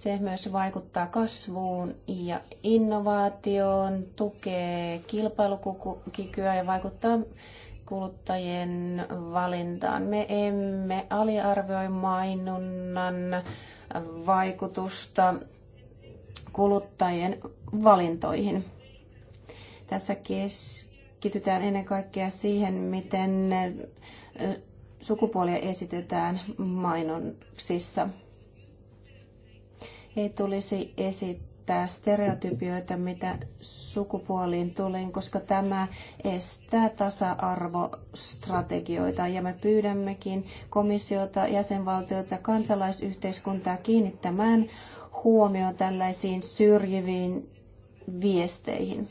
Speaker 3: Se myös vaikuttaa kasvuun ja innovaatioon, tukee kilpailukykyä ja vaikuttaa kuluttajien valintaan. Me emme aliarvioi mainonnan vaikutusta kuluttajien valintoihin. Tässä keskitytään ennen kaikkea siihen, miten sukupuolia esitetään mainoksissa. Ei tulisi esittää stereotypioita, mitä sukupuoliin tulee, koska tämä estää tasa-arvostrategioita. Ja me pyydämmekin komissiota, jäsenvaltioita, kansalaisyhteiskuntaa kiinnittämään huomioon tällaisiin syrjiviin viesteihin.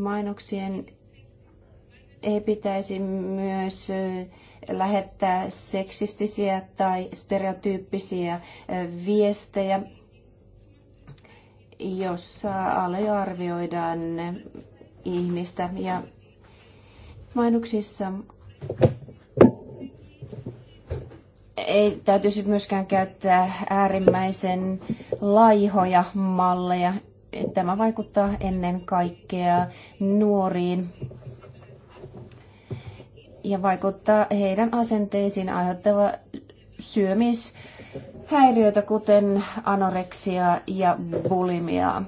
Speaker 3: Mainoksien ei pitäisi myös lähettää seksistisiä tai stereotyyppisiä viestejä, jossa aliarvioidaan ihmistä. Ja mainoksissa ei täytyisi myöskään käyttää äärimmäisen laihoja malleja. Tämä vaikuttaa ennen kaikkea nuoriin ja vaikuttaa heidän asenteisiin aiheuttava syömishäiriöitä, kuten anoreksia ja bulimiaa.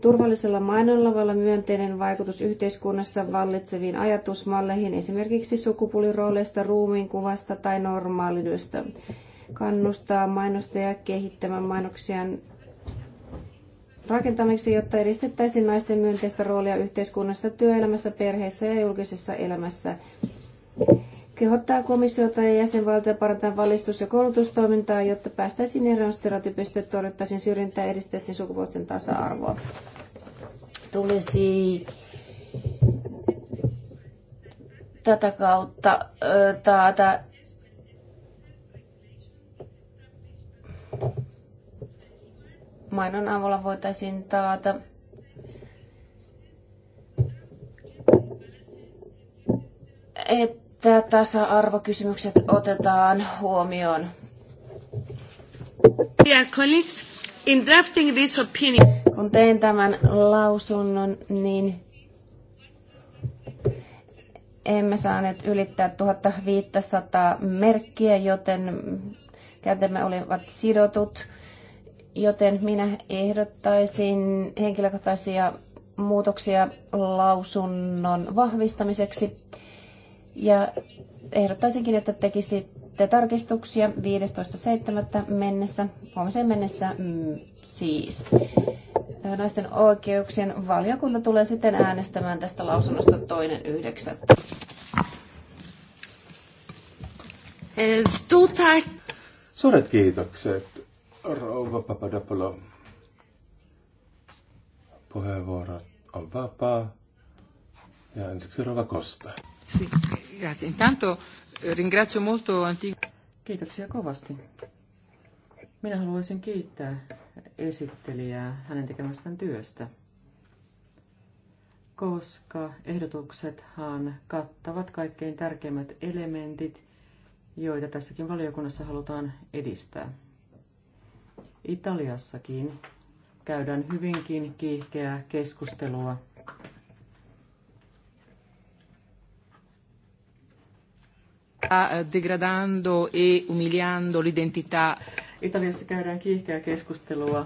Speaker 3: Turvallisella mainonnalla voi olla myönteinen vaikutus yhteiskunnassa vallitseviin ajatusmalleihin, esimerkiksi sukupuolirooleista, ruumiinkuvasta tai normaaliudesta. Kannustaa mainostajia kehittämään mainoksiaan rakentamiksi, jotta edistettäisiin naisten myönteistä roolia yhteiskunnassa, työelämässä, perheessä ja julkisessa elämässä. Kehottaa komissiota ja jäsenvaltioita parantaa valistus- ja koulutustoimintaa, jotta päästäisiin eroon stereotypista, torjuttaisiin syrjintää ja edistäisiin sukupuolten tasa-arvoa. Tulisi tätä kautta taata Mainon avulla voitaisiin taata että tasa-arvokysymykset otetaan huomioon. Dear colleagues, in drafting this opinion. Kun tein tämän lausunnon, niin emme saaneet ylittää 1500 merkkiä, joten kätemme olivat sidotut. Joten minä ehdottaisin henkilökohtaisia muutoksia lausunnon vahvistamiseksi. Ja ehdottaisinkin, että tekisitte tarkistuksia 15.7. mennessä, huomiseen mennessä mm, siis. Naisten oikeuksien valiokunta tulee sitten äänestämään tästä lausunnosta toinen yhdeksättä.
Speaker 2: Suuret kiitokset. Rouva Papadopoulou, puheenvuoro on vapaa. Ja ensiksi rouva Kosta.
Speaker 5: Sì, grazie. Intanto eh, ringrazio molto Antigua. Kiitoksia kovasti. Minä haluaisin kiittää esittelijää hänen tekemästään työstä, koska ehdotuksethan kattavat kaikkein tärkeimmät elementit, joita tässäkin valiokunnassa halutaan edistää. Italiassakin käydään hyvinkin kiihkeää keskustelua. Eh, degradando e umiliando l'identità. Italiassa käydään kiihkeää keskustelua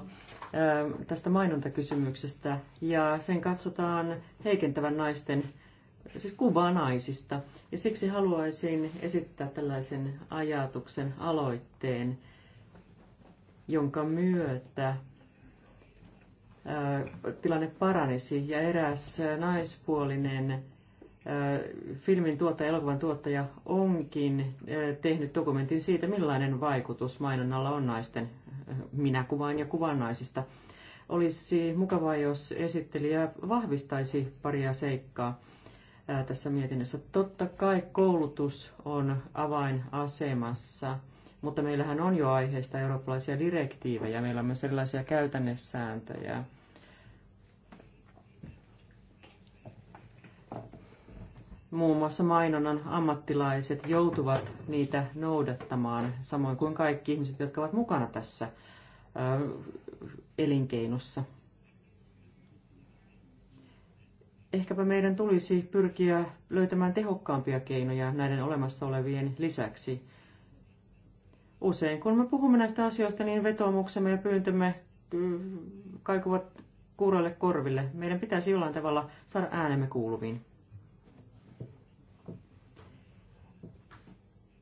Speaker 5: eh, tästä mainontakysymyksestä ja sen katsotaan heikentävän naisten, siis kuvaa naisista. Ja siksi haluaisin esittää tällaisen ajatuksen aloitteen jonka myötä tilanne paranisi ja eräs naispuolinen filmin tuottaja, elokuvan tuottaja onkin tehnyt dokumentin siitä, millainen vaikutus mainonnalla on naisten minäkuvaan ja kuvan naisista. Olisi mukavaa, jos esittelijä vahvistaisi paria seikkaa tässä mietinnössä. Totta kai koulutus on avainasemassa – mutta meillähän on jo aiheesta eurooppalaisia direktiivejä, meillä on myös erilaisia käytännessääntöjä. Muun muassa mainonnan ammattilaiset joutuvat niitä noudattamaan, samoin kuin kaikki ihmiset, jotka ovat mukana tässä elinkeinossa. ehkäpä meidän tulisi pyrkiä löytämään tehokkaampia keinoja näiden olemassa olevien lisäksi. Usein kun me puhumme näistä asioista, niin vetoomuksemme ja pyyntömme mm, kaikuvat kuuroille korville. Meidän pitäisi jollain tavalla saada äänemme kuuluviin.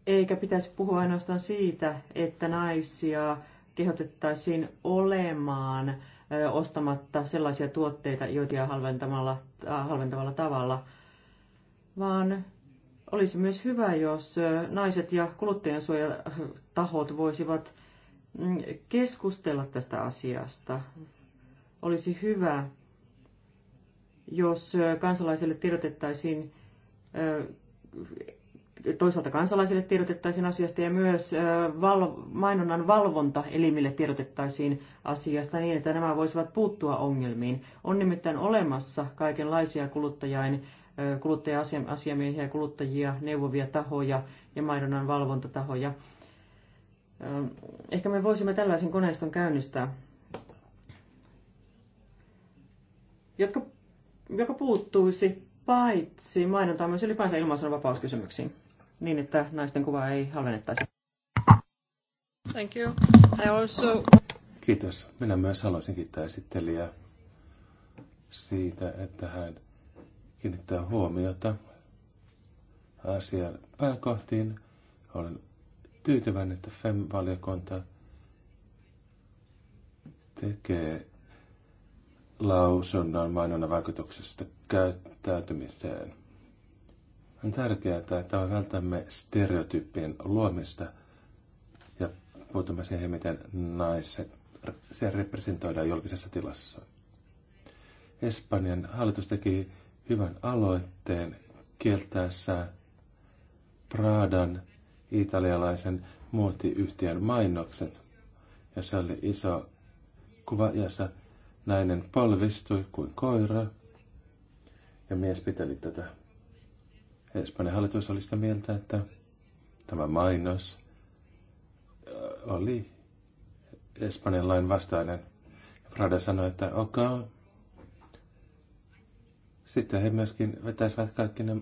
Speaker 5: Eikä pitäisi puhua ainoastaan siitä, että naisia kehotettaisiin olemaan ostamatta sellaisia tuotteita, joita halventamalla, äh, halventavalla tavalla, vaan olisi myös hyvä, jos naiset ja kuluttajansuojatahot voisivat mm, keskustella tästä asiasta. Olisi hyvä, jos kansalaisille tiedotettaisiin, toisaalta kansalaisille tiedotettaisiin asiasta ja myös mainonnan valvontaelimille tiedotettaisiin asiasta niin, että nämä voisivat puuttua ongelmiin. On nimittäin olemassa kaikenlaisia kuluttajain kuluttaja-asiamiehiä ja kuluttajia neuvovia tahoja ja mainonnan valvontatahoja. Ähm, ehkä me voisimme tällaisen koneiston käynnistää, jotka, joka puuttuisi paitsi mainontaa myös ylipäänsä ilmaisen vapauskysymyksiin, niin
Speaker 2: että naisten kuvaa ei halvennettaisi.
Speaker 5: Thank you. I also...
Speaker 2: Kiitos. Minä myös haluaisin kiittää esittelijää siitä, että hän kiinnittää huomiota asian pääkohtiin. Olen tyytyväinen, että FEM-valiokunta tekee lausunnon mainonnan vaikutuksesta käyttäytymiseen. On tärkeää, että me vältämme stereotyyppien luomista ja puutumme siihen, miten naiset se representoidaan julkisessa tilassa. Espanjan hallitus teki hyvän aloitteen kieltäessään Pradan italialaisen muotiyhtiön mainokset. Ja se oli iso kuva, jossa nainen polvistui kuin koira. Ja mies piteli tätä. Espanjan hallitus oli sitä mieltä, että tämä mainos äh, oli Espanjan lain vastainen. Prada sanoi, että okay, sitten he myöskin vetäisivät kaikki ne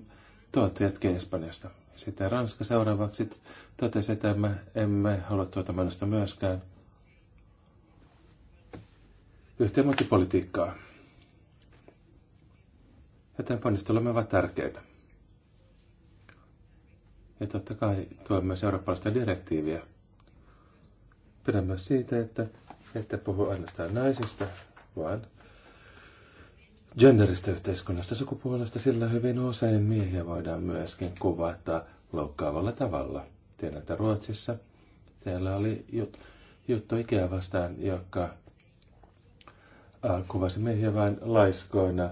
Speaker 2: tuottajatkin Espanjasta. Sitten Ranska seuraavaksi totesi, että me emme halua tuota mainosta myöskään. Yhteenmuotipolitiikkaa. Joten ponnistelumme ovat tärkeitä. Ja totta kai tuemme myös eurooppalaista direktiiviä. Pidän myös siitä, että ette puhu ainoastaan naisista, vaan genderistä yhteiskunnasta sukupuolesta, sillä hyvin usein miehiä voidaan myöskin kuvata loukkaavalla tavalla. Tiedän, että Ruotsissa teillä oli jut, juttu Ikea vastaan, joka äh, kuvasi miehiä vain laiskoina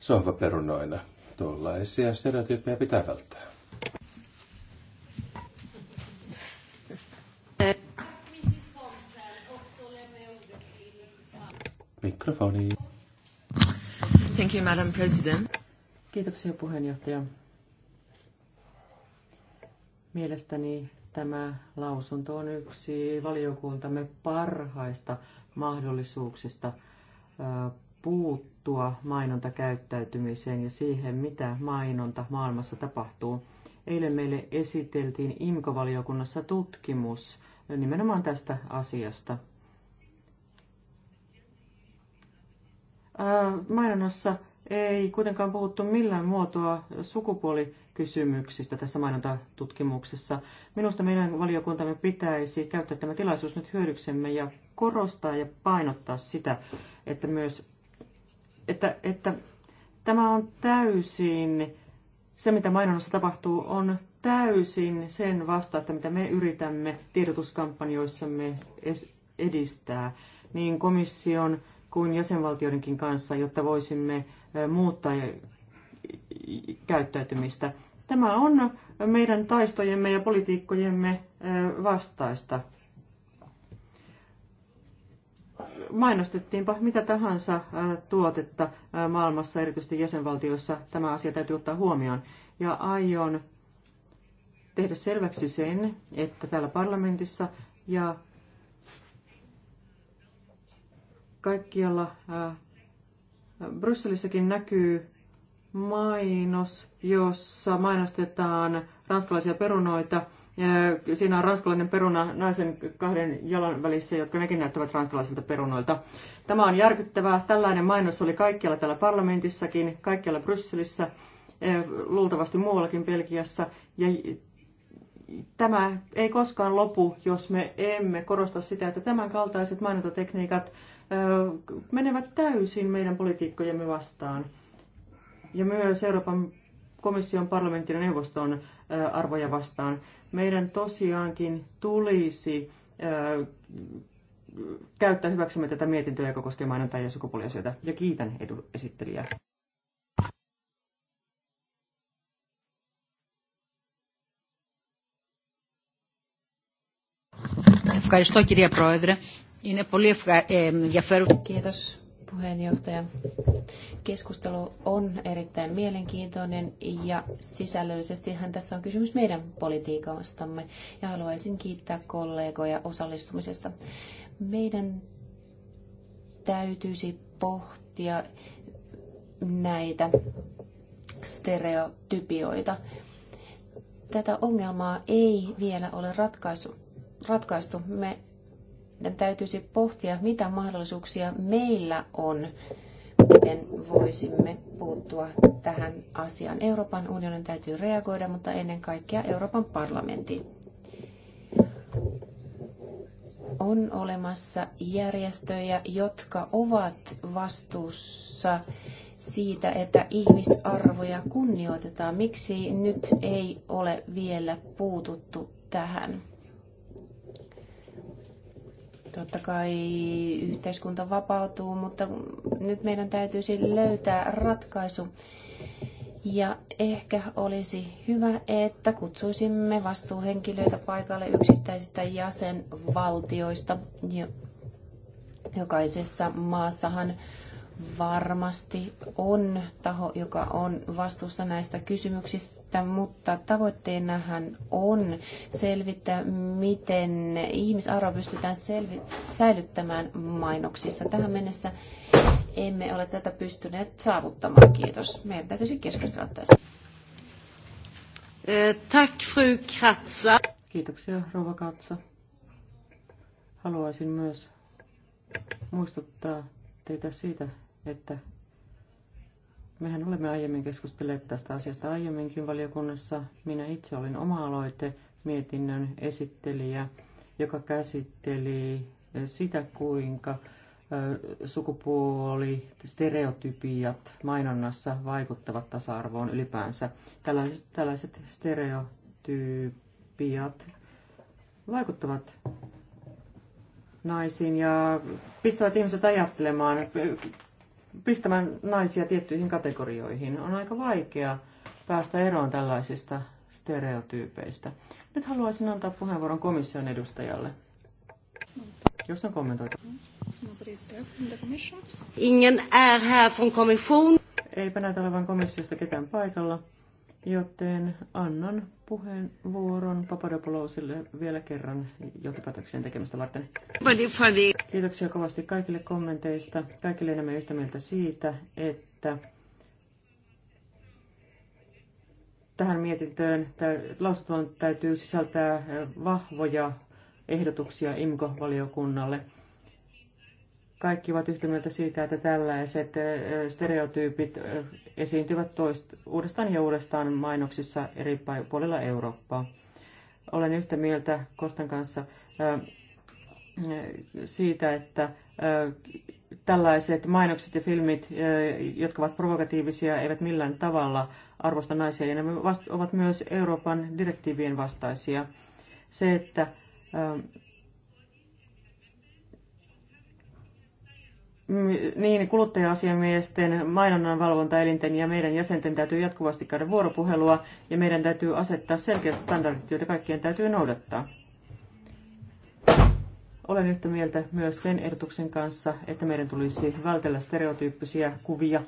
Speaker 2: sohvaperunoina. Tuollaisia stereotyyppejä pitää välttää.
Speaker 5: Mikrofoni. Thank you, Madam President. Kiitoksia puheenjohtaja. Mielestäni tämä lausunto on yksi valiokuntamme parhaista mahdollisuuksista puuttua mainontakäyttäytymiseen ja siihen, mitä mainonta maailmassa tapahtuu. Eilen meille esiteltiin IMKO-valiokunnassa tutkimus nimenomaan tästä asiasta – mainonnassa ei kuitenkaan puhuttu millään muotoa sukupuolikysymyksistä tässä mainontatutkimuksessa. Minusta meidän valiokuntamme pitäisi käyttää tämä tilaisuus nyt hyödyksemme ja korostaa ja painottaa sitä, että myös että, että tämä on täysin, se mitä mainonnassa tapahtuu, on täysin sen vastaista, mitä me yritämme tiedotuskampanjoissamme edistää. Niin komission kuin jäsenvaltioidenkin kanssa, jotta voisimme muuttaa käyttäytymistä. Tämä on meidän taistojemme ja politiikkojemme vastaista. Mainostettiinpa mitä tahansa tuotetta maailmassa, erityisesti jäsenvaltioissa, tämä asia täytyy ottaa huomioon. Ja aion tehdä selväksi sen, että täällä parlamentissa ja kaikkialla Brysselissäkin näkyy mainos, jossa mainostetaan ranskalaisia perunoita. Siinä on ranskalainen peruna naisen kahden jalan välissä, jotka nekin näyttävät ranskalaisilta perunoilta. Tämä on järkyttävää. Tällainen mainos oli kaikkialla täällä parlamentissakin, kaikkialla Brysselissä, luultavasti muuallakin Belgiassa. Ja tämä ei koskaan lopu, jos me emme korosta sitä, että tämän kaltaiset mainontatekniikat menevät täysin meidän politiikkojemme vastaan. Ja myös Euroopan komission, parlamentin ja neuvoston arvoja vastaan. Meidän tosiaankin tulisi käyttää hyväksymme tätä mietintöä, joka koskee mainontaa ja sukupuoliasioita. Ja kiitän edu- esittelijää.
Speaker 3: Ευχαριστώ κυρία Πρόεδρε. Είναι πολύ ενδιαφέρον. puheenjohtaja. Keskustelu on erittäin mielenkiintoinen ja sisällöllisestihän tässä on kysymys meidän politiikastamme ja haluaisin kiittää kollegoja osallistumisesta. Meidän täytyisi pohtia näitä stereotypioita. Tätä ongelmaa ei vielä ole ratkaisu, ratkaistu. Me täytyisi pohtia, mitä mahdollisuuksia meillä on, miten voisimme puuttua tähän asiaan. Euroopan unionin täytyy reagoida, mutta ennen kaikkea Euroopan parlamentin. On olemassa järjestöjä, jotka ovat vastuussa siitä, että ihmisarvoja kunnioitetaan. Miksi nyt ei ole vielä puututtu tähän? Totta kai yhteiskunta vapautuu, mutta nyt meidän täytyy sille löytää ratkaisu. Ja ehkä olisi hyvä, että kutsuisimme vastuuhenkilöitä paikalle yksittäisistä jäsenvaltioista. Jokaisessa maassahan varmasti on taho, joka on vastuussa näistä kysymyksistä, mutta tavoitteenahan on selvittää, miten ihmisarvo pystytään selvi- säilyttämään mainoksissa. Tähän mennessä emme ole tätä pystyneet saavuttamaan. Kiitos. Meidän täytyisi keskustella tästä.
Speaker 5: Eh, tack fru Katsa. Kiitoksia rouva Katsa. Haluaisin myös muistuttaa teitä siitä, että mehän olemme aiemmin keskustelleet tästä asiasta aiemminkin valiokunnassa. Minä itse olin oma-aloite mietinnön esittelijä, joka käsitteli eh, sitä, kuinka eh, sukupuoli, stereotypiat mainonnassa vaikuttavat tasa-arvoon ylipäänsä. Tällaiset, tällaiset stereotypiat vaikuttavat naisiin ja pistävät ihmiset ajattelemaan, eh, pistämään naisia tiettyihin kategorioihin. On aika vaikea päästä eroon tällaisista stereotyypeistä. Nyt haluaisin antaa puheenvuoron komission edustajalle. Jos on kommentoita. Ingen är här från kommission. Eipä näytä olevan komissiosta ketään paikalla. Joten annan puheenvuoron Papadopoulosille vielä kerran johtopäätöksen tekemistä varten. Kiitoksia kovasti kaikille kommenteista. Kaikille enemmän yhtä mieltä siitä, että tähän mietintöön lausuntoon täytyy sisältää vahvoja ehdotuksia IMKO-valiokunnalle kaikki ovat yhtä mieltä siitä, että tällaiset stereotyypit esiintyvät toist, uudestaan ja uudestaan mainoksissa eri puolilla Eurooppaa. Olen yhtä mieltä Kostan kanssa siitä, että tällaiset mainokset ja filmit, jotka ovat provokatiivisia, eivät millään tavalla arvosta naisia, ja ne ovat myös Euroopan direktiivien vastaisia. Se, että niin kuluttaja-asiamiesten, mainonnan valvontaelinten ja meidän jäsenten täytyy jatkuvasti käydä vuoropuhelua ja meidän täytyy asettaa selkeät standardit, joita kaikkien täytyy noudattaa. Olen yhtä mieltä myös sen ehdotuksen kanssa, että meidän tulisi vältellä stereotyyppisiä kuvia.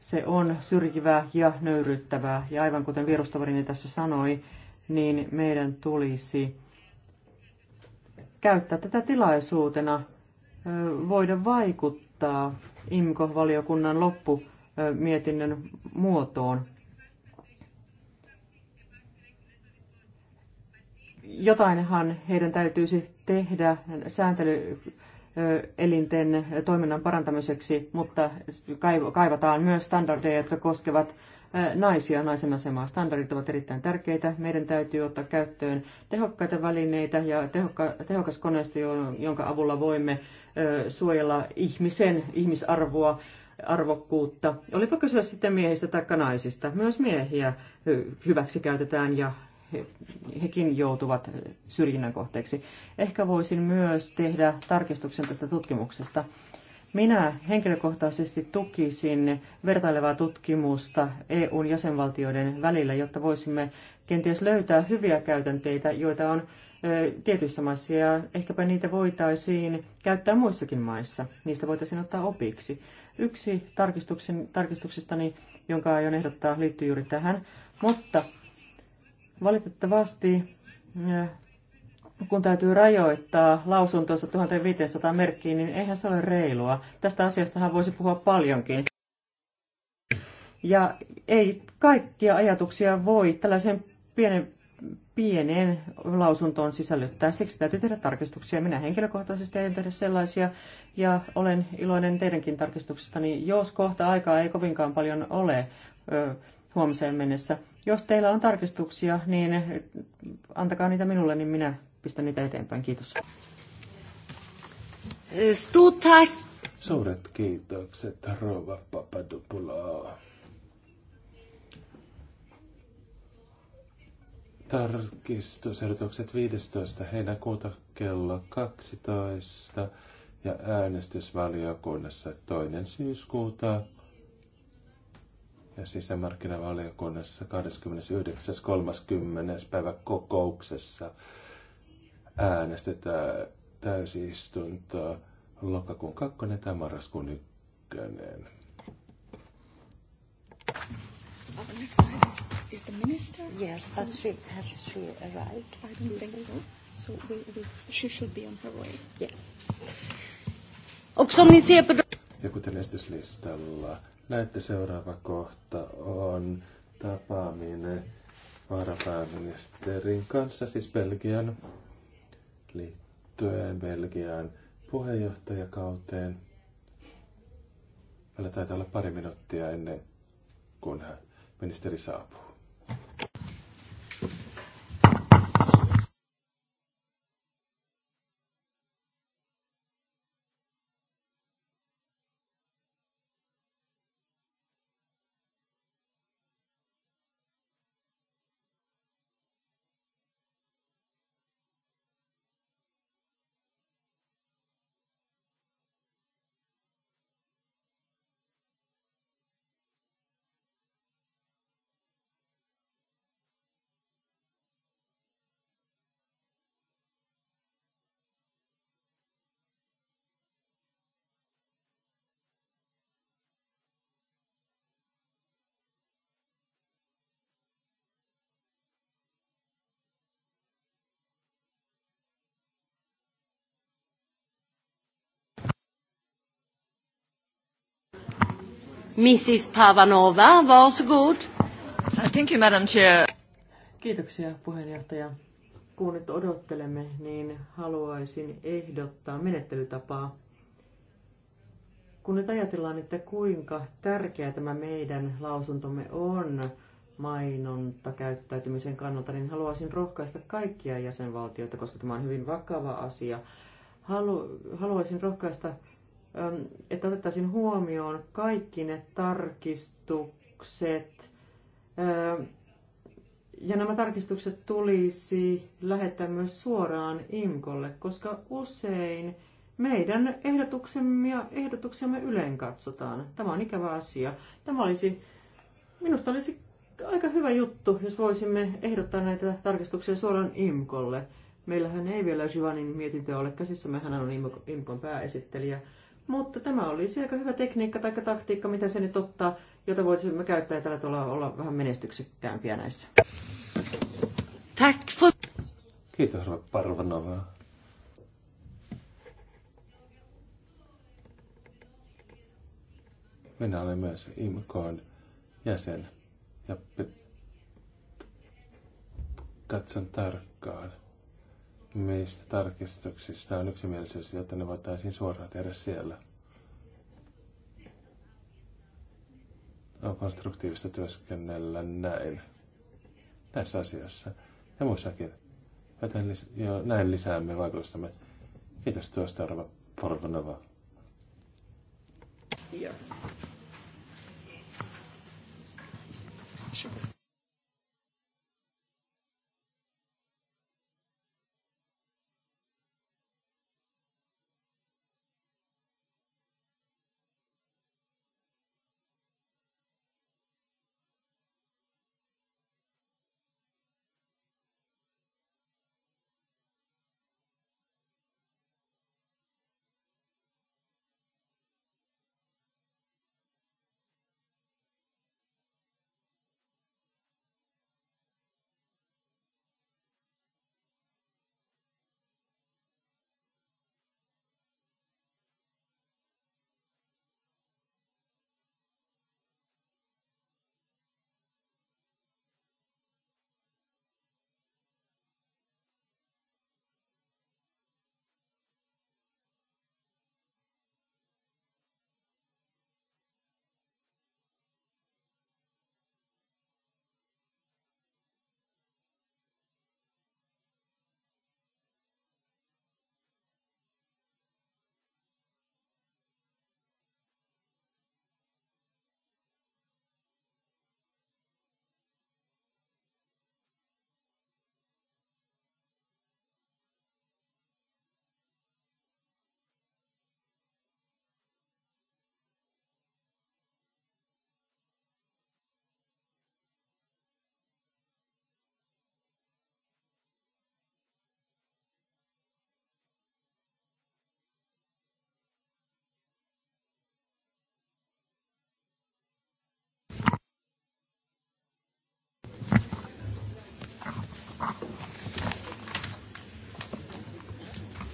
Speaker 5: Se on syrjivää ja nöyryyttävää. Ja aivan kuten virustavarini tässä sanoi, niin meidän tulisi käyttää tätä tilaisuutena voida vaikuttaa imco valiokunnan loppumietinnön muotoon. Jotainhan heidän täytyisi tehdä sääntelyelinten toiminnan parantamiseksi, mutta kaivataan myös standardeja, jotka koskevat naisia naisen asemaa. Standardit ovat erittäin tärkeitä. Meidän täytyy ottaa käyttöön tehokkaita välineitä ja tehokka, tehokas koneisto, jonka avulla voimme suojella ihmisen ihmisarvoa arvokkuutta. Olipa kyse sitten miehistä tai naisista. Myös miehiä hyväksi käytetään ja he, hekin joutuvat syrjinnän kohteeksi. Ehkä voisin myös tehdä tarkistuksen tästä tutkimuksesta. Minä henkilökohtaisesti tukisin vertailevaa tutkimusta EUn jäsenvaltioiden välillä, jotta voisimme kenties löytää hyviä käytänteitä, joita on tietyissä maissa ja ehkäpä niitä voitaisiin käyttää muissakin maissa. Niistä voitaisiin ottaa opiksi. Yksi tarkistuksistani, jonka aion ehdottaa, liittyy juuri tähän, mutta valitettavasti kun täytyy rajoittaa lausuntonsa 1500 merkkiin, niin eihän se ole reilua. Tästä asiastahan voisi puhua paljonkin. Ja ei kaikkia ajatuksia voi tällaisen pienen, pieneen lausuntoon sisällyttää. Siksi täytyy tehdä tarkistuksia. Minä henkilökohtaisesti en tehdä sellaisia ja olen iloinen teidänkin tarkistuksestani, jos kohta aikaa ei kovinkaan paljon ole ö, huomiseen mennessä. Jos teillä on tarkistuksia, niin antakaa niitä minulle, niin minä pistän niitä eteenpäin. Kiitos. Stuta.
Speaker 2: Suuret kiitokset, Rova Papadopoulos. tarkistusehdotukset 15. heinäkuuta kello 12 ja äänestysvaliokunnassa toinen syyskuuta ja sisämarkkinavaliokunnassa 29.30. päivä kokouksessa äänestetään täysistunto lokakuun kakkonen tai marraskuun ykkönen.
Speaker 6: Is the minister? Yes, has she, has she arrived? I don't think so. So we, we, she should be on her way. Yeah.
Speaker 2: Och som ni ser på... Ja kuten esityslistalla näette, seuraava kohta on tapaaminen varapääministerin kanssa, siis Belgian liittyen Belgian puheenjohtajakauteen. Meillä taitaa olla pari minuuttia ennen kuin ministeri saapuu.
Speaker 1: Mrs. Pavanova, varsågod. Thank you, Madam Chair.
Speaker 5: Kiitoksia, puheenjohtaja. Kun nyt odottelemme, niin haluaisin ehdottaa menettelytapaa. Kun nyt ajatellaan, että kuinka tärkeä tämä meidän lausuntomme on mainonta käyttäytymisen kannalta, niin haluaisin rohkaista kaikkia jäsenvaltioita, koska tämä on hyvin vakava asia. Halu, haluaisin rohkaista että otettaisiin huomioon kaikki ne tarkistukset. Ja nämä tarkistukset tulisi lähettää myös suoraan IMKOlle, koska usein meidän ehdotuksemme, ehdotuksemme yleen katsotaan. Tämä on ikävä asia. Tämä olisi, minusta olisi aika hyvä juttu, jos voisimme ehdottaa näitä tarkistuksia suoraan IMKOlle. Meillähän ei vielä Jyvanin mietintöä ole käsissä, mehän on IMKOn pääesittelijä. Mutta tämä olisi aika hyvä tekniikka tai taktiikka, mitä se nyt ottaa, jota voisimme käyttää ja tällä tavalla olla vähän menestyksekkäämpiä näissä.
Speaker 2: Kiitos, Parvanova. Minä olen myös IMKOn jäsen ja katson tarkkaan meistä tarkistuksista on yksimielisyys, jotta ne voitaisiin suoraan tehdä siellä. On konstruktiivista työskennellä näin tässä asiassa ja muissakin. Joten lis- jo, näin lisäämme vaikutustamme. Kiitos tuosta, Arva Porvanova.
Speaker 6: Joo.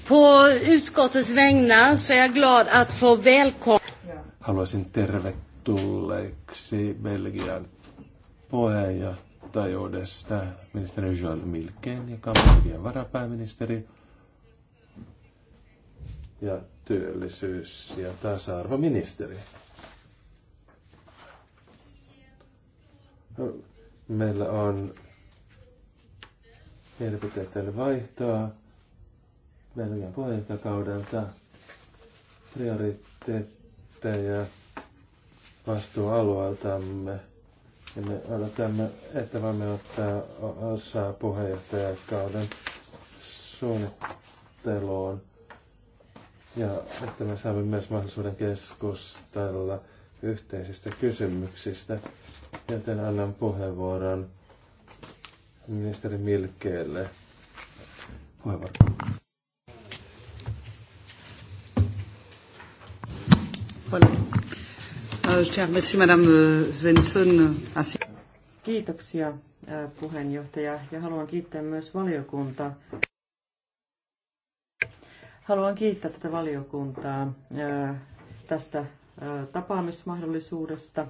Speaker 1: På utskottets vägnar så är jag glad att få välkomna...
Speaker 2: Haluaisin tervetulleeksi Belgian puheenjohtajuudesta ministeri Joel Milken, ja on varapääministeri. Ja työllisyys- ja tasa-arvoministeri. Meillä on mielipiteiden vaihtoa Belgian puheenjohtajakaudelta prioriteetteja vastuualueeltamme. Ja me odotamme, että voimme ottaa osaa puheenjohtajakauden suunnitteluun. Ja että me saamme myös mahdollisuuden keskustella yhteisistä kysymyksistä. Joten annan puheenvuoron ministeri Milkeelle. Puheenvuoro.
Speaker 1: Voilà. Euh, je tiens à remercier Madame euh, Svensson. Euh,
Speaker 5: Kiitoksia äh, puheenjohtaja ja haluan kiittää myös valiokuntaa. Haluan kiittää tätä valiokuntaa äh, tästä äh, tapaamismahdollisuudesta.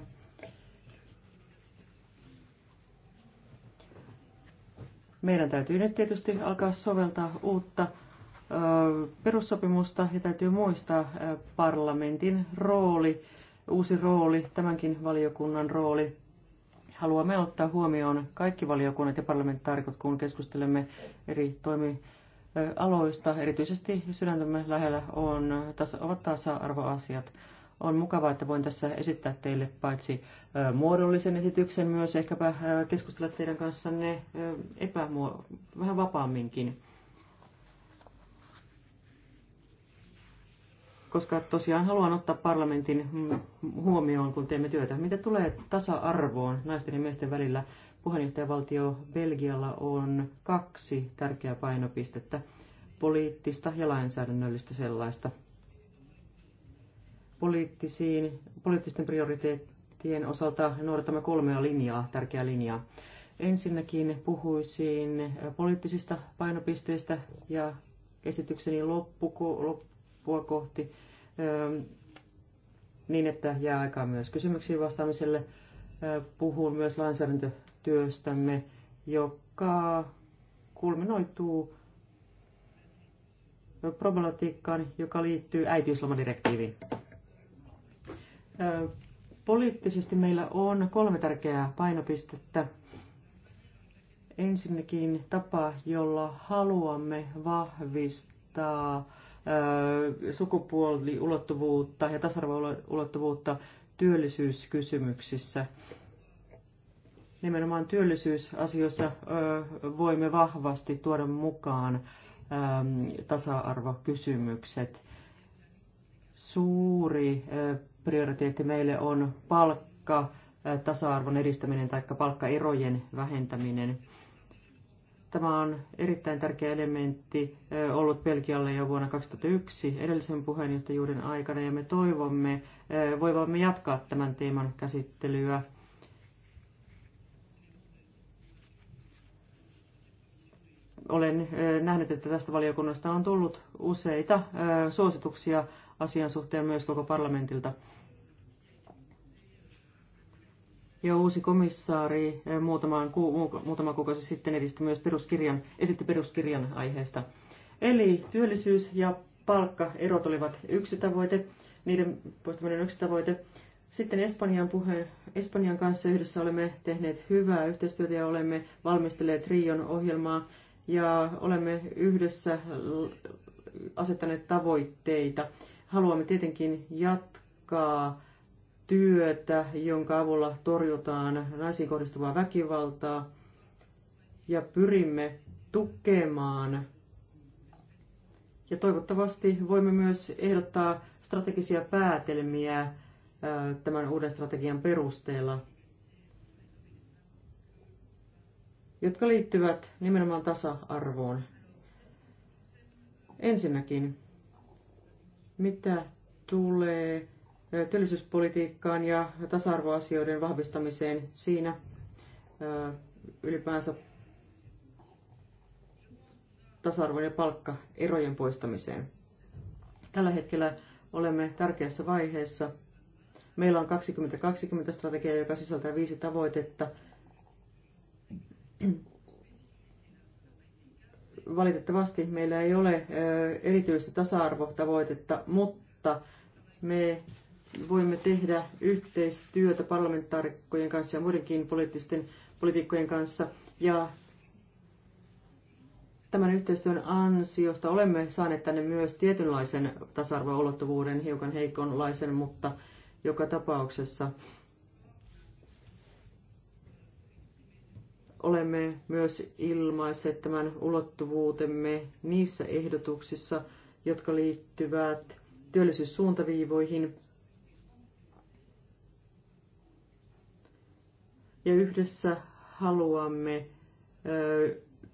Speaker 5: Meidän täytyy nyt tietysti alkaa soveltaa uutta perussopimusta ja täytyy muistaa parlamentin rooli, uusi rooli, tämänkin valiokunnan rooli. Haluamme ottaa huomioon kaikki valiokunnat ja parlamentaarikot, kun keskustelemme eri toimialoista. Erityisesti sydäntämme lähellä on, ovat tasa-arvoasiat. On mukavaa, että voin tässä esittää teille paitsi muodollisen esityksen, myös ehkäpä keskustella teidän kanssanne epämuo- vähän vapaamminkin. koska tosiaan haluan ottaa parlamentin huomioon, kun teemme työtä. Mitä tulee tasa-arvoon naisten ja miesten välillä, puheenjohtajavaltio Belgialla on kaksi tärkeää painopistettä, poliittista ja lainsäädännöllistä sellaista. Poliittisiin, poliittisten prioriteettien osalta noudatamme kolmea linjaa, tärkeää linjaa. Ensinnäkin puhuisin poliittisista painopisteistä ja esitykseni loppu, loppua kohti niin, että jää aikaa myös kysymyksiin vastaamiselle. Puhun myös lainsäädäntötyöstämme, joka kulminoituu problematiikkaan, joka liittyy äitiyslomadirektiiviin. Poliittisesti meillä on kolme tärkeää painopistettä. Ensinnäkin tapa, jolla haluamme vahvistaa sukupuoliulottuvuutta ja tasa-arvoulottuvuutta työllisyyskysymyksissä. Nimenomaan työllisyysasioissa voimme vahvasti tuoda mukaan tasa-arvokysymykset. Suuri prioriteetti meille on palkka, tasa-arvon edistäminen tai palkkaerojen vähentäminen – Tämä on erittäin tärkeä elementti ollut Belgialle jo vuonna 2001 edellisen puheenjohtajuuden aikana ja me toivomme voivamme jatkaa tämän teeman käsittelyä. Olen nähnyt, että tästä valiokunnasta on tullut useita suosituksia asian suhteen myös koko parlamentilta. ja uusi komissaari eh, muutamaan ku, muutama kuukausi sitten edisti myös peruskirjan, esitti peruskirjan aiheesta. Eli työllisyys ja palkkaerot olivat yksi tavoite, niiden poistaminen yksi tavoite. Sitten Espanjan, puhe, Espanjan kanssa yhdessä olemme tehneet hyvää yhteistyötä ja olemme valmistelleet Rion ohjelmaa ja olemme yhdessä asettaneet tavoitteita. Haluamme tietenkin jatkaa työtä, jonka avulla torjutaan naisiin kohdistuvaa väkivaltaa ja pyrimme tukemaan. Ja toivottavasti voimme myös ehdottaa strategisia päätelmiä tämän uuden strategian perusteella, jotka liittyvät nimenomaan tasa-arvoon. Ensinnäkin, mitä tulee työllisyyspolitiikkaan ja tasa-arvoasioiden vahvistamiseen siinä ylipäänsä tasa-arvon ja palkkaerojen poistamiseen. Tällä hetkellä olemme tärkeässä vaiheessa. Meillä on 2020-strategia, joka sisältää viisi tavoitetta. Valitettavasti meillä ei ole erityistä tasa-arvotavoitetta, mutta me voimme tehdä yhteistyötä parlamentaarikkojen kanssa ja muidenkin poliittisten poliitikkojen kanssa. Ja tämän yhteistyön ansiosta olemme saaneet tänne myös tietynlaisen tasa-arvoulottuvuuden, hiukan heikonlaisen, mutta joka tapauksessa olemme myös ilmaiset tämän ulottuvuutemme niissä ehdotuksissa, jotka liittyvät työllisyyssuuntaviivoihin, ja yhdessä haluamme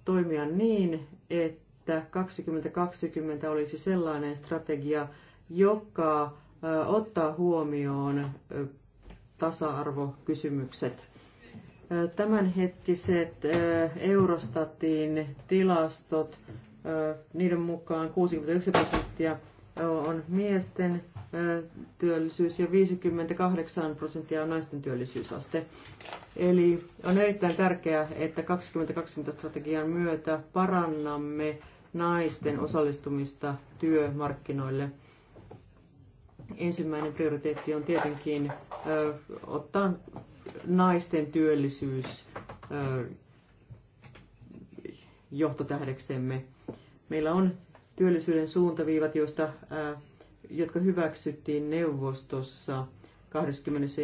Speaker 5: toimia niin, että 2020 olisi sellainen strategia, joka ottaa huomioon tasa-arvokysymykset. Tämänhetkiset Eurostatin tilastot, niiden mukaan 61 prosenttia on miesten työllisyys ja 58 prosenttia on naisten työllisyysaste. Eli on erittäin tärkeää, että 2020-strategian myötä parannamme naisten osallistumista työmarkkinoille. Ensimmäinen prioriteetti on tietenkin ö, ottaa naisten työllisyys ö, johtotähdeksemme. Meillä on työllisyyden suuntaviivat, joista, jotka hyväksyttiin neuvostossa 21.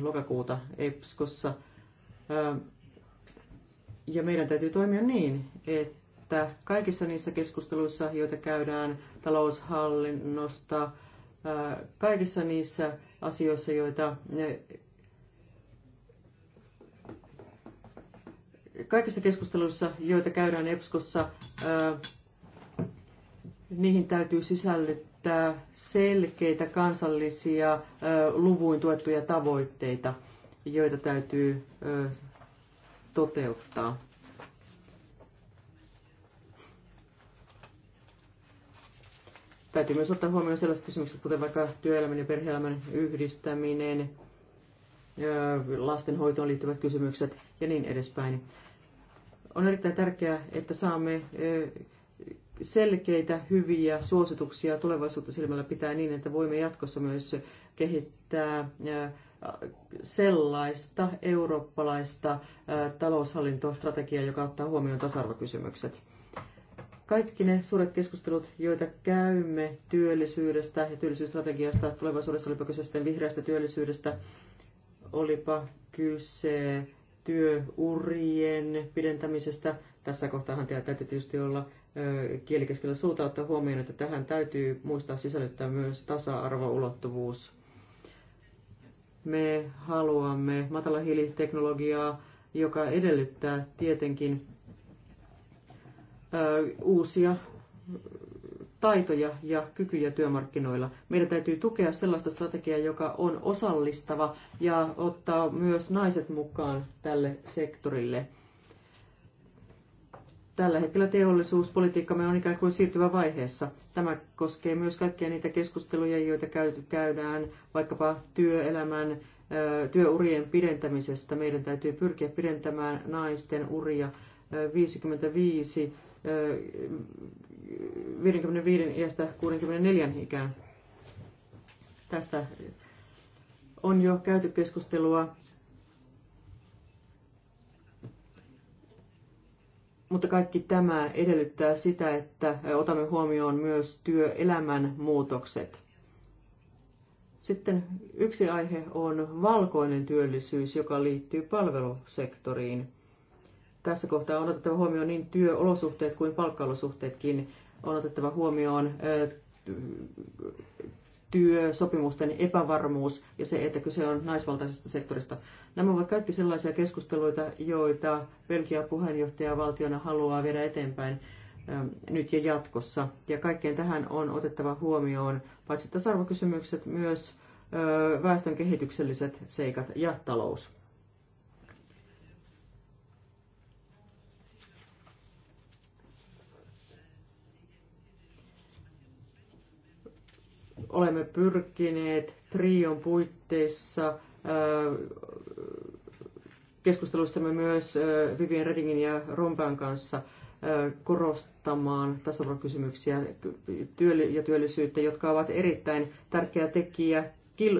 Speaker 5: lokakuuta EPSKossa. Ja meidän täytyy toimia niin, että kaikissa niissä keskusteluissa, joita käydään taloushallinnosta, kaikissa niissä asioissa, joita kaikissa keskusteluissa, joita käydään EPSKossa, niihin täytyy sisällyttää selkeitä kansallisia luvuin tuettuja tavoitteita, joita täytyy toteuttaa. Täytyy myös ottaa huomioon sellaiset kysymykset, kuten vaikka työelämän ja perheelämän yhdistäminen, lastenhoitoon liittyvät kysymykset ja niin edespäin. On erittäin tärkeää, että saamme selkeitä, hyviä suosituksia tulevaisuutta silmällä pitää niin, että voimme jatkossa myös kehittää sellaista eurooppalaista taloushallintostrategiaa, joka ottaa huomioon tasa-arvokysymykset. Kaikki ne suuret keskustelut, joita käymme työllisyydestä ja työllisyysstrategiasta, tulevaisuudessa olipa kyse sitten vihreästä työllisyydestä, olipa kyse työurien pidentämisestä, tässä kohtaahan täytyy tietysti olla kielikeskellä suuta ottaa huomioon, että tähän täytyy muistaa sisällyttää myös tasa-arvoulottuvuus. Me haluamme hiiliteknologiaa, joka edellyttää tietenkin uusia taitoja ja kykyjä työmarkkinoilla. Meidän täytyy tukea sellaista strategiaa, joka on osallistava ja ottaa myös naiset mukaan tälle sektorille – Tällä hetkellä teollisuuspolitiikkamme on ikään kuin siirtyvä vaiheessa. Tämä koskee myös kaikkia niitä keskusteluja, joita käydään vaikkapa työelämän työurien pidentämisestä. Meidän täytyy pyrkiä pidentämään naisten uria 55 55 iästä 64 ikään. Tästä on jo käyty keskustelua Mutta kaikki tämä edellyttää sitä, että otamme huomioon myös työelämän muutokset. Sitten yksi aihe on valkoinen työllisyys, joka liittyy palvelusektoriin. Tässä kohtaa on otettava huomioon niin työolosuhteet kuin palkkaolosuhteetkin. On otettava huomioon työsopimusten epävarmuus ja se, että kyse on naisvaltaisesta sektorista. Nämä ovat kaikki sellaisia keskusteluita, joita Belgia valtiona haluaa viedä eteenpäin nyt ja jatkossa. Ja kaikkeen tähän on otettava huomioon paitsi tasa-arvokysymykset, myös väestön kehitykselliset seikat ja talous. olemme pyrkineet trion puitteissa keskustelussamme myös Vivien Redingin ja Rompan kanssa korostamaan tasa-arvokysymyksiä ja työllisyyttä, jotka ovat erittäin tärkeä tekijä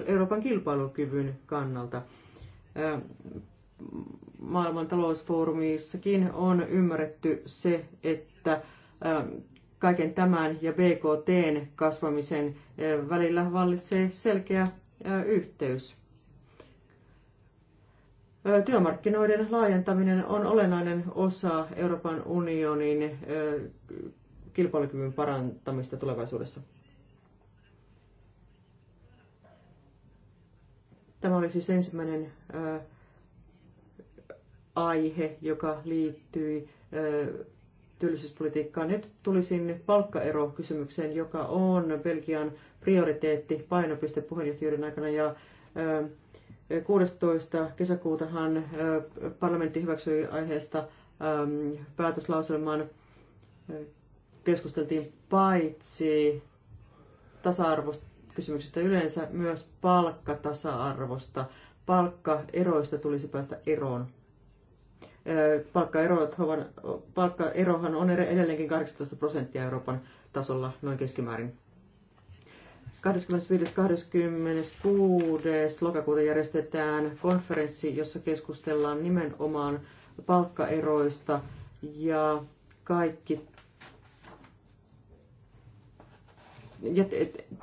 Speaker 5: Euroopan kilpailukyvyn kannalta. Maailman talousfoorumissakin on ymmärretty se, että kaiken tämän ja BKTn kasvamisen välillä vallitsee selkeä yhteys. Työmarkkinoiden laajentaminen on olennainen osa Euroopan unionin kilpailukyvyn parantamista tulevaisuudessa. Tämä oli siis ensimmäinen aihe, joka liittyi työllisyyspolitiikkaa. Nyt tulisin palkkaerokysymykseen, joka on Belgian prioriteetti painopiste puheenjohtajuuden aikana. Ja 16. kesäkuutahan parlamentti hyväksyi aiheesta päätöslauselman. Keskusteltiin paitsi tasa-arvosta kysymyksistä yleensä myös palkkatasa-arvosta. Palkkaeroista tulisi päästä eroon. Palkkaerohan on edelleenkin 18 prosenttia Euroopan tasolla noin keskimäärin. 25.26. lokakuuta järjestetään konferenssi, jossa keskustellaan nimenomaan palkkaeroista ja kaikki ja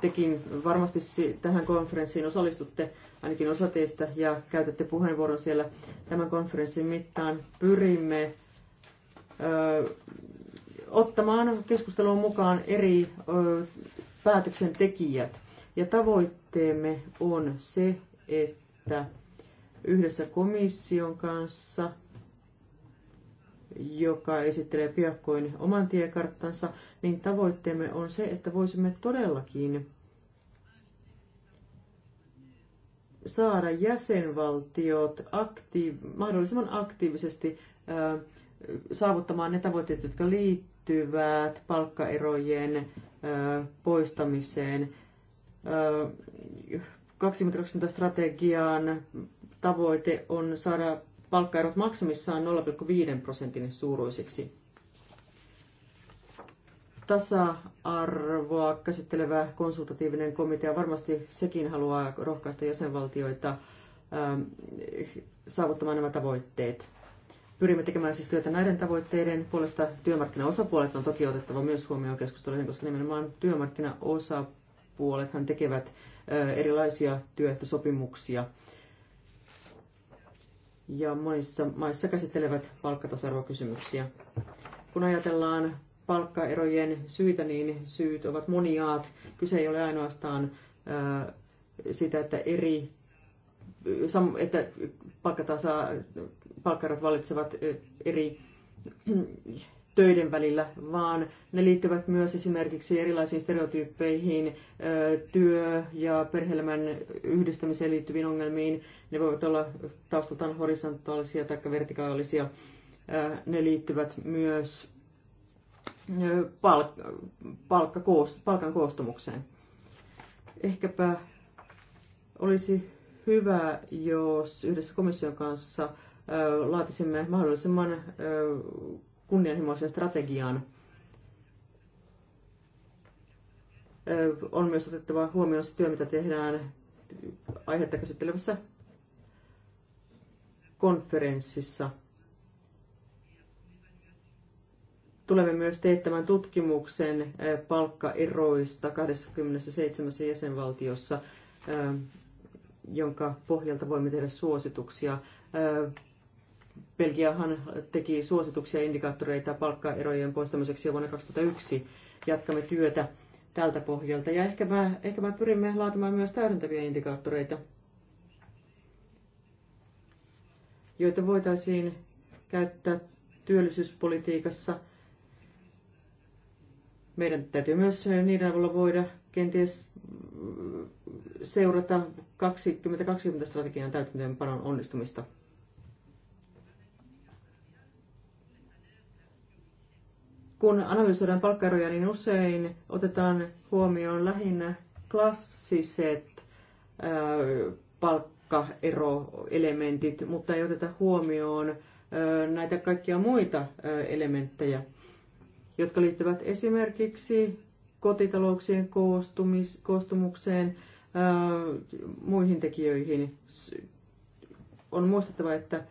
Speaker 5: tekin varmasti tähän konferenssiin osallistutte ainakin osa teistä, ja käytätte puheenvuoron siellä tämän konferenssin mittaan. Pyrimme ö, ottamaan keskusteluun mukaan eri ö, päätöksentekijät. Ja tavoitteemme on se, että yhdessä komission kanssa, joka esittelee piakkoin oman tiekarttansa, niin tavoitteemme on se, että voisimme todellakin saada jäsenvaltiot aktiiv- mahdollisimman aktiivisesti ö, saavuttamaan ne tavoitteet, jotka liittyvät palkkaerojen ö, poistamiseen. Ö, 2020 strategian tavoite on saada palkkaerot maksimissaan 0,5 prosentin suuruisiksi tasa-arvoa käsittelevä konsultatiivinen komitea varmasti sekin haluaa rohkaista jäsenvaltioita ähm, saavuttamaan nämä tavoitteet. Pyrimme tekemään siis työtä näiden tavoitteiden puolesta. Työmarkkinaosapuolet on toki otettava myös huomioon keskusteluihin, koska nimenomaan työmarkkinaosapuolethan tekevät äh, erilaisia työehtosopimuksia. Ja monissa maissa käsittelevät palkkatasa-arvokysymyksiä. Kun ajatellaan palkkaerojen syitä, niin syyt ovat moniaat. Kyse ei ole ainoastaan sitä, että eri että palkkatasa, palkkarat valitsevat eri töiden välillä, vaan ne liittyvät myös esimerkiksi erilaisiin stereotyyppeihin, työ- ja perheelämän yhdistämiseen liittyviin ongelmiin. Ne voivat olla taustaltaan horisontaalisia tai vertikaalisia. Ne liittyvät myös palkka, palkan koostumukseen. Ehkäpä olisi hyvä, jos yhdessä komission kanssa laatisimme mahdollisimman kunnianhimoisen strategian. On myös otettava huomioon se työ, mitä tehdään aihetta käsittelevässä konferenssissa – Tulemme myös teettämään tutkimuksen eh, palkkaeroista 27 jäsenvaltiossa, eh, jonka pohjalta voimme tehdä suosituksia. Eh, Belgiahan teki suosituksia indikaattoreita palkkaerojen poistamiseksi jo vuonna 2001. Jatkamme työtä tältä pohjalta ja ehkä, mä, ehkä mä pyrimme laatimaan myös täydentäviä indikaattoreita, joita voitaisiin käyttää työllisyyspolitiikassa – meidän täytyy myös niiden avulla voida kenties mm, seurata 2020-strategian täytäntöönpanon onnistumista. Kun analysoidaan palkkaeroja, niin usein otetaan huomioon lähinnä klassiset palkkaeroelementit, mutta ei oteta huomioon näitä kaikkia muita elementtejä – jotka liittyvät esimerkiksi kotitalouksien koostumis, koostumukseen, ää, muihin tekijöihin. On muistettava, että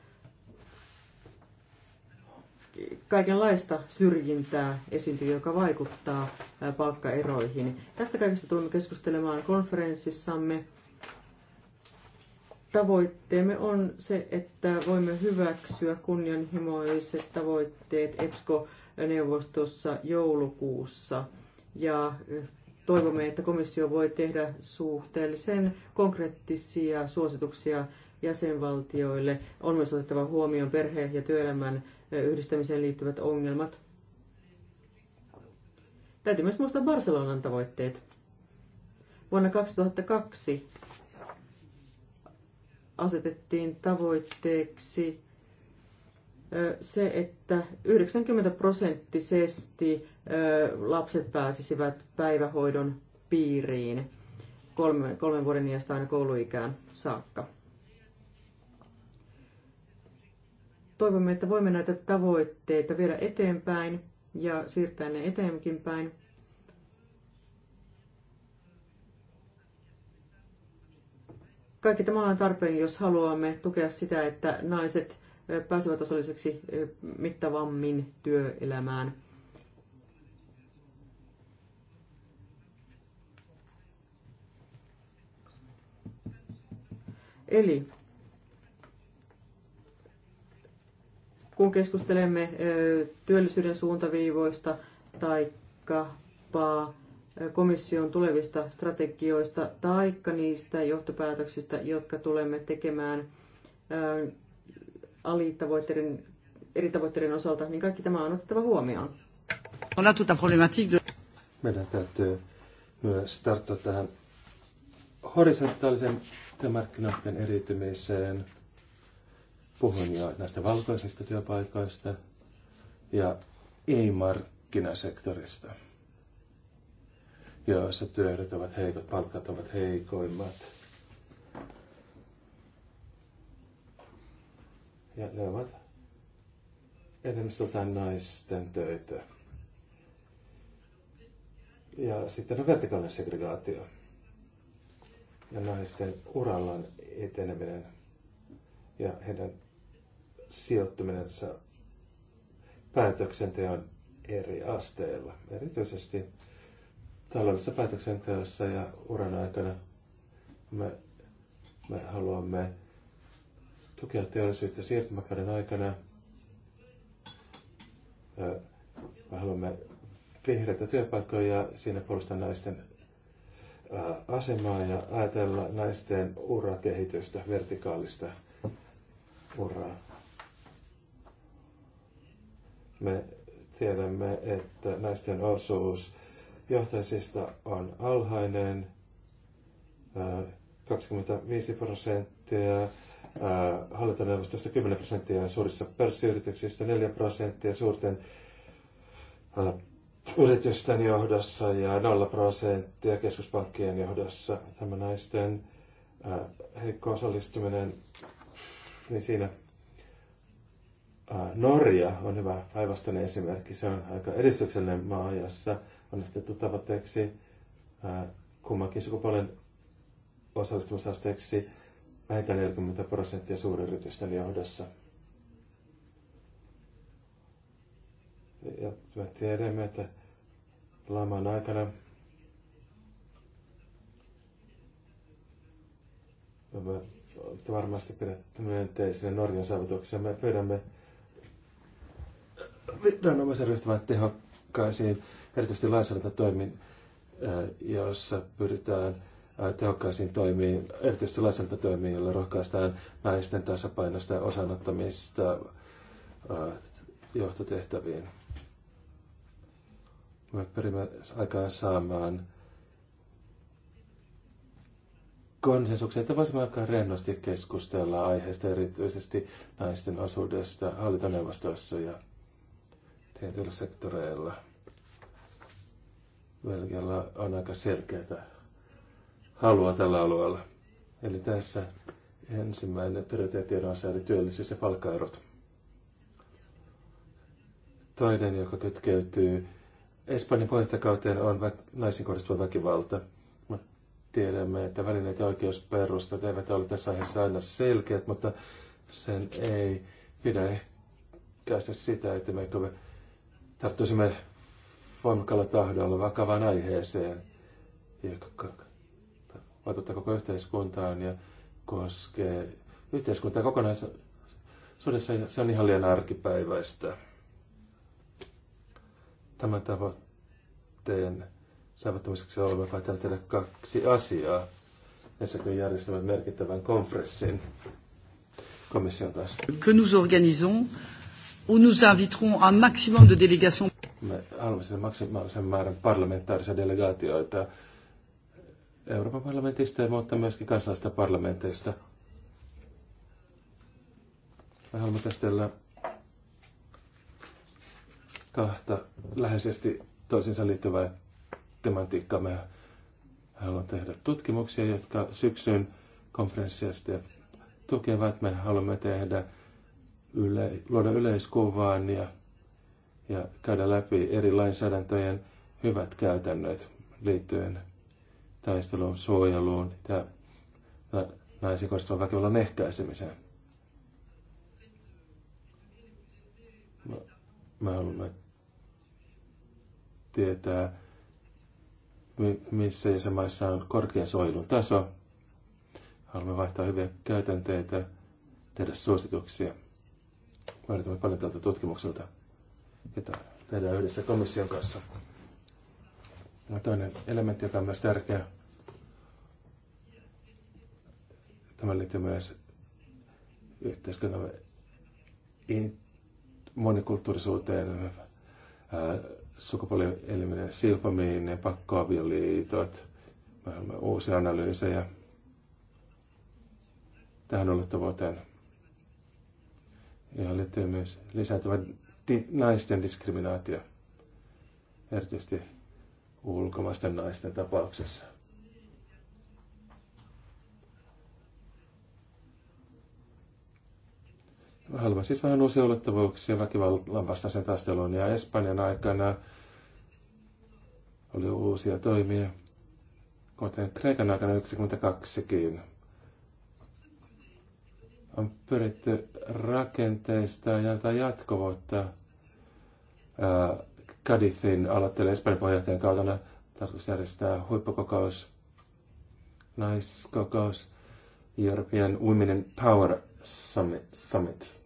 Speaker 5: kaikenlaista syrjintää esiintyy, joka vaikuttaa palkkaeroihin. Tästä kaikesta tulemme keskustelemaan konferenssissamme. Tavoitteemme on se, että voimme hyväksyä kunnianhimoiset tavoitteet EPSCO neuvostossa joulukuussa ja toivomme, että komissio voi tehdä suhteellisen konkreettisia suosituksia jäsenvaltioille. On myös otettava huomioon perhe- ja työelämän yhdistämiseen liittyvät ongelmat. Täytyy myös muistaa Barcelonan tavoitteet. Vuonna 2002 asetettiin tavoitteeksi se, että 90 prosenttisesti lapset pääsisivät päivähoidon piiriin kolmen, kolmen vuoden iästä aina kouluikään saakka. Toivomme, että voimme näitä tavoitteita viedä eteenpäin ja siirtää ne eteenkin päin. Kaikki tämä on tarpeen, jos haluamme tukea sitä, että naiset pääsevät osalliseksi mittavammin työelämään. Eli kun keskustelemme työllisyyden suuntaviivoista tai komission tulevista strategioista tai niistä johtopäätöksistä, jotka tulemme tekemään alitavoitteiden, eri tavoitteiden osalta, niin kaikki tämä on otettava huomioon.
Speaker 2: Meidän täytyy myös tarttua tähän horisontaalisen työmarkkinoiden eriytymiseen. Puhun jo näistä valkoisista työpaikoista ja ei-markkinasektorista, joissa työehdot ovat heikot, palkat ovat heikoimmat – Ja ne ovat enemmistöltään naisten töitä. Ja sitten on vertikaalinen segregaatio ja naisten urallaan eteneminen ja heidän sijoittuminensa päätöksenteon eri asteilla, erityisesti taloudellisessa päätöksenteossa ja uran aikana me, me haluamme tukea teollisuutta siirtymäkauden aikana. Me haluamme vihreitä työpaikkoja, siinä puolustan naisten asemaa ja ajatella naisten urakehitystä, vertikaalista uraa. Me tiedämme, että naisten osuus johtaisista on alhainen. 25 prosenttia, hallintoneuvostosta 10 prosenttia suurissa pörssiyrityksissä, 4 prosenttia suurten yritysten johdossa ja 0 prosenttia keskuspankkien johdossa. Tämä naisten heikko osallistuminen, niin siinä Norja on hyvä päinvastainen esimerkki. Se on aika edistyksellinen maa, jossa on esitetty tavoitteeksi kummankin sukupuolen osallistumisasteeksi vähintään 40 prosenttia suuryritysten johdossa. Ja me tiedämme, että laman aikana me varmasti pidätte myönteisenä Norjan saavutuksia. Me pyydämme viranomaisen ryhtymään tehokkaisiin, erityisesti lainsäädäntötoimiin, joissa pyritään tehokkaisiin toimiin, erityisesti laisilta toimiin, joilla rohkaistaan naisten tasapainosta ja osanottamista johtotehtäviin. Me pyrimme aikaan saamaan konsensuksia, että voisimme alkaa rennosti keskustella aiheesta, erityisesti naisten osuudesta hallintoneuvostoissa ja tietyillä sektoreilla. Belgialla on aika selkeää halua tällä alueella. Eli tässä ensimmäinen prioriteettiedonsa eli työllisyys- ja palkkaerot. Toinen, joka kytkeytyy Espanjan puheenjohtajakauteen, on vä- naisiin kohdistuva väkivalta. Me tiedämme, että välineet ja oikeusperustat eivät ole tässä aiheessa aina selkeät, mutta sen ei pidä ehkäistä sitä, että me tarttuisimme voimakkaalla tahdolla vakavaan aiheeseen, joka vaikuttaa koko yhteiskuntaan ja koskee yhteiskuntaa kokonaisuudessa. Se on ihan liian arkipäiväistä. Tämän tavoitteen saavuttamiseksi olemme päättäneet tehdä kaksi asiaa. Ensinnäkin järjestämme merkittävän konferenssin komission kanssa.
Speaker 1: Que nous organisons, où nous inviterons un maximum de délégations.
Speaker 2: Me haluaisimme maksimaalisen määrän parlamentaarisia delegaatioita Euroopan parlamentista, mutta myöskin kansallisista parlamenteista. Me haluamme käsitellä kahta läheisesti toisiinsa liittyvää tematiikkaa. Me haluamme tehdä tutkimuksia, jotka syksyn konferenssia sitten tukevat. Me haluamme tehdä yle, luoda yleiskuvaan ja, ja käydä läpi eri lainsäädäntöjen hyvät käytännöt liittyen taisteluun, suojeluun ja naisiin kohdistuvan väkivallan ehkäisemiseen. mä haluan tietää, missä jäsenmaissa on korkean suojelun taso. Haluamme vaihtaa hyviä käytänteitä, tehdä suosituksia. Vaaditaan paljon tältä tutkimukselta, jota tehdään yhdessä komission kanssa. Ja toinen elementti, joka on myös tärkeä, Tämä liittyy myös yhteiskunnan monikulttuurisuuteen, sukupuolieliminen silpomiin ja pakkoavioliitot, uusia analyysejä tähän tavoitteen. Ja liittyy myös lisääntyvä di- naisten diskriminaatio, erityisesti ulkomaisten naisten tapauksessa. halva siis vähän uusia ulottuvuuksia väkivallan vastaisen taisteluun ja Espanjan aikana oli uusia toimia, kuten Kreikan aikana 1992 kin On pyritty rakenteista ja antaa jatkuvuutta. Cadithin aloittelee Espanjan puheenjohtajan kautena tarkoitus järjestää huippukokous, naiskokous, European Women in Power Summit. summit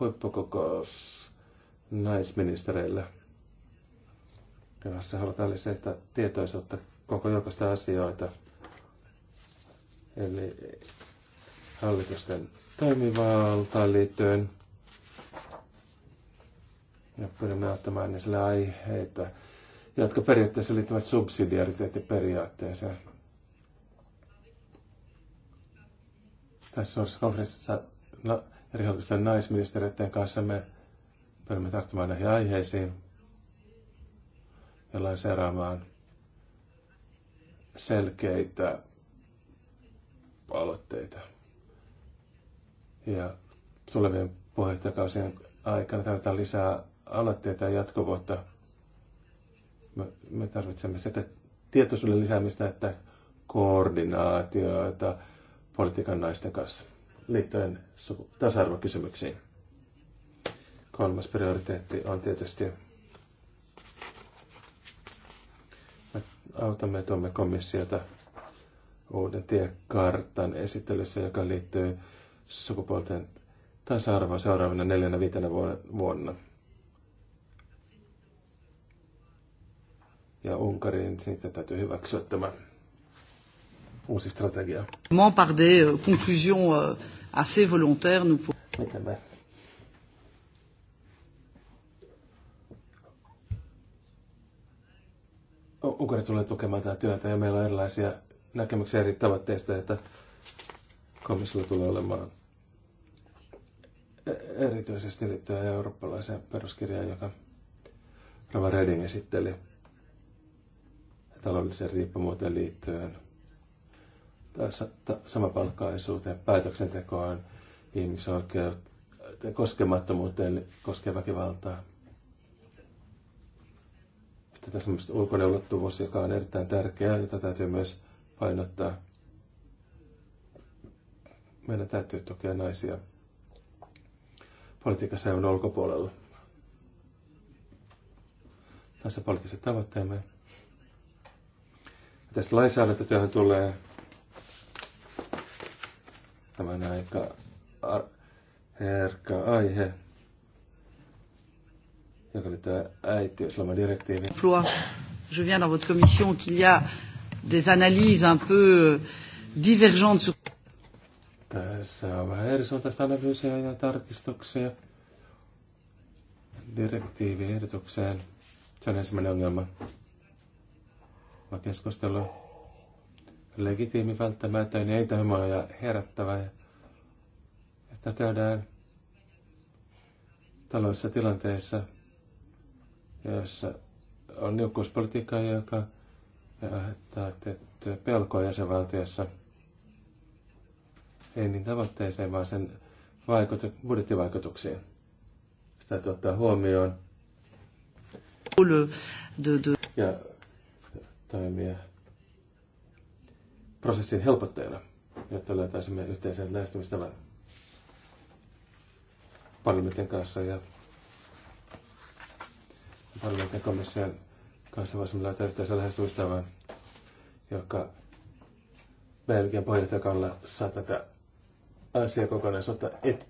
Speaker 2: huippukokous naisministereillä, Tässä halutaan lisätä tietoisuutta koko joukosta asioita, eli hallitusten toimivaltaan liittyen. Ja pyrimme ottamaan niille aiheita, jotka periaatteessa liittyvät subsidiariteettiperiaatteeseen. Tässä suuressa konferenssissa no, erilaisten naisministeriöiden kanssa me pyrimme tarttumaan näihin aiheisiin ja lanseeraamaan selkeitä aloitteita. Ja tulevien puheenjohtajakausien aikana tarvitaan lisää aloitteita ja jatkuvuutta. Me, me tarvitsemme sekä tietoisuuden lisäämistä että koordinaatioita politiikan naisten kanssa liittyen tasa-arvokysymyksiin. Kolmas prioriteetti on tietysti, me autamme ja tuomme komissiota uuden tiekartan esittelyssä, joka liittyy sukupuolten tasa-arvoon seuraavana neljänä viitenä vuonna. Ja Unkariin sitten täytyy hyväksyä tämä uusi strategia.
Speaker 1: Par des euh, conclusions euh, assez volontaire, nous pourrons.
Speaker 2: Unkarit tulee tukemaan tätä työtä ja meillä on erilaisia näkemyksiä eri tavoitteista, että komissiolla tulee olemaan e-, erityisesti liittyen eurooppalaiseen peruskirjaan, joka Rava Reding esitteli taloudelliseen riippumuuteen liittyen samapalkkaisuuteen, päätöksentekoon, ihmisoikeuteen, koskemattomuuteen, koskee väkivaltaa. Sitten tässä on myös ulkoinen ulottuvuus, joka on erittäin tärkeää, jota täytyy myös painottaa. Meidän täytyy tukea naisia politiikassa EUn ulkopuolella. Tässä poliittiset tavoitteemme. Tästä lainsäädäntötyöhön tulee Tämä on aika herkkä aihe, joka liittyy äitiyslomadirektiiviin.
Speaker 1: Je viens dans votre commission qu'il y a des analyses un peu euh, divergentes
Speaker 2: Tässä on vähän eri suuntaista analyysiä ja tarkistuksia direktiiviehdotukseen. Se on ensimmäinen ongelma. Mä keskustelua legitiimi, välttämätön ja intohimoja herättävä. Ja sitä käydään taloudellisessa tilanteessa, jossa on niukkuuspolitiikka, joka aiheuttaa tiettyä pelkoa jäsenvaltiossa. Ei niin tavoitteeseen, vaan sen vaikutu- budjettivaikutuksiin. Sitä täytyy ottaa huomioon. Ja toimia prosessin helpottajana, jotta löytäisimme yhteisen lähestymistavan parlamentin kanssa ja parlamentin komission kanssa voisimme löytää yhteisen lähestymistavan, joka Belgian puheenjohtajakaudella saa tätä asiakokonaisuutta et,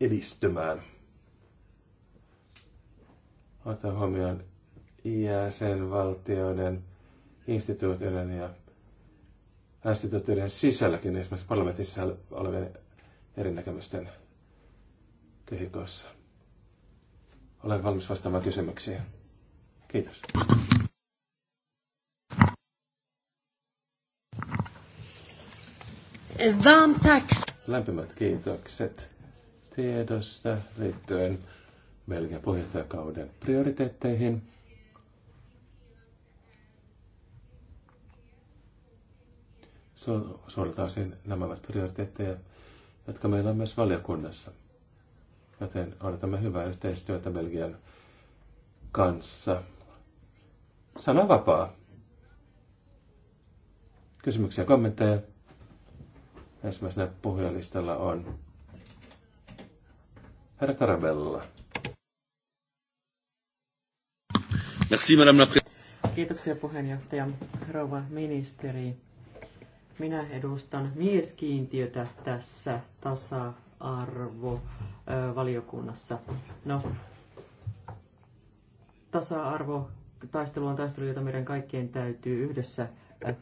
Speaker 2: edistymään. Ottaa huomioon jäsenvaltioiden, instituutioiden ja instituutioiden sisälläkin, esimerkiksi parlamentin sisällä olevien erinäkemysten kehikoissa. Olen valmis vastaamaan kysymyksiin. Kiitos. Lämpimät kiitokset tiedosta liittyen Belgian puheenjohtajakauden prioriteetteihin. su- suurelta osin nämä ovat prioriteetteja, jotka meillä on myös valiokunnassa. Joten odotamme hyvää yhteistyötä Belgian kanssa. Sana vapaa. Kysymyksiä ja kommentteja. Ensimmäisenä puhujalistalla on herra Tarabella. Merci, madame
Speaker 5: la Kiitoksia puheenjohtaja. Rouva ministeri, minä edustan mieskiintiötä tässä tasa-arvo valiokunnassa. No, tasa-arvo taistelu on taistelu, jota meidän kaikkien täytyy yhdessä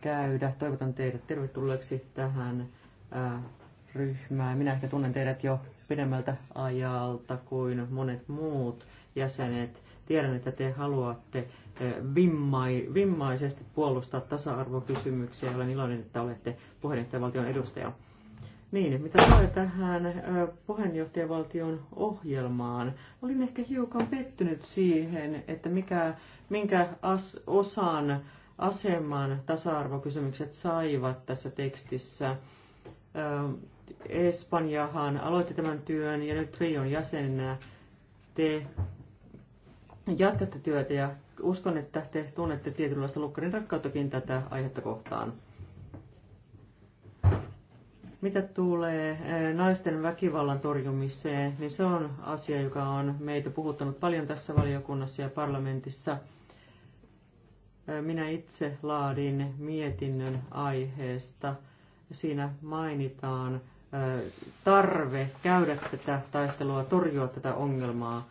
Speaker 5: käydä. Toivotan teidät tervetulleeksi tähän ryhmään. Minä ehkä tunnen teidät jo pidemmältä ajalta kuin monet muut jäsenet. Tiedän, että te haluatte eh, vimmai, vimmaisesti puolustaa tasa-arvokysymyksiä. Olen iloinen, että olette puheenjohtajavaltion edustaja. Niin, mitä tulee tähän eh, puheenjohtajavaltion ohjelmaan, olin ehkä hiukan pettynyt siihen, että mikä, minkä as, osan aseman tasa-arvokysymykset saivat tässä tekstissä. Eh, Espanjahan aloitti tämän työn ja nyt Rion jäsenenä te jatkatte työtä ja uskon, että te tunnette tietynlaista lukkarin rakkauttakin tätä aihetta kohtaan. Mitä tulee eh, naisten väkivallan torjumiseen, niin se on asia, joka on meitä puhuttanut paljon tässä valiokunnassa ja parlamentissa. Eh, minä itse laadin mietinnön aiheesta. Siinä mainitaan eh, tarve käydä tätä taistelua, torjua tätä ongelmaa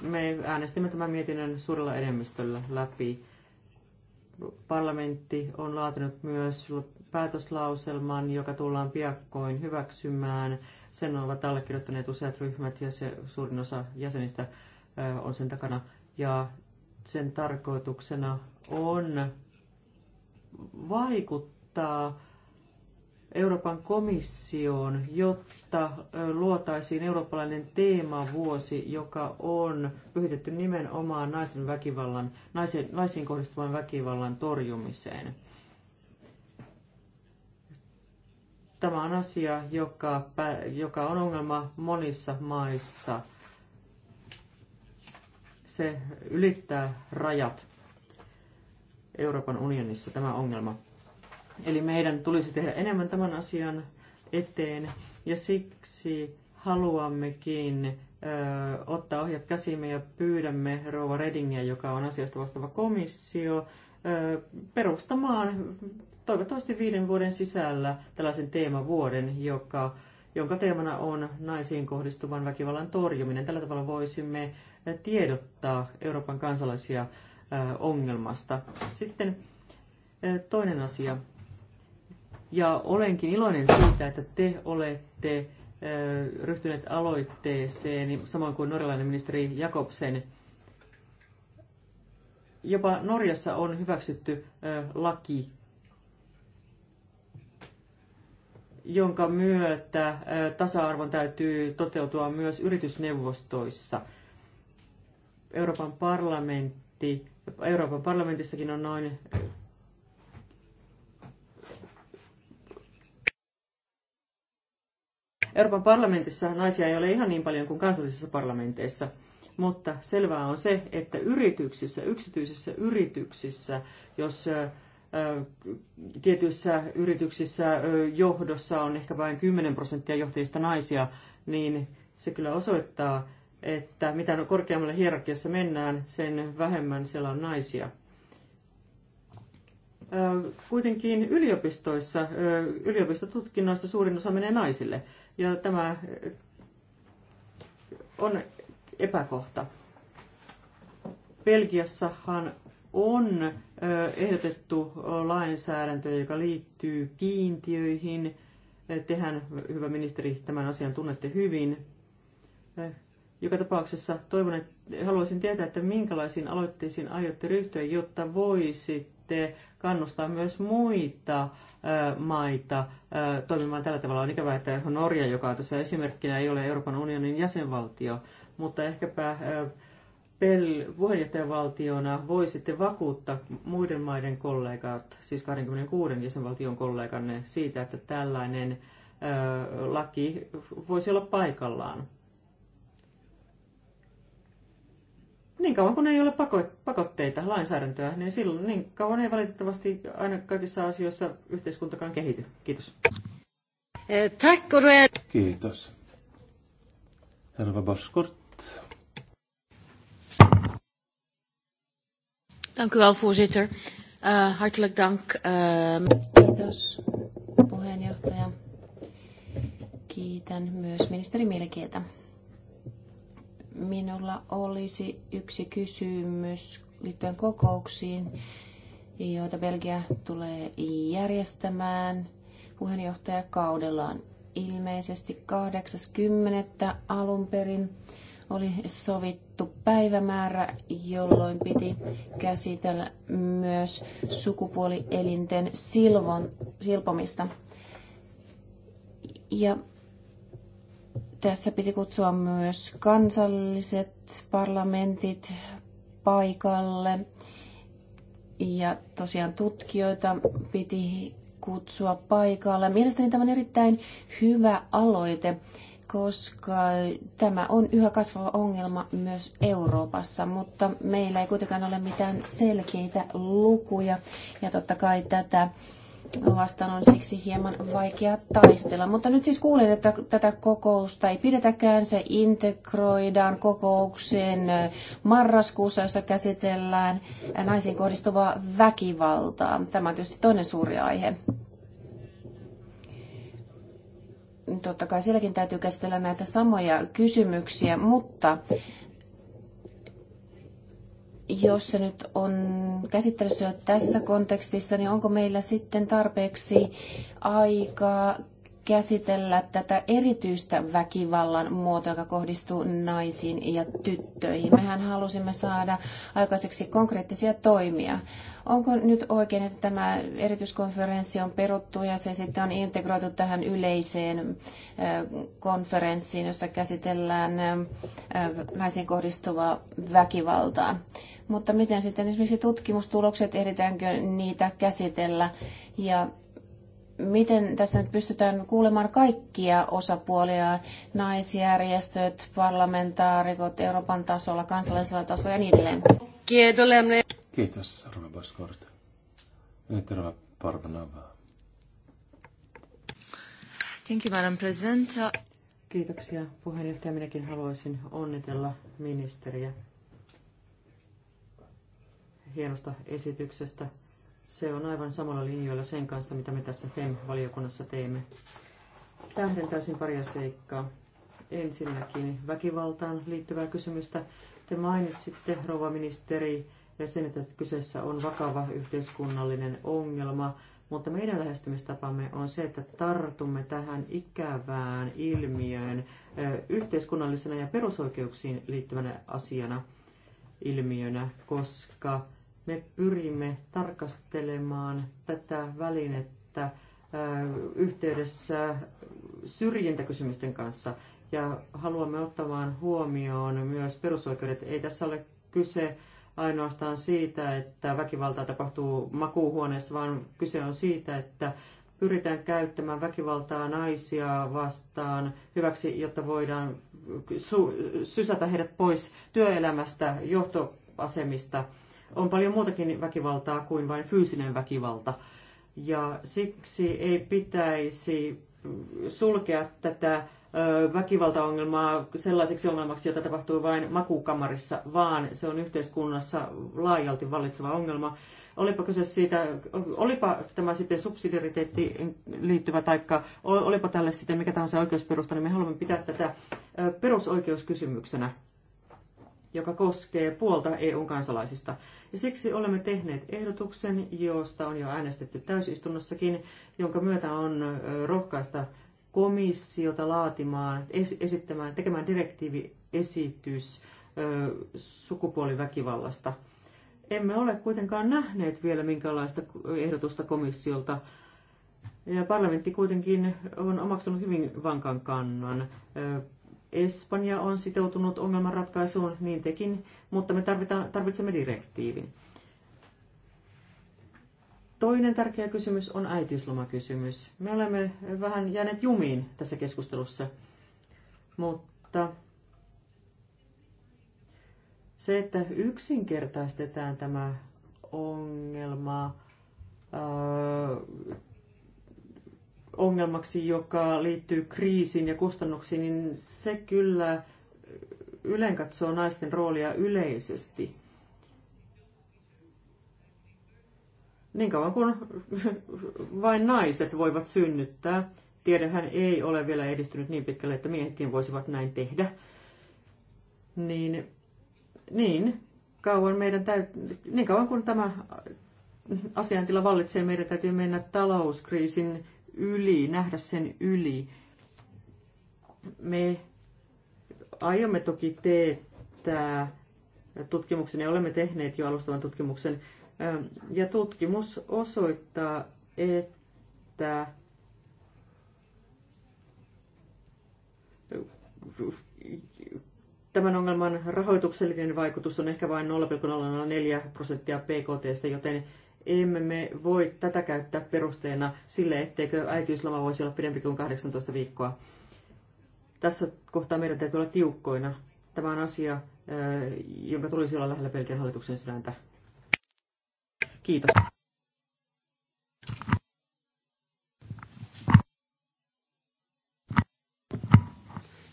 Speaker 5: me äänestimme tämän mietinnön suurella enemmistöllä läpi. Parlamentti on laatinut myös päätöslauselman, joka tullaan piakkoin hyväksymään. Sen ovat allekirjoittaneet useat ryhmät ja se, suurin osa jäsenistä on sen takana. Ja sen tarkoituksena on vaikuttaa Euroopan komissioon, jotta luotaisiin eurooppalainen teemavuosi, joka on pyhitetty nimenomaan naisen väkivallan, naisen, naisiin kohdistuvan väkivallan torjumiseen. Tämä on asia, joka, joka on ongelma monissa maissa. Se ylittää rajat Euroopan unionissa, tämä ongelma. Eli meidän tulisi tehdä enemmän tämän asian eteen ja siksi haluammekin ö, ottaa ohjat käsimme ja pyydämme Rova Redingia, joka on asiasta vastaava komissio, ö, perustamaan toivottavasti viiden vuoden sisällä tällaisen teemavuoden, joka, jonka teemana on naisiin kohdistuvan väkivallan torjuminen. Tällä tavalla voisimme tiedottaa Euroopan kansalaisia ongelmasta. Sitten toinen asia, ja olenkin iloinen siitä, että te olette ryhtyneet aloitteeseen, samoin kuin norjalainen ministeri Jakobsen. Jopa Norjassa on hyväksytty laki, jonka myötä tasa-arvon täytyy toteutua myös yritysneuvostoissa. Euroopan parlamentti Euroopan parlamentissakin on noin Euroopan parlamentissa naisia ei ole ihan niin paljon kuin kansallisissa parlamenteissa, mutta selvää on se, että yrityksissä, yksityisissä yrityksissä, jos tietyissä yrityksissä johdossa on ehkä vain 10 prosenttia johtajista naisia, niin se kyllä osoittaa, että mitä korkeammalle hierarkiassa mennään, sen vähemmän siellä on naisia. Kuitenkin yliopistoissa, yliopistotutkinnoista suurin osa menee naisille. Ja tämä eh, on epäkohta. Belgiassahan on eh, ehdotettu lainsäädäntö, joka liittyy kiintiöihin. Eh, tehän, hyvä ministeri, tämän asian tunnette hyvin. Joka tapauksessa toivon, että haluaisin tietää, että minkälaisiin aloitteisiin aiotte ryhtyä, jotta voisi lähtee kannustaa myös muita maita toimimaan tällä tavalla. On ikävää, että Norja, joka on tässä esimerkkinä, ei ole Euroopan unionin jäsenvaltio, mutta ehkäpä Pel puheenjohtajavaltiona sitten vakuuttaa muiden maiden kollegat, siis 26 jäsenvaltion kolleganne, siitä, että tällainen laki voisi olla paikallaan. Niin kauan kun ei ole pakotteita, lainsäädäntöä, niin silloin niin kauan ei valitettavasti aina kaikissa asioissa yhteiskuntakaan kehity. Kiitos. Eh,
Speaker 2: Kiitos. Terve Boskort.
Speaker 3: Dank u wel, voorzitter. Uh, hartelijk dank. Ehm, Kiitos, puheenjohtaja. Kiitän myös ministeri Mielikietä. Minulla olisi yksi kysymys liittyen kokouksiin, joita Belgia tulee järjestämään puheenjohtajakaudellaan. Ilmeisesti 80. alun perin oli sovittu päivämäärä, jolloin piti käsitellä myös sukupuolielinten silvon, silpomista. Ja tässä piti kutsua myös kansalliset parlamentit paikalle. Ja tosiaan tutkijoita piti kutsua paikalle. Mielestäni tämä on erittäin hyvä aloite, koska tämä on yhä kasvava ongelma myös Euroopassa, mutta meillä ei kuitenkaan ole mitään selkeitä lukuja. Ja totta kai tätä vastaan on siksi hieman vaikea taistella. Mutta nyt siis kuulen, että tätä kokousta ei pidetäkään. Se integroidaan kokoukseen marraskuussa, jossa käsitellään naisiin kohdistuvaa väkivaltaa. Tämä on tietysti toinen suuri aihe. Totta kai sielläkin täytyy käsitellä näitä samoja kysymyksiä, mutta jos se nyt on käsittelyssä jo tässä kontekstissa, niin onko meillä sitten tarpeeksi aikaa käsitellä tätä erityistä väkivallan muotoa, joka kohdistuu naisiin ja tyttöihin. Mehän halusimme saada aikaiseksi konkreettisia toimia. Onko nyt oikein, että tämä erityiskonferenssi on peruttu ja se sitten on integroitu tähän yleiseen konferenssiin, jossa käsitellään naisiin kohdistuvaa väkivaltaa? Mutta miten sitten esimerkiksi tutkimustulokset, ehditäänkö niitä käsitellä ja miten tässä nyt pystytään kuulemaan kaikkia osapuolia, naisjärjestöt, parlamentaarikot, Euroopan tasolla, kansallisella tasolla ja niin edelleen.
Speaker 1: Kiitos.
Speaker 2: Kiitos, Rova Boskort. Nyt Rova Parvanova.
Speaker 5: Thank you, Madam President. Kiitoksia puheenjohtaja. Minäkin haluaisin onnitella ministeriä hienosta esityksestä. Se on aivan samalla linjoilla sen kanssa, mitä me tässä FEM-valiokunnassa teemme. Tähdentäisin paria seikkaa. Ensinnäkin väkivaltaan liittyvää kysymystä. Te mainitsitte, rouva ministeri, sen, että kyseessä on vakava yhteiskunnallinen ongelma, mutta meidän lähestymistapamme on se, että tartumme tähän ikävään ilmiöön yhteiskunnallisena ja perusoikeuksiin liittyvänä asiana ilmiönä, koska me pyrimme tarkastelemaan tätä välinettä yhteydessä syrjintäkysymysten kanssa ja haluamme ottamaan huomioon myös perusoikeudet. Ei tässä ole kyse ainoastaan siitä, että väkivaltaa tapahtuu makuuhuoneessa, vaan kyse on siitä, että pyritään käyttämään väkivaltaa naisia vastaan hyväksi, jotta voidaan sysätä heidät pois työelämästä, johtoasemista. On paljon muutakin väkivaltaa kuin vain fyysinen väkivalta. Ja siksi ei pitäisi sulkea tätä väkivaltaongelmaa sellaiseksi ongelmaksi, jota tapahtuu vain makukamarissa, vaan se on yhteiskunnassa laajalti vallitseva ongelma. Olipa kyse siitä, olipa tämä sitten subsidiariteetti liittyvä, tai olipa tälle sitten mikä tahansa oikeusperusta, niin me haluamme pitää tätä perusoikeuskysymyksenä joka koskee puolta eu kansalaisista. Ja siksi olemme tehneet ehdotuksen, josta on jo äänestetty täysistunnossakin, jonka myötä on rohkaista komissiota laatimaan, esittämään, tekemään direktiiviesitys sukupuoliväkivallasta. Emme ole kuitenkaan nähneet vielä minkälaista ehdotusta komissiolta. Ja parlamentti kuitenkin on omaksunut hyvin vankan kannan. Espanja on sitoutunut ongelman ratkaisuun, niin tekin, mutta me tarvitsemme direktiivin. Toinen tärkeä kysymys on äitiyslomakysymys. Me olemme vähän jääneet jumiin tässä keskustelussa, mutta se, että yksinkertaistetaan tämä ongelma öö, ongelmaksi, joka liittyy kriisiin ja kustannuksiin, niin se kyllä ylen katsoo naisten roolia yleisesti. niin kauan kuin vain naiset voivat synnyttää. Tiedehän ei ole vielä edistynyt niin pitkälle, että miehetkin voisivat näin tehdä. Niin, niin, kauan meidän täyt- niin kauan kuin tämä asiantila vallitsee, meidän täytyy mennä talouskriisin yli, nähdä sen yli. Me aiomme toki teettää tutkimuksen ja olemme tehneet jo alustavan tutkimuksen ja tutkimus osoittaa, että tämän ongelman rahoituksellinen vaikutus on ehkä vain 0,04 prosenttia PKT, joten emme me voi tätä käyttää perusteena sille, etteikö äitiysloma voisi olla pidempi kuin 18 viikkoa. Tässä kohtaa meidän täytyy olla tiukkoina. Tämä on asia, jonka tulisi olla lähellä pelkän hallituksen sydäntä. Kiitos.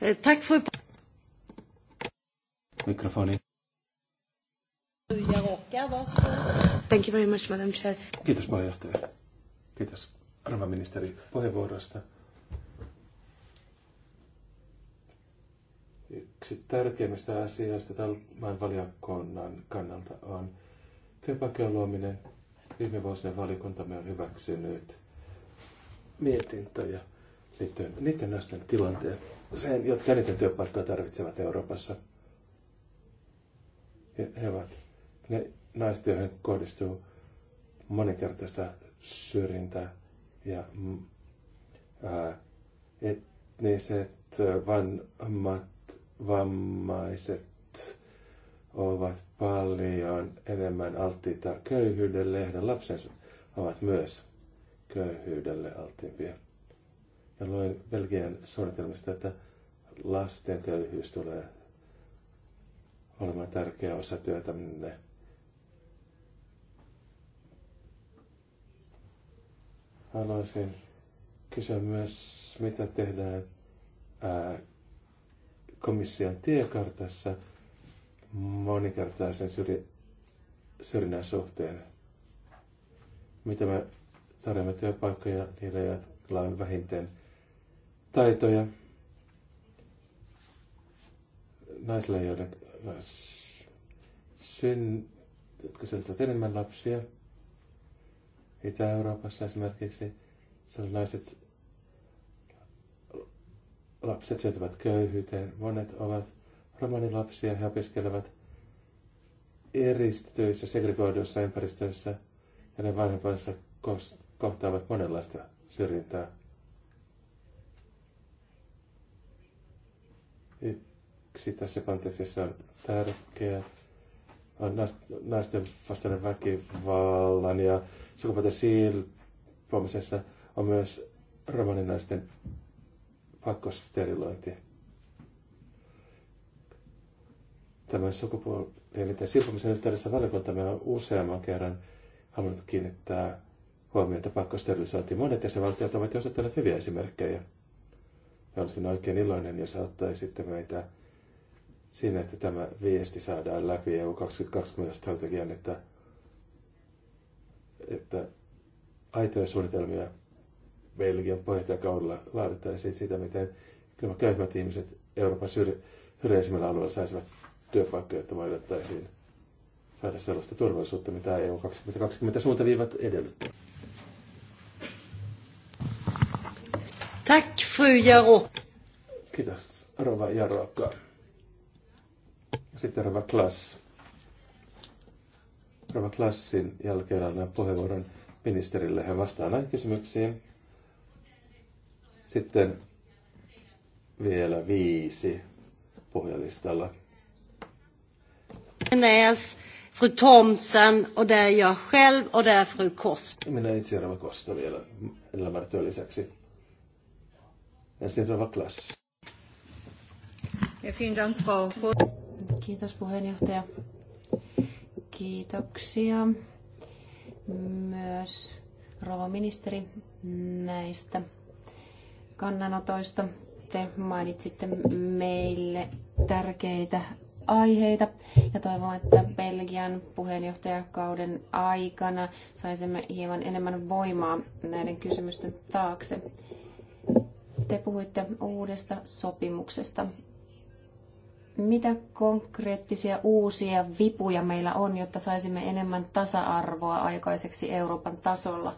Speaker 1: Eh, tack för... Mikrofoni. Thank you very much, Madam Chair.
Speaker 2: Kiitos puheenjohtaja. Kiitos ministeri, puheenvuorosta. Yksi tärkeimmistä asioista tämän valiokunnan kannalta on Työpaikkojen luominen viime vuosina valiokuntamme on hyväksynyt mietintöjä liittyen niiden naisten tilanteen, sen, jotka eniten työpaikkoja tarvitsevat Euroopassa. He ovat ne naistyöhön kohdistuu moninkertaista syrjintää ja mm, ää, etniset, vanhemmat, vammaiset, ovat paljon enemmän alttiita köyhyydelle ja heidän lapsensa ovat myös köyhyydelle alttiimpia. Ja luin Belgian suunnitelmista, että lasten köyhyys tulee olemaan tärkeä osa työtämme. Haluaisin kysyä myös, mitä tehdään ää, komission tiekartassa – moninkertaisen syrjinnän suhteen. Mitä me tarjoamme työpaikkoja niille, joilla on vähintään taitoja. Naisille, joille syn, jotka syntyvät enemmän lapsia. Itä-Euroopassa esimerkiksi sellaiset lapset syntyvät köyhyyteen. Monet ovat romanilapsia. He opiskelevat eristetyissä, segregoiduissa ympäristöissä ja ne vanhempansa kohtaavat monenlaista syrjintää. Yksi tässä kontekstissa on tärkeä on naisten vastainen väkivallan ja sukupuolten silpomisessa on myös romaninaisten pakkosterilointi. tämän sukupuolielinten silpomisen yhteydessä valiokunta on useamman kerran halunnut kiinnittää huomiota pakkosterilisaatiin. Monet jäsenvaltiot ovat jo osoittaneet hyviä esimerkkejä. Ja olisin oikein iloinen, jos auttaisitte meitä siinä, että tämä viesti saadaan läpi EU 2020-strategian, että, että aitoja suunnitelmia Belgian pohjoittajakaudella laadittaisiin siitä, miten köyhmät ihmiset Euroopan syrjäisimmillä alueilla saisivat työpaikkoja, että voidattaisiin saada sellaista turvallisuutta, mitä EU 2020 suuntaviivat edellyttävät. Tack fru Jaro. Kiitos Rova Jaroka. Sitten Rova Klass. Rova Klassin jälkeen annan puheenvuoron ministerille. Hän vastaa näihin kysymyksiin. Sitten vielä viisi puhujalistalla.
Speaker 1: Näs, er, fru Thomsen och där jag själv och är fru Kosta.
Speaker 2: Minä itse Rava Kosta vielä edellä lisäksi. Ensin Ja Klass.
Speaker 3: Kiitos puheenjohtaja. Kiitoksia myös rouva ministeri näistä kannanotoista. Te mainitsitte meille tärkeitä aiheita ja toivon, että Belgian puheenjohtajakauden aikana saisimme hieman enemmän voimaa näiden kysymysten taakse. Te puhuitte uudesta sopimuksesta. Mitä konkreettisia uusia vipuja meillä on, jotta saisimme enemmän tasa-arvoa aikaiseksi Euroopan tasolla?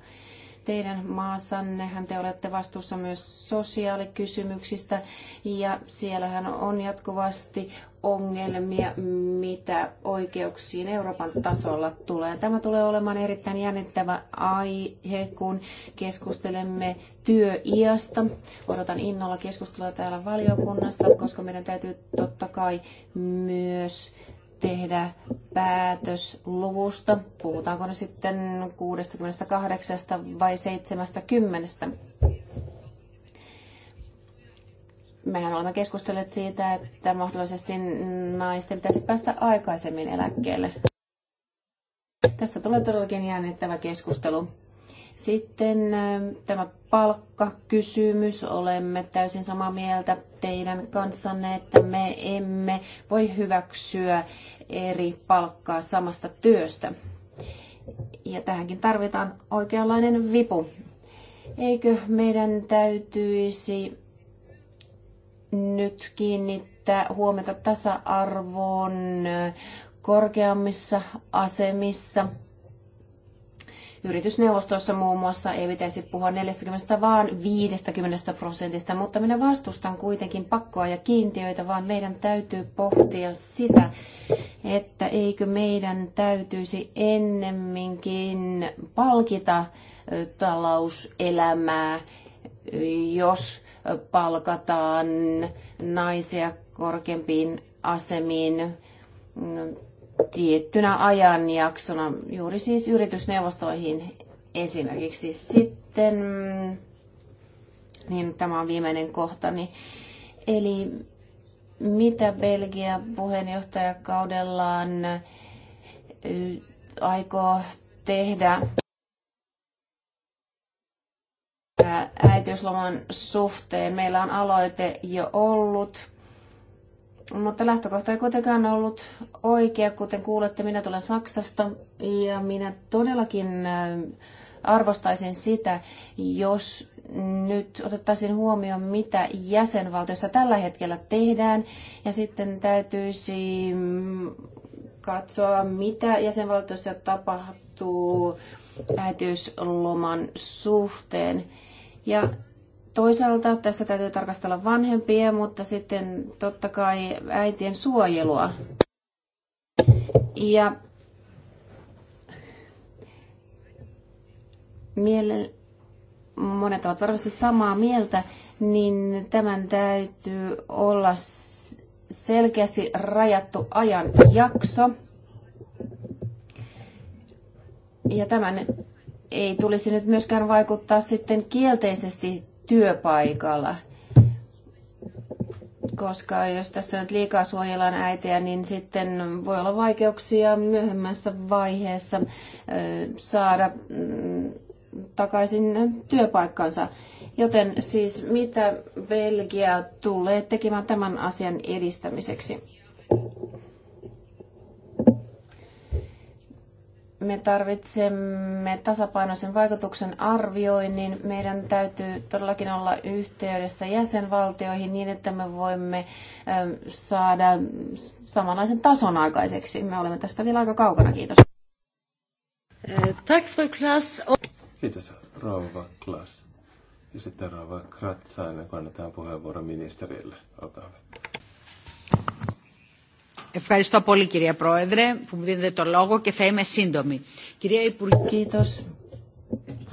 Speaker 3: Teidän maassannehän te olette vastuussa myös sosiaalikysymyksistä ja siellähän on jatkuvasti ongelmia, mitä oikeuksiin Euroopan tasolla tulee. Tämä tulee olemaan erittäin jännittävä aihe, kun keskustelemme työiästä. Odotan innolla keskustelua täällä valiokunnassa, koska meidän täytyy totta kai myös tehdä päätös luvusta, puhutaanko ne sitten 68 vai 70. Mehän olemme keskustelleet siitä, että mahdollisesti naisten pitäisi päästä aikaisemmin eläkkeelle. Tästä tulee todellakin jännittävä keskustelu. Sitten tämä palkkakysymys. Olemme täysin samaa mieltä teidän kanssanne, että me emme voi hyväksyä eri palkkaa samasta työstä. Ja tähänkin tarvitaan oikeanlainen vipu. Eikö meidän täytyisi nyt kiinnittää huomiota tasa-arvoon korkeammissa asemissa – Yritysneuvostossa muun muassa ei pitäisi puhua 40, vaan 50 prosentista, mutta minä vastustan kuitenkin pakkoa ja kiintiöitä, vaan meidän täytyy pohtia sitä, että eikö meidän täytyisi ennemminkin palkita talouselämää, jos palkataan naisia korkeampiin asemiin mm, tiettynä ajanjaksona, juuri siis yritysneuvostoihin esimerkiksi sitten, niin tämä on viimeinen kohta, niin, eli mitä Belgia puheenjohtajakaudellaan aikoo tehdä äitiysloman suhteen. Meillä on aloite jo ollut mutta lähtökohta ei kuitenkaan ollut oikea. Kuten kuulette, minä tulen Saksasta ja minä todellakin äh, arvostaisin sitä, jos nyt otettaisiin huomioon, mitä jäsenvaltiossa tällä hetkellä tehdään, ja sitten täytyisi mm, katsoa, mitä jäsenvaltiossa tapahtuu äitiysloman suhteen. Ja Toisaalta tässä täytyy tarkastella vanhempia, mutta sitten totta kai äitien suojelua. Ja mielen, monet ovat varmasti samaa mieltä, niin tämän täytyy olla selkeästi rajattu ajan jakso. Ja tämän ei tulisi nyt myöskään vaikuttaa sitten kielteisesti työpaikalla. Koska jos tässä nyt liikaa suojellaan äitiä, niin sitten voi olla vaikeuksia myöhemmässä vaiheessa saada mm, takaisin työpaikkansa. Joten siis mitä Belgia tulee tekemään tämän asian edistämiseksi? me tarvitsemme tasapainoisen vaikutuksen arvioinnin. Meidän täytyy todellakin olla yhteydessä jäsenvaltioihin niin, että me voimme ähm, saada samanlaisen tason aikaiseksi. Me olemme tästä vielä aika kaukana. Kiitos.
Speaker 1: Äh,
Speaker 2: Kiitos, rouva Klass. Ja sitten rouva Kratsainen, kun annetaan puheenvuoro ministerille. Olkaa hyvä.
Speaker 1: Ευχαριστώ πολύ κυρία Πρόεδρε που μου δίνετε το λόγο και θα είμαι σύντομη. Κυρία Υπουργέ. Kiitos.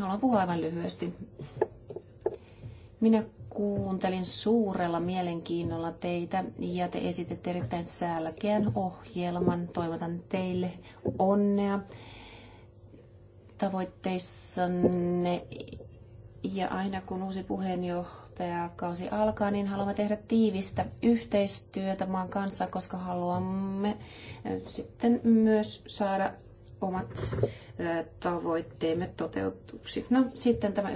Speaker 3: Haluan puhua aivan lyhyesti. Minä kuuntelin suurella mielenkiinnolla teitä ja te esitette erittäin sälkeän ohjelman. Toivotan teille onnea tavoitteissanne ja aina kun uusi puheenjohtaja puheenjohtajakausi alkaa, niin haluamme tehdä tiivistä yhteistyötä maan kanssa, koska haluamme sitten myös saada omat tavoitteemme toteutuksi. No sitten tämä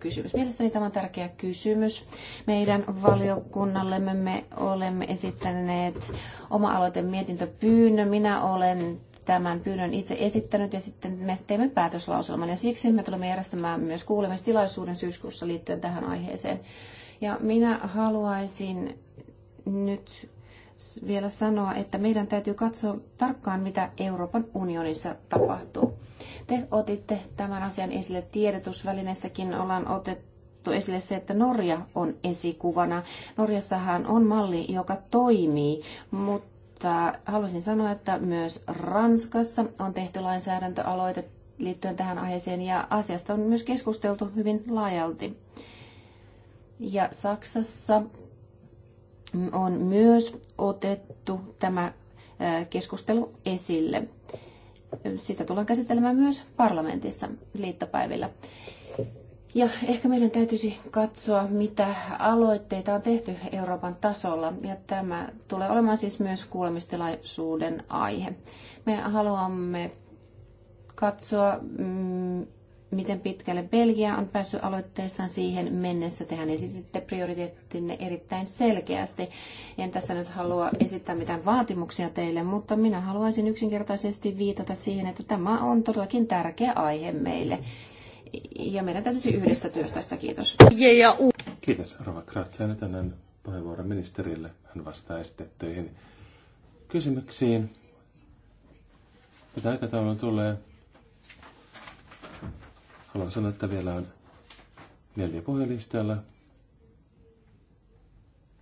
Speaker 3: kysymys, Mielestäni tämä on tärkeä kysymys. Meidän valiokunnallemme me olemme esittäneet oma aloite mietintöpyynnön. Minä olen tämän pyynnön itse esittänyt ja sitten me teemme päätöslauselman. Ja siksi me tulemme järjestämään myös kuulemistilaisuuden syyskuussa liittyen tähän aiheeseen. Ja minä haluaisin nyt vielä sanoa, että meidän täytyy katsoa tarkkaan, mitä Euroopan unionissa tapahtuu. Te otitte tämän asian esille tiedotusvälineessäkin, ollaan otettu esille se, että Norja on esikuvana. Norjassahan on malli, joka toimii, mutta mutta haluaisin sanoa, että myös Ranskassa on tehty lainsäädäntöaloite liittyen tähän aiheeseen ja asiasta on myös keskusteltu hyvin laajalti. Ja Saksassa on myös otettu tämä keskustelu esille. Sitä tullaan käsittelemään myös parlamentissa liittopäivillä. Ja ehkä meidän täytyisi katsoa, mitä aloitteita on tehty Euroopan tasolla, ja tämä tulee olemaan siis myös kuulemistilaisuuden aihe. Me haluamme katsoa, mm, miten pitkälle Belgia on päässyt aloitteessaan siihen mennessä. Tehän esititte prioriteettinne erittäin selkeästi. En tässä nyt halua esittää mitään vaatimuksia teille, mutta minä haluaisin yksinkertaisesti viitata siihen, että tämä on todellakin tärkeä aihe meille ja meidän täytyisi yhdessä
Speaker 2: työstää sitä. Kiitos. Kiitos Rova Kratsen. Tänään puheenvuoron ministerille. Hän vastaa esitettyihin kysymyksiin. Mitä aikataulun tulee? Haluan sanoa, että vielä on neljä puhelistalla.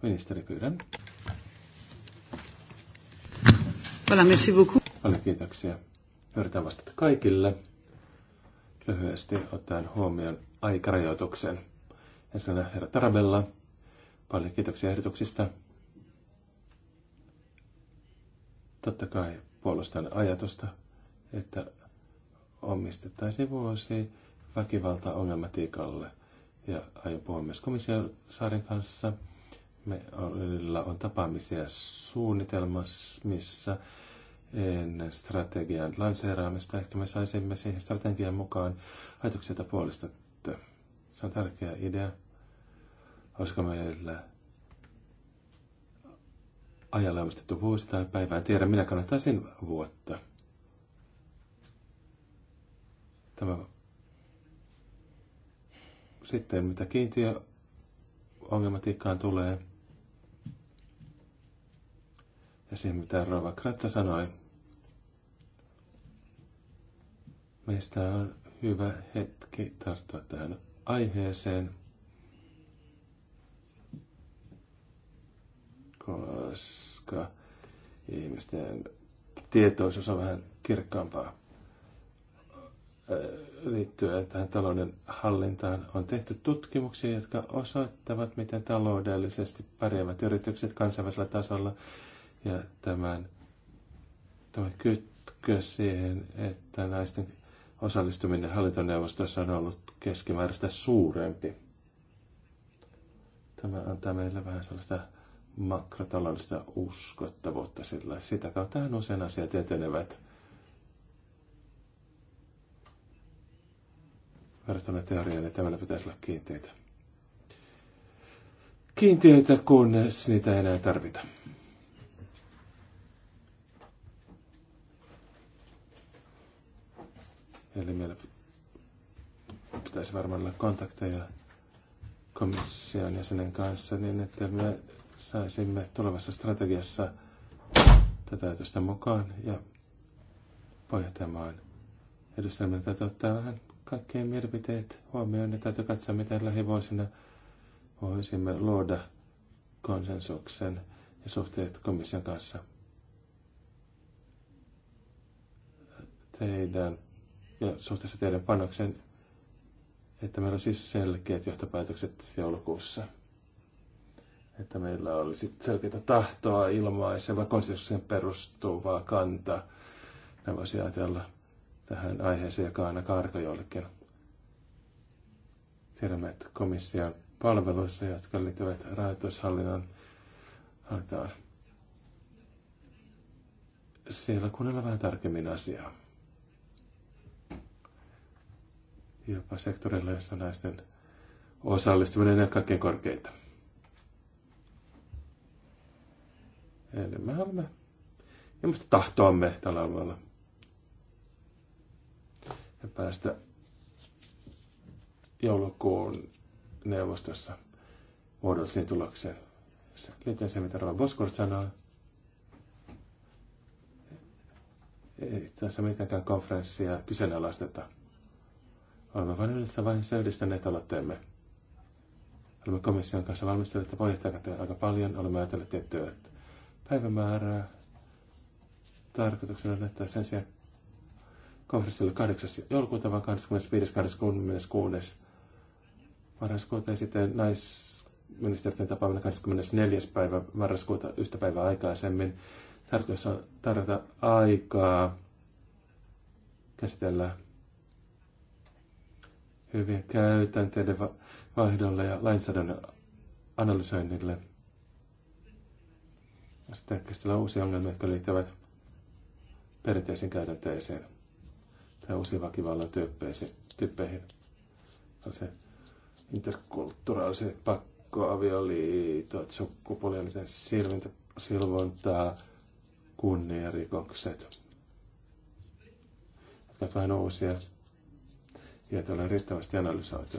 Speaker 2: Ministeri, pyydän. Voilà, merci beaucoup. Paljon kiitoksia. Yritän vastata kaikille lyhyesti ottaen huomioon aikarajoituksen. Ensinnä herra Tarabella, paljon kiitoksia ehdotuksista. Totta kai puolustan ajatusta, että omistettaisiin vuosi väkivaltaongelmatiikalle. Ja aion puhua myös komission saaren kanssa. Meillä on tapaamisia missä en strategian lanseeraamista. Ehkä me saisimme siihen strategian mukaan ajatuksia, puolesta. Se on tärkeä idea. Olisiko meillä ajalla omistettu vuosi tai päivä. En tiedä, minä kannattaisin vuotta. Tämä sitten mitä kiintiö ongelmatiikkaan tulee ja siihen mitä Rova Kratta sanoi, Meistä on hyvä hetki tarttua tähän aiheeseen, koska ihmisten tietoisuus on vähän kirkkaampaa äh, liittyen tähän talouden hallintaan. On tehty tutkimuksia, jotka osoittavat, miten taloudellisesti pärjäävät yritykset kansainvälisellä tasolla. Ja tämän, tämä kytkös siihen, että naisten osallistuminen hallintoneuvostossa on ollut keskimääräistä suurempi. Tämä antaa meille vähän sellaista makrotaloudellista uskottavuutta sillä. Sitä kautta usein asiat etenevät. Verrattuna teoriaan, että meillä pitäisi olla kiinteitä. Kiintiöitä, kunnes niitä ei enää tarvita. Eli meillä pitäisi varmaan olla kontakteja komission jäsenen kanssa niin, että me saisimme tulevassa strategiassa tätä ajatusta mukaan ja pohjatamaan. Edustelmien täytyy ottaa vähän kaikkien mielipiteet huomioon ja täytyy katsoa, miten lähivuosina voisimme luoda konsensuksen ja suhteet komission kanssa. Teidän ja suhteessa teidän panoksen, että meillä on siis selkeät johtopäätökset joulukuussa. Että meillä olisi selkeitä tahtoa ilmaiseva konsensuksen perustuvaa kanta. Mä voisi ajatella tähän aiheeseen, joka on aina karko jollekin. Tiedämme, että komission palveluissa, jotka liittyvät rahoitushallinnon haetaan. Siellä kuunnella vähän tarkemmin asiaa. jopa sektoreilla, jossa naisten osallistuminen on kaikkein korkeinta. Eli me haluamme ilmaista tahtoamme tällä alueella ja päästä joulukuun neuvostossa muodollisiin tulokseen. Se liittyy se, mitä Rova Boskort sanoo. Ei tässä mitenkään konferenssia kyseenalaisteta. Olemme varallisessa vaiheessa yhdistäneet aloitteemme. Olemme komission kanssa valmistelleet puheenjohtajan aika paljon. Olemme ajatelleet tiettyä päivämäärää. Tarkoituksena on näyttää sen sijaan konferenssille 8. joulukuuta, vaan 26. marraskuuta ja sitten naisministeriön tapaaminen 24. päivä marraskuuta yhtä päivää aikaisemmin. Tarkoitus on tarjota aikaa käsitellä hyvien käytänteiden vaihdolle ja lainsäädännön analysoinnille. Sitten käsitellään uusia ongelmia, jotka liittyvät perinteisiin käytänteeseen tai uusiin väkivallan tyyppeihin. On se interkulttuuraaliset pakkoavioliitot, sukupuolinen silvontaa, kunniarikokset, jotka ovat vähän uusia joita ole riittävästi analysoitu.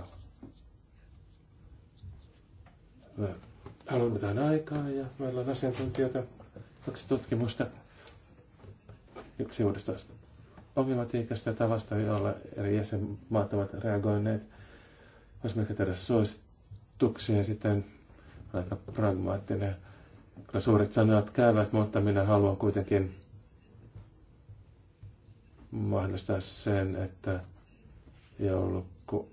Speaker 2: Me haluamme tähän aikaa ja meillä on asiantuntijoita, kaksi tutkimusta, yksi uudesta ongelmatiikasta ja tavasta, jolla eri jäsenmaat ovat reagoineet. Voisimme tehdä suosituksia sitten aika pragmaattinen. Kyllä suuret sanat käyvät, mutta minä haluan kuitenkin mahdollistaa sen, että jouluku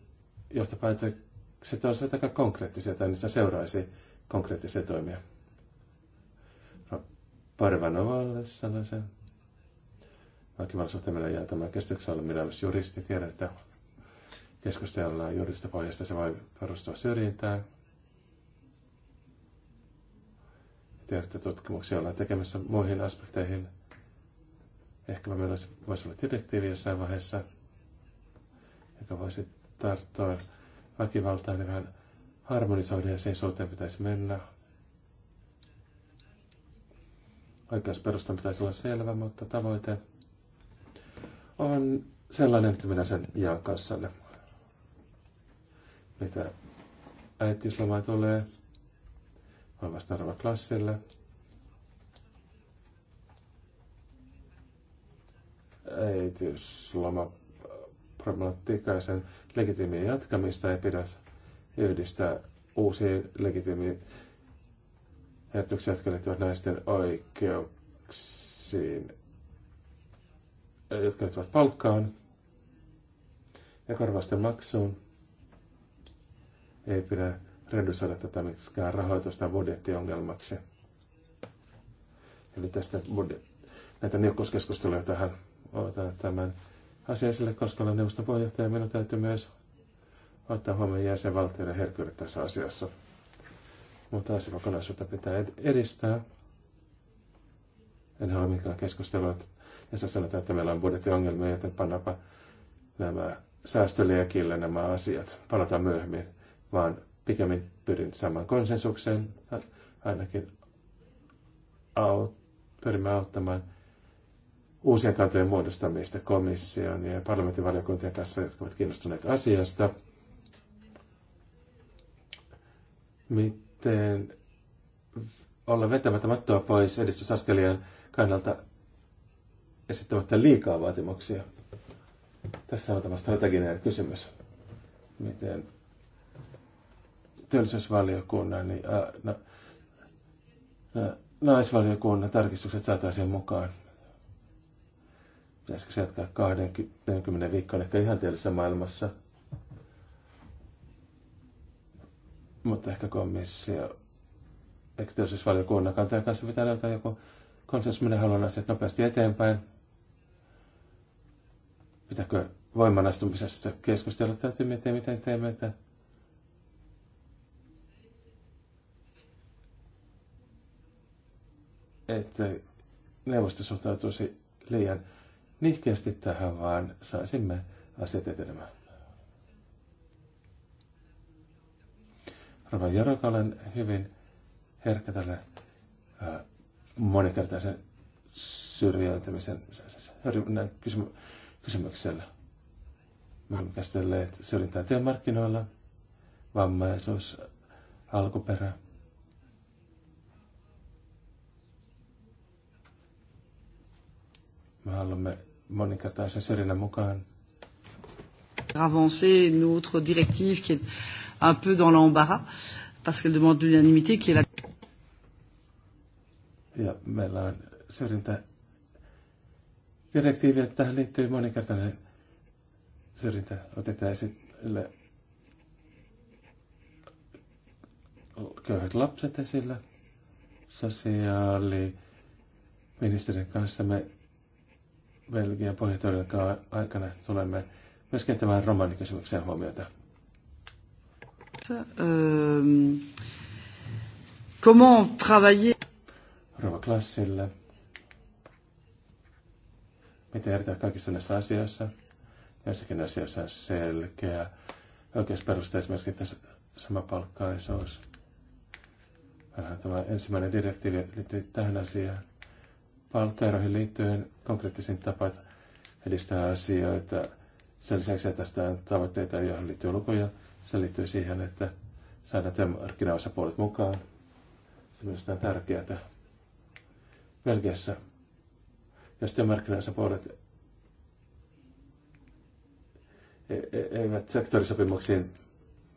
Speaker 2: johtopäätökset olisivat aika konkreettisia tai niistä seuraisi konkreettisia toimia. Parvanovalle sellaisen. Väkivallan suhteen meillä jää tämä käsityksen olla, millä olisi juristi tiedä, että keskustellaan pohjasta, Se voi perustua syrjintään. Tiedätte tutkimuksia ollaan tekemässä muihin aspekteihin. Ehkä meillä voisi olla direktiivi jossain vaiheessa – joka voisi tarttua väkivaltaan, niin vähän harmonisoida ja sen suuteen pitäisi mennä. Oikeusperusta pitäisi olla selvä, mutta tavoite on sellainen, että minä sen jaan kanssanne. Mitä äitiyslomaa tulee, vasta vastaava klassille. Äitiysloma problematiikkaisen ja jatkamista ei pidä yhdistää uusiin legitiimiin ajatuksiin, jotka liittyvät naisten oikeuksiin, jotka liittyvät palkkaan ja korvausten maksuun. Ei pidä redusoida tätä miksikään rahoitusta budjettiongelmaksi. Eli tästä budjet, näitä niukkuuskeskusteluja tähän otan tämän asia esille, koska olen neuvoston puheenjohtaja. Minun täytyy myös ottaa huomioon jäsenvaltioiden herkkyydet tässä asiassa. Mutta asiakokonaisuutta pitää edistää. En halua mikään keskustelua, jossa sanotaan, että meillä on budjettiongelmia, joten pannaanpa nämä säästöliekille nämä asiat. Palataan myöhemmin, vaan pikemmin pyrin saamaan konsensukseen, ainakin aut, pyrimme auttamaan – uusien kantojen muodostamista komission ja parlamentin valiokuntien kanssa, jotka ovat kiinnostuneet asiasta. Miten olla vetämättä mattoa pois edistysaskelien kannalta esittämättä liikaa vaatimuksia? Tässä on tämä strateginen kysymys. Miten työllisyysvaliokunnan ja no, naisvaliokunnan tarkistukset saataisiin mukaan? pitäisikö se jatkaa 20 viikkoa ehkä ihanteellisessa maailmassa. Mutta ehkä komissio ekteollisuusvaliokunnan kantajan kanssa pitää löytää joku konsensus. Minä haluan asiat nopeasti eteenpäin. Pitääkö voimanastumisesta keskustella? Täytyy miettiä, miten teemme tätä. Että neuvosto suhtautuisi liian nihkeästi tähän, vaan saisimme asiat etenemään. Rova Jaroka, olen hyvin herkkä tälle ää, monikertaisen syrjäytymisen kysymyksellä. Me olemme käsitelleet syrjintää työmarkkinoilla, vammaisuus, alkuperä – Me haluamme moninkertaisen Serinä mukaan.
Speaker 1: Avancer une autre directive qui est un peu dans l'embarras parce qu'elle demande l'unanimité qui est la...
Speaker 2: Ja meillä on syrjintä direktiivi, että tähän liittyy monikertainen syrjintä. Otetaan esille köyhät lapset esillä sosiaaliministerin kanssa. Me Belgian pohjatorjunnan aikana tulemme myös kiinnittämään romanikysymykseen huomiota.
Speaker 1: Ähm, comment travailler?
Speaker 2: Rova Klassille. Miten järjestää kaikissa näissä asioissa? Joissakin asioissa on selkeä. Oikeusperuste esimerkiksi tässä sama palkkaisuus. Äh, tämä ensimmäinen direktiivi liittyy tähän asiaan palkkaeroihin liittyen konkreettisiin tapoihin edistää asioita. Sen lisäksi, tästä on tavoitteita, joihin liittyy lukuja, se liittyy siihen, että saadaan työmarkkinaosapuolet mukaan. Se on myös tärkeää. Belgiassa, jos työmarkkinaosapuolet e-, e-, eivät sektorisopimuksiin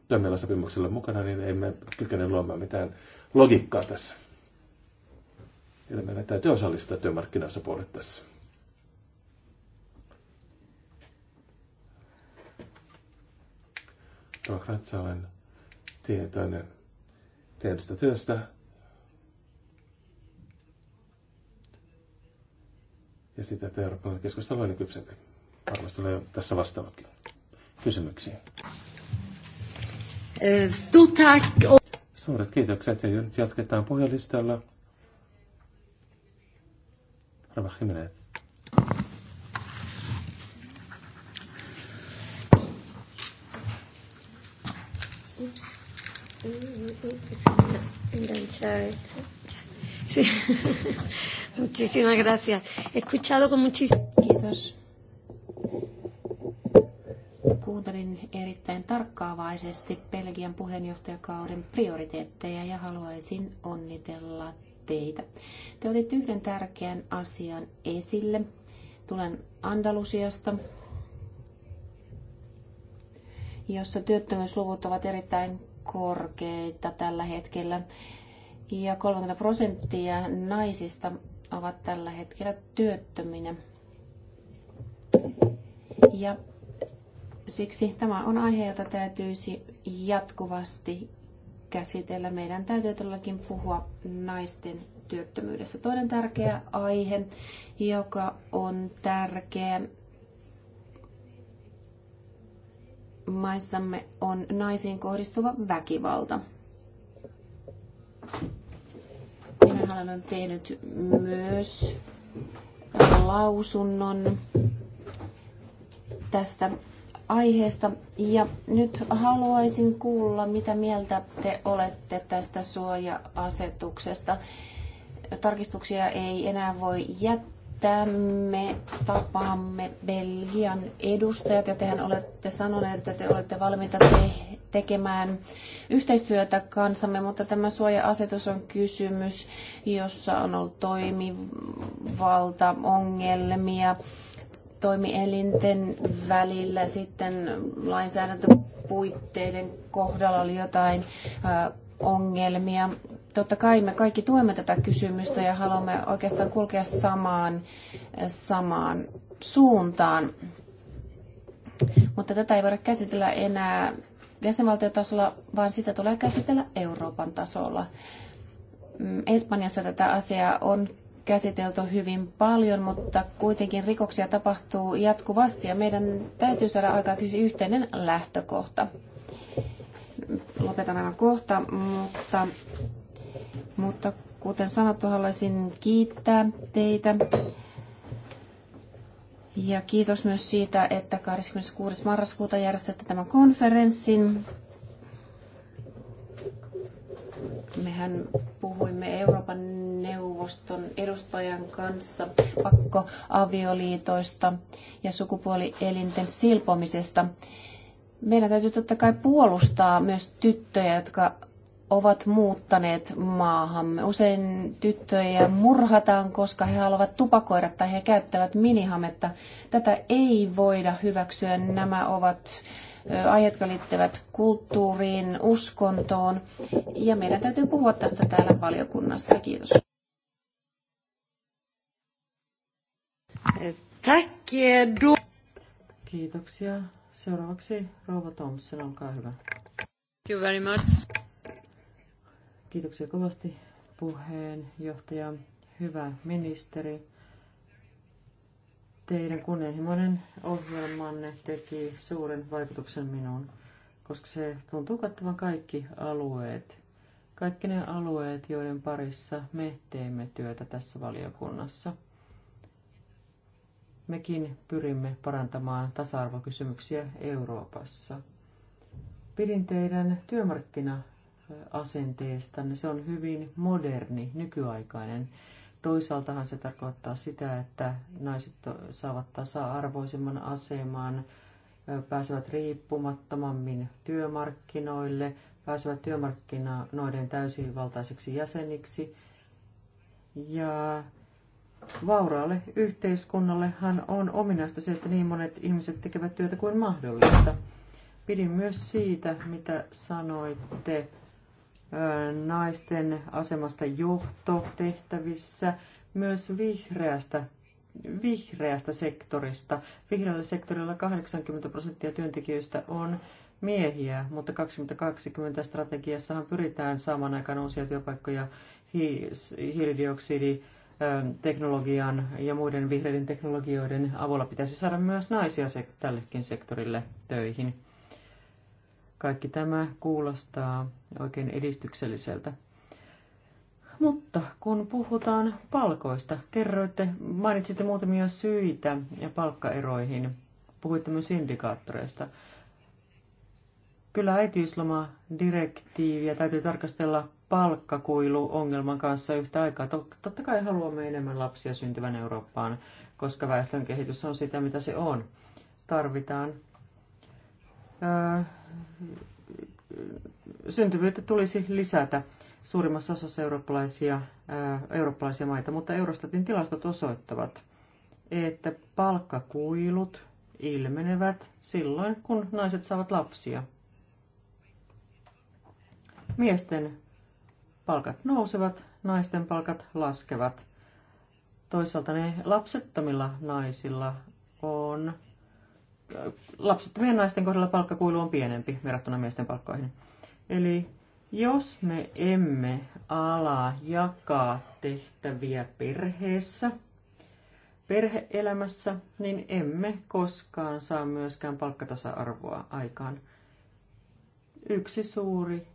Speaker 2: toimialasopimuksilla mukana, niin emme kykene luomaan mitään logiikkaa tässä. Eli meidän täytyy osallistaa työmarkkinaosapuolet tässä. Kratsa olen tietoinen tehdystä työstä. Ja sitä, että Euroopan keskustelu on niin kypsempi. Varmasti tulee tässä vastaavatkin. kysymyksiin. Eh, Suuret kiitokset ja nyt jatketaan puhujalistalla. Rova Jimenez.
Speaker 6: Ups. Enganchada esto. Sí.
Speaker 3: Muchísimas gracias. He escuchado con muchísimo. Kiitos. Kuuntelin erittäin tarkkaavaisesti Belgian puheenjohtajakauden prioriteetteja ja haluaisin onnitella teitä. Te otitte yhden tärkeän asian esille. Tulen Andalusiasta, jossa työttömyysluvut ovat erittäin korkeita tällä hetkellä. Ja 30 prosenttia naisista ovat tällä hetkellä työttöminä. Ja siksi tämä on aihe, jota täytyisi jatkuvasti käsitellä. Meidän täytyy todellakin puhua naisten työttömyydestä. Toinen tärkeä aihe, joka on tärkeä maissamme, on naisiin kohdistuva väkivalta. Minähän olen tehnyt myös lausunnon tästä aiheesta. Ja nyt haluaisin kuulla, mitä mieltä te olette tästä suoja-asetuksesta. Tarkistuksia ei enää voi jättää. Me tapaamme Belgian edustajat ja tehän olette sanoneet, että te olette valmiita te- tekemään yhteistyötä kanssamme, mutta tämä suoja-asetus on kysymys, jossa on ollut toimivalta, ongelmia toimielinten välillä sitten lainsäädäntöpuitteiden kohdalla oli jotain ongelmia. Totta kai me kaikki tuemme tätä kysymystä ja haluamme oikeastaan kulkea samaan, samaan suuntaan. Mutta tätä ei voida käsitellä enää jäsenvaltiotasolla, vaan sitä tulee käsitellä Euroopan tasolla. Mm, Espanjassa tätä asiaa on käsitelty hyvin paljon, mutta kuitenkin rikoksia tapahtuu jatkuvasti ja meidän täytyy saada aikaiseksi siis yhteinen lähtökohta. Lopetan aivan kohta, mutta, mutta kuten sanottu, haluaisin kiittää teitä. Ja kiitos myös siitä, että 26. marraskuuta järjestätte tämän konferenssin. mehän puhuimme Euroopan neuvoston edustajan kanssa pakkoavioliitoista ja sukupuolielinten silpomisesta. Meidän täytyy totta kai puolustaa myös tyttöjä, jotka ovat muuttaneet maahamme. Usein tyttöjä murhataan, koska he haluavat tupakoida tai he käyttävät minihametta. Tätä ei voida hyväksyä. Nämä ovat aiheet, jotka liittyvät kulttuuriin, uskontoon. Ja meidän täytyy puhua tästä täällä valiokunnassa. Kiitos.
Speaker 5: Kiitoksia. Seuraavaksi Rouva Thompson, olkaa hyvä. Thank you very much. Kiitoksia kovasti puheenjohtaja, hyvä ministeri. Teidän kunnianhimoinen ohjelmanne teki suuren vaikutuksen minuun, koska se tuntuu kattavan kaikki alueet, kaikki ne alueet, joiden parissa me teemme työtä tässä valiokunnassa. Mekin pyrimme parantamaan tasa-arvokysymyksiä Euroopassa. Pidin teidän
Speaker 6: työmarkkina-asenteestanne.
Speaker 5: Se on hyvin moderni, nykyaikainen. Toisaaltahan se tarkoittaa sitä, että naiset saavat tasa-arvoisemman aseman, pääsevät riippumattomammin työmarkkinoille, pääsevät työmarkkinoiden täysivaltaiseksi jäseniksi. Ja vauraalle yhteiskunnallehan on ominaista se, että niin monet ihmiset tekevät työtä kuin mahdollista. Pidin myös siitä, mitä sanoitte naisten asemasta johtotehtävissä, myös vihreästä, vihreästä sektorista. Vihreällä sektorilla 80 prosenttia työntekijöistä on miehiä, mutta 2020 strategiassahan pyritään saamaan aikaan uusia työpaikkoja hiilidioksidi teknologian ja muiden vihreiden teknologioiden avulla pitäisi saada myös naisia tällekin sektorille töihin. Kaikki tämä kuulostaa oikein edistykselliseltä. Mutta kun puhutaan palkoista, kerroitte, mainitsitte muutamia syitä ja palkkaeroihin. Puhuitte myös indikaattoreista. Kyllä äitiyslomadirektiiviä täytyy tarkastella palkkakuiluongelman kanssa yhtä aikaa. Totta kai haluamme enemmän lapsia syntyvän Eurooppaan, koska väestön kehitys on sitä, mitä se on. Tarvitaan syntyvyyttä tulisi lisätä suurimmassa osassa eurooppalaisia, eurooppalaisia maita, mutta Eurostatin tilastot osoittavat, että palkkakuilut ilmenevät silloin, kun naiset saavat lapsia. Miesten palkat nousevat, naisten palkat laskevat. Toisaalta ne lapsettomilla naisilla on lapsettomien naisten kohdalla palkkakuilu on pienempi verrattuna miesten palkkoihin. Eli jos me emme ala jakaa tehtäviä perheessä, perheelämässä, niin emme koskaan saa myöskään palkkatasa-arvoa aikaan. Yksi suuri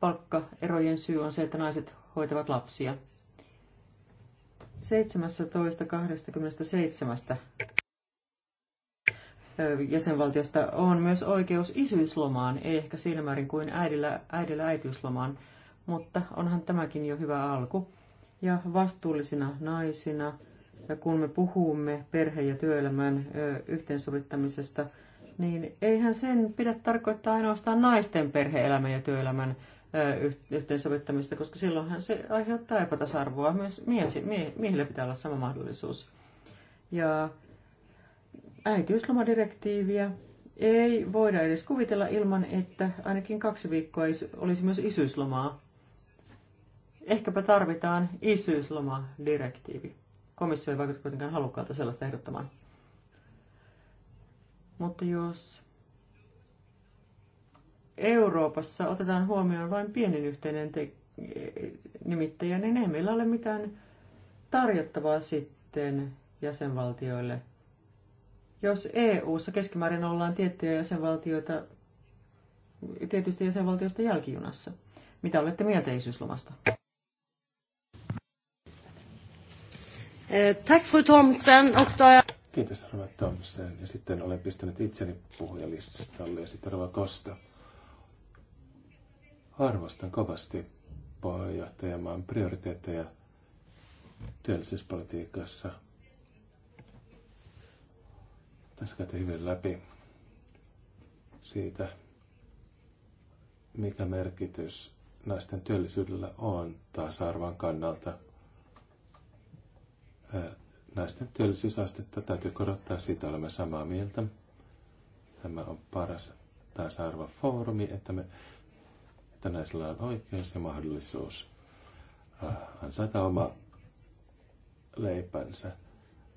Speaker 5: palkkaerojen syy on se, että naiset hoitavat lapsia. 17.27 jäsenvaltiosta on myös oikeus isyyslomaan, ei ehkä siinä määrin kuin äidillä, äidillä äitiyslomaan, mutta onhan tämäkin jo hyvä alku. Ja vastuullisina naisina, ja kun me puhumme perhe- ja työelämän yhteensovittamisesta, niin eihän sen pidä tarkoittaa ainoastaan naisten perhe-elämän ja työelämän yhteensovittamista, koska silloinhan se aiheuttaa epätasa-arvoa. Myös miehille pitää olla sama mahdollisuus. Ja äitiyslomadirektiiviä ei voida edes kuvitella ilman, että ainakin kaksi viikkoa olisi myös isyyslomaa. Ehkäpä tarvitaan isyyslomadirektiivi. Komissio ei vaikuta kuitenkaan halukkaalta sellaista ehdottamaan. Mutta jos Euroopassa otetaan huomioon vain pienin yhteinen te- nimittäjä, niin ei meillä ole mitään tarjottavaa sitten jäsenvaltioille – jos EU-ssa keskimäärin ollaan tiettyjä jäsenvaltioita, tietysti jäsenvaltioista jälkijunassa. Mitä olette mieltä isyyslomasta? Eh, tack för Thomsen
Speaker 2: Kiitos Rova Thomsen. Ja sitten olen pistänyt itseni puhujalistalle ja sitten Rova Kosta. Arvostan kovasti puheenjohtajamaan prioriteetteja työllisyyspolitiikassa – tässä käytiin hyvin läpi siitä, mikä merkitys naisten työllisyydellä on tasa-arvon kannalta. Naisten työllisyysastetta täytyy korottaa, siitä olemme samaa mieltä. Tämä on paras tasa foorumi, että, me, että naisilla on oikeus ja mahdollisuus ansaita oma leipänsä.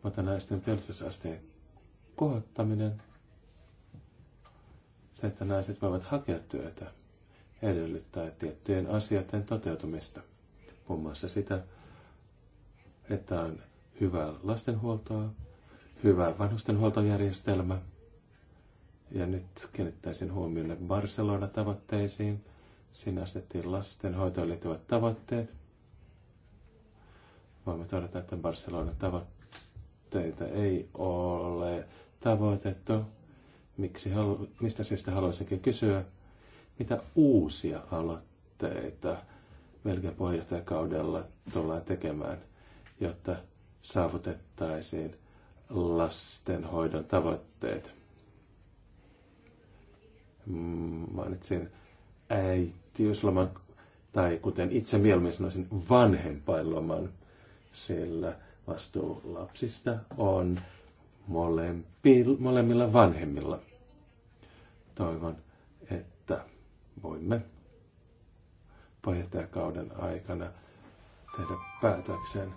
Speaker 2: Mutta naisten työllisyysasteen kohottaminen, se, että naiset voivat hakea työtä, edellyttää tiettyjen asioiden toteutumista. Muun muassa sitä, että on hyvää lastenhuoltoa, hyvä vanhustenhuoltojärjestelmä. Ja nyt kiinnittäisin huomioon Barcelona-tavoitteisiin. Siinä asettiin lastenhoitoon liittyvät tavoitteet. Voimme todeta, että barcelona tavoitteita ei ole tavoitettu. Miksi halu, mistä syystä haluaisinkin kysyä, mitä uusia aloitteita melkein puheenjohtajakaudella tullaan tekemään, jotta saavutettaisiin lastenhoidon tavoitteet. Mainitsin äitiysloman, tai kuten itse mieluummin sanoisin, vanhempainloman, sillä vastuu lapsista on molemmilla vanhemmilla. Toivon, että voimme puheenjohtajakauden aikana tehdä päätöksen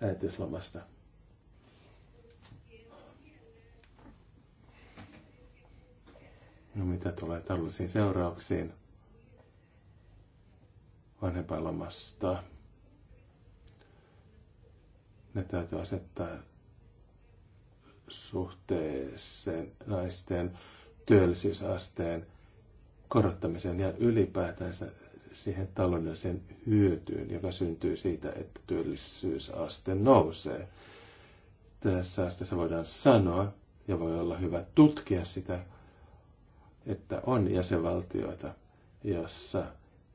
Speaker 2: äitiyslomasta. No mitä tulee taloudellisiin seurauksiin vanhempainlomasta? Ne täytyy asettaa suhteeseen naisten työllisyysasteen korottamiseen ja ylipäätänsä siihen taloudelliseen hyötyyn, joka syntyy siitä, että työllisyysaste nousee. Tässä asteessa voidaan sanoa, ja voi olla hyvä tutkia sitä, että on jäsenvaltioita, jossa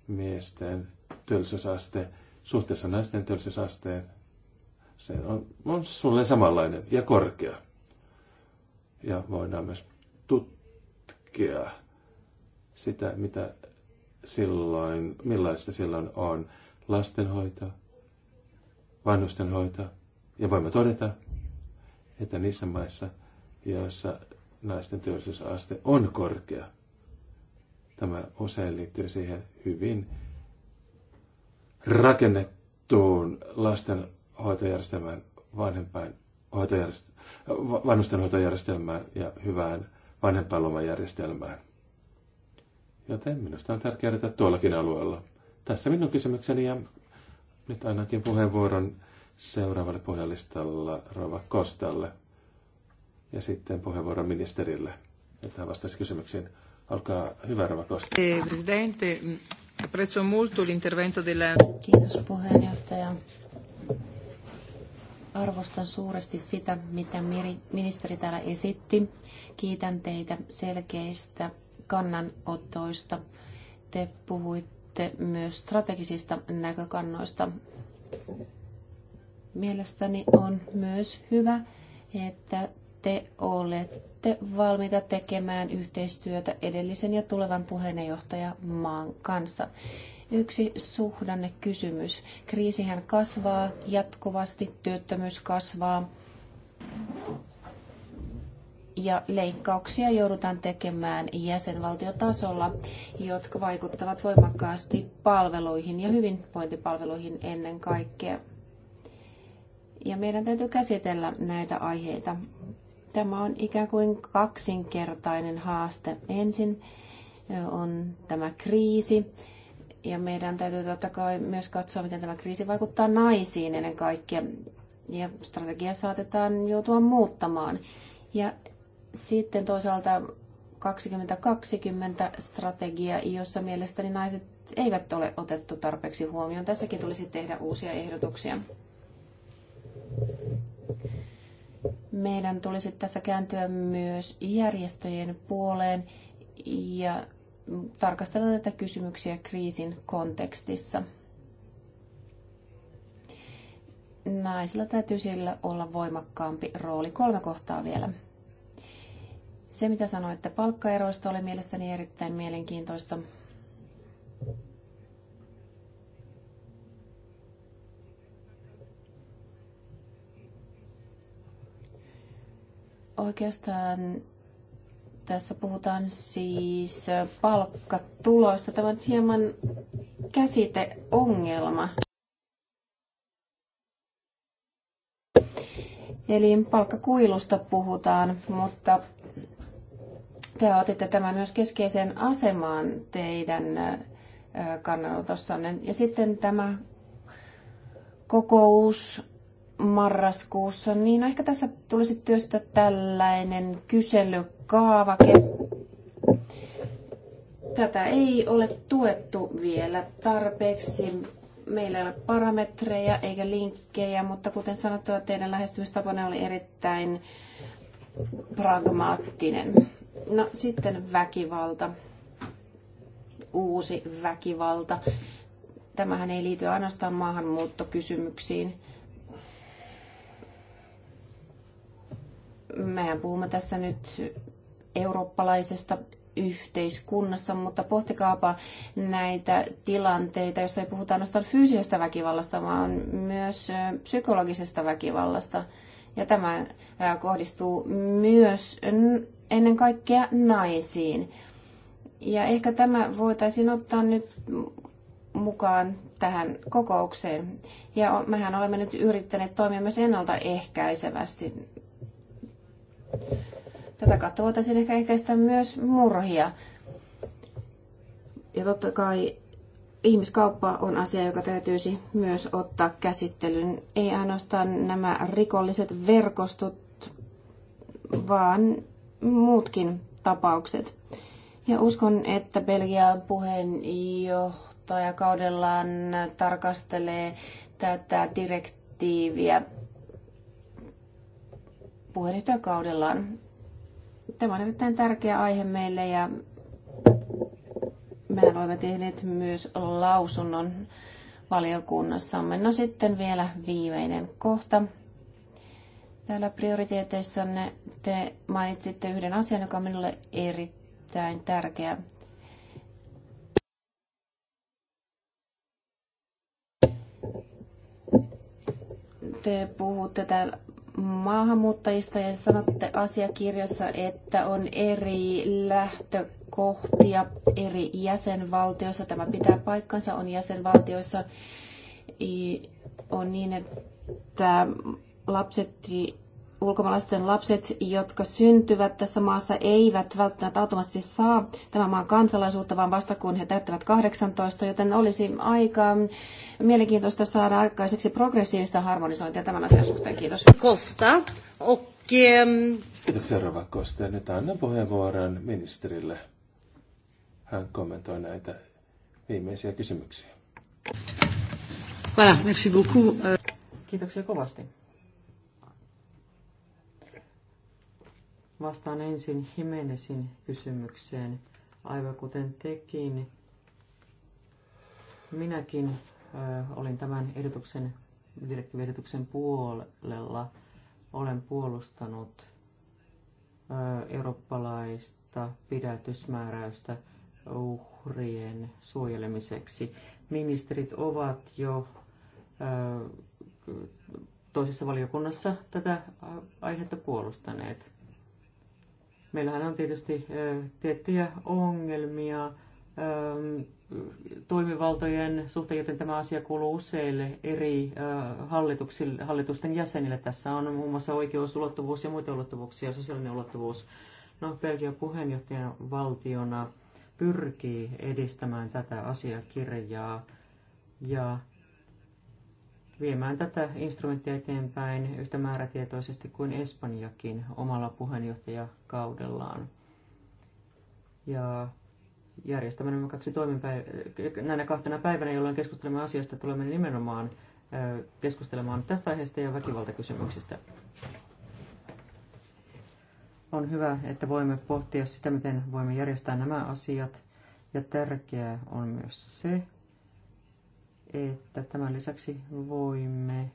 Speaker 2: miesten työllisyysaste suhteessa naisten työllisyysasteen se on, on sulle samanlainen ja korkea ja voidaan myös tutkia sitä, mitä silloin, millaista silloin on lastenhoito, vanhustenhoito. Ja voimme todeta, että niissä maissa, joissa naisten työllisyysaste on korkea, tämä usein liittyy siihen hyvin rakennettuun lastenhoitojärjestelmään vanhempain hoitojärjest- vanhustenhoitojärjestelmään ja hyvään vanhempainlomajärjestelmään. Joten minusta on tärkeää että tuollakin alueella. Tässä minun kysymykseni ja nyt ainakin puheenvuoron seuraavalle puhelistalla Rova Kostalle ja sitten puheenvuoron ministerille, että hän vastaisi kysymyksiin. Olkaa hyvä, Rova Kosta. Eh,
Speaker 4: presidente, apprezzo molto l'intervento della... Kiitos puheenjohtaja.
Speaker 3: Arvostan suuresti sitä, mitä ministeri täällä esitti. Kiitän teitä selkeistä kannanotoista. Te puhuitte myös strategisista näkökannoista. Mielestäni on myös hyvä, että te olette valmiita tekemään yhteistyötä edellisen ja tulevan puheenjohtajamaan kanssa. Yksi suhdannekysymys. Kriisihän kasvaa jatkuvasti, työttömyys kasvaa ja leikkauksia joudutaan tekemään jäsenvaltiotasolla, jotka vaikuttavat voimakkaasti palveluihin ja hyvinvointipalveluihin ennen kaikkea. Ja meidän täytyy käsitellä näitä aiheita. Tämä on ikään kuin kaksinkertainen haaste. Ensin on tämä kriisi ja meidän täytyy totta kai myös katsoa, miten tämä kriisi vaikuttaa naisiin ennen kaikkea. Ja strategia saatetaan joutua muuttamaan. Ja sitten toisaalta 2020 strategia, jossa mielestäni naiset eivät ole otettu tarpeeksi huomioon. Tässäkin tulisi tehdä uusia ehdotuksia. Meidän tulisi tässä kääntyä myös järjestöjen puoleen ja tarkastella näitä kysymyksiä kriisin kontekstissa. Naisilla täytyy sillä olla voimakkaampi rooli. Kolme kohtaa vielä. Se, mitä sanoin, että palkkaeroista, oli mielestäni erittäin mielenkiintoista. Oikeastaan tässä puhutaan siis palkkatuloista. Tämä on hieman käsiteongelma. Eli palkkakuilusta puhutaan, mutta te otitte tämän myös keskeiseen asemaan teidän kannanotossanne. Ja sitten tämä kokous marraskuussa, niin ehkä tässä tulisi työstä tällainen kyselykaavake. Tätä ei ole tuettu vielä tarpeeksi. Meillä ei ole parametreja eikä linkkejä, mutta kuten sanottua, teidän lähestymistapanne oli erittäin pragmaattinen. No sitten väkivalta. Uusi väkivalta. Tämähän ei liity ainoastaan maahanmuuttokysymyksiin mehän puhumme tässä nyt eurooppalaisesta yhteiskunnassa, mutta pohtikaapa näitä tilanteita, jossa ei puhuta ainoastaan fyysisestä väkivallasta, vaan myös psykologisesta väkivallasta. Ja tämä kohdistuu myös ennen kaikkea naisiin. Ja ehkä tämä voitaisiin ottaa nyt mukaan tähän kokoukseen. Ja mehän olemme nyt yrittäneet toimia myös ennaltaehkäisevästi Tätä kautta voitaisiin ehkä ehkäistä myös murhia. Ja totta kai ihmiskauppa on asia, joka täytyisi myös ottaa käsittelyyn. Ei ainoastaan nämä rikolliset verkostot, vaan muutkin tapaukset. Ja uskon, että Belgia kaudellaan tarkastelee tätä direktiiviä puheenjohtajakaudellaan. Tämä on erittäin tärkeä aihe meille ja mehän olemme tehneet myös lausunnon valiokunnassamme. No sitten vielä viimeinen kohta. Täällä prioriteeteissanne te mainitsitte yhden asian, joka on minulle erittäin tärkeä. Te puhutte täällä maahanmuuttajista ja sanotte asiakirjassa, että on eri lähtökohtia eri jäsenvaltioissa. Tämä pitää paikkansa, on jäsenvaltioissa on niin, että lapset ulkomaalaisten lapset, jotka syntyvät tässä maassa, eivät välttämättä automaattisesti saa tämän maan kansalaisuutta, vaan vasta kun he täyttävät 18, joten olisi aika mielenkiintoista saada aikaiseksi progressiivista harmonisointia tämän asian suhteen. Kiitos. Kosta.
Speaker 2: Kiitoksia Rova Kosta. Nyt annan puheenvuoron ministerille. Hän kommentoi näitä viimeisiä kysymyksiä.
Speaker 5: Voilà, merci beaucoup. Kiitoksia kovasti. Vastaan ensin Himenesin kysymykseen, aivan kuten tekin. Minäkin ö, olin tämän ehdotuksen, direktiiviehdotuksen puolella. Olen puolustanut ö, eurooppalaista pidätysmääräystä uhrien suojelemiseksi. Ministerit ovat jo ö, toisessa valiokunnassa tätä aihetta puolustaneet. Meillähän on tietysti tiettyjä ongelmia toimivaltojen suhteen, joten tämä asia kuuluu useille eri hallitusten jäsenille. Tässä on muun muassa oikeusulottuvuus ja muita ulottuvuuksia sosiaalinen ulottuvuus. No, Belgia puheenjohtajan valtiona pyrkii edistämään tätä asiakirjaa ja viemään tätä instrumenttia eteenpäin yhtä määrätietoisesti kuin Espanjakin omalla puheenjohtajakaudellaan. Ja järjestämme nämä kaksi toimenpäivä- näinä kahtena päivänä, jolloin keskustelemme asiasta, tulemme nimenomaan keskustelemaan tästä aiheesta ja väkivaltakysymyksistä. On hyvä, että voimme pohtia sitä, miten voimme järjestää nämä asiat. Ja tärkeää on myös se, että tämän lisäksi voimme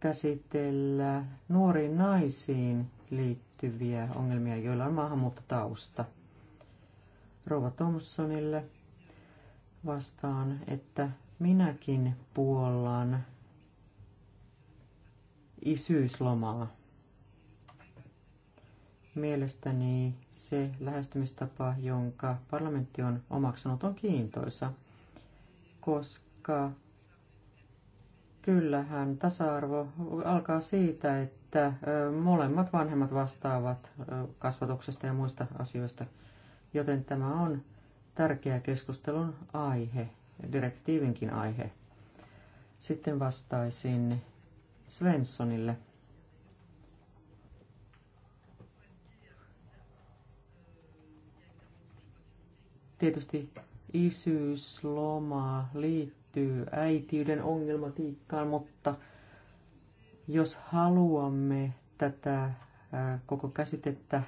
Speaker 5: käsitellä nuoriin naisiin liittyviä ongelmia, joilla on maahanmuuttotausta. Rova Thompsonille vastaan, että minäkin puollan isyyslomaa. Mielestäni se lähestymistapa, jonka parlamentti on omaksunut, on kiintoisa, koska paikkaa. Kyllähän tasa-arvo alkaa siitä, että molemmat vanhemmat vastaavat kasvatuksesta ja muista asioista, joten tämä on tärkeä keskustelun aihe, direktiivinkin aihe. Sitten vastaisin Svenssonille. Tietysti isyys loma, liittyy liittyy äitiyden ongelmatiikkaan, mutta jos haluamme tätä koko käsitettä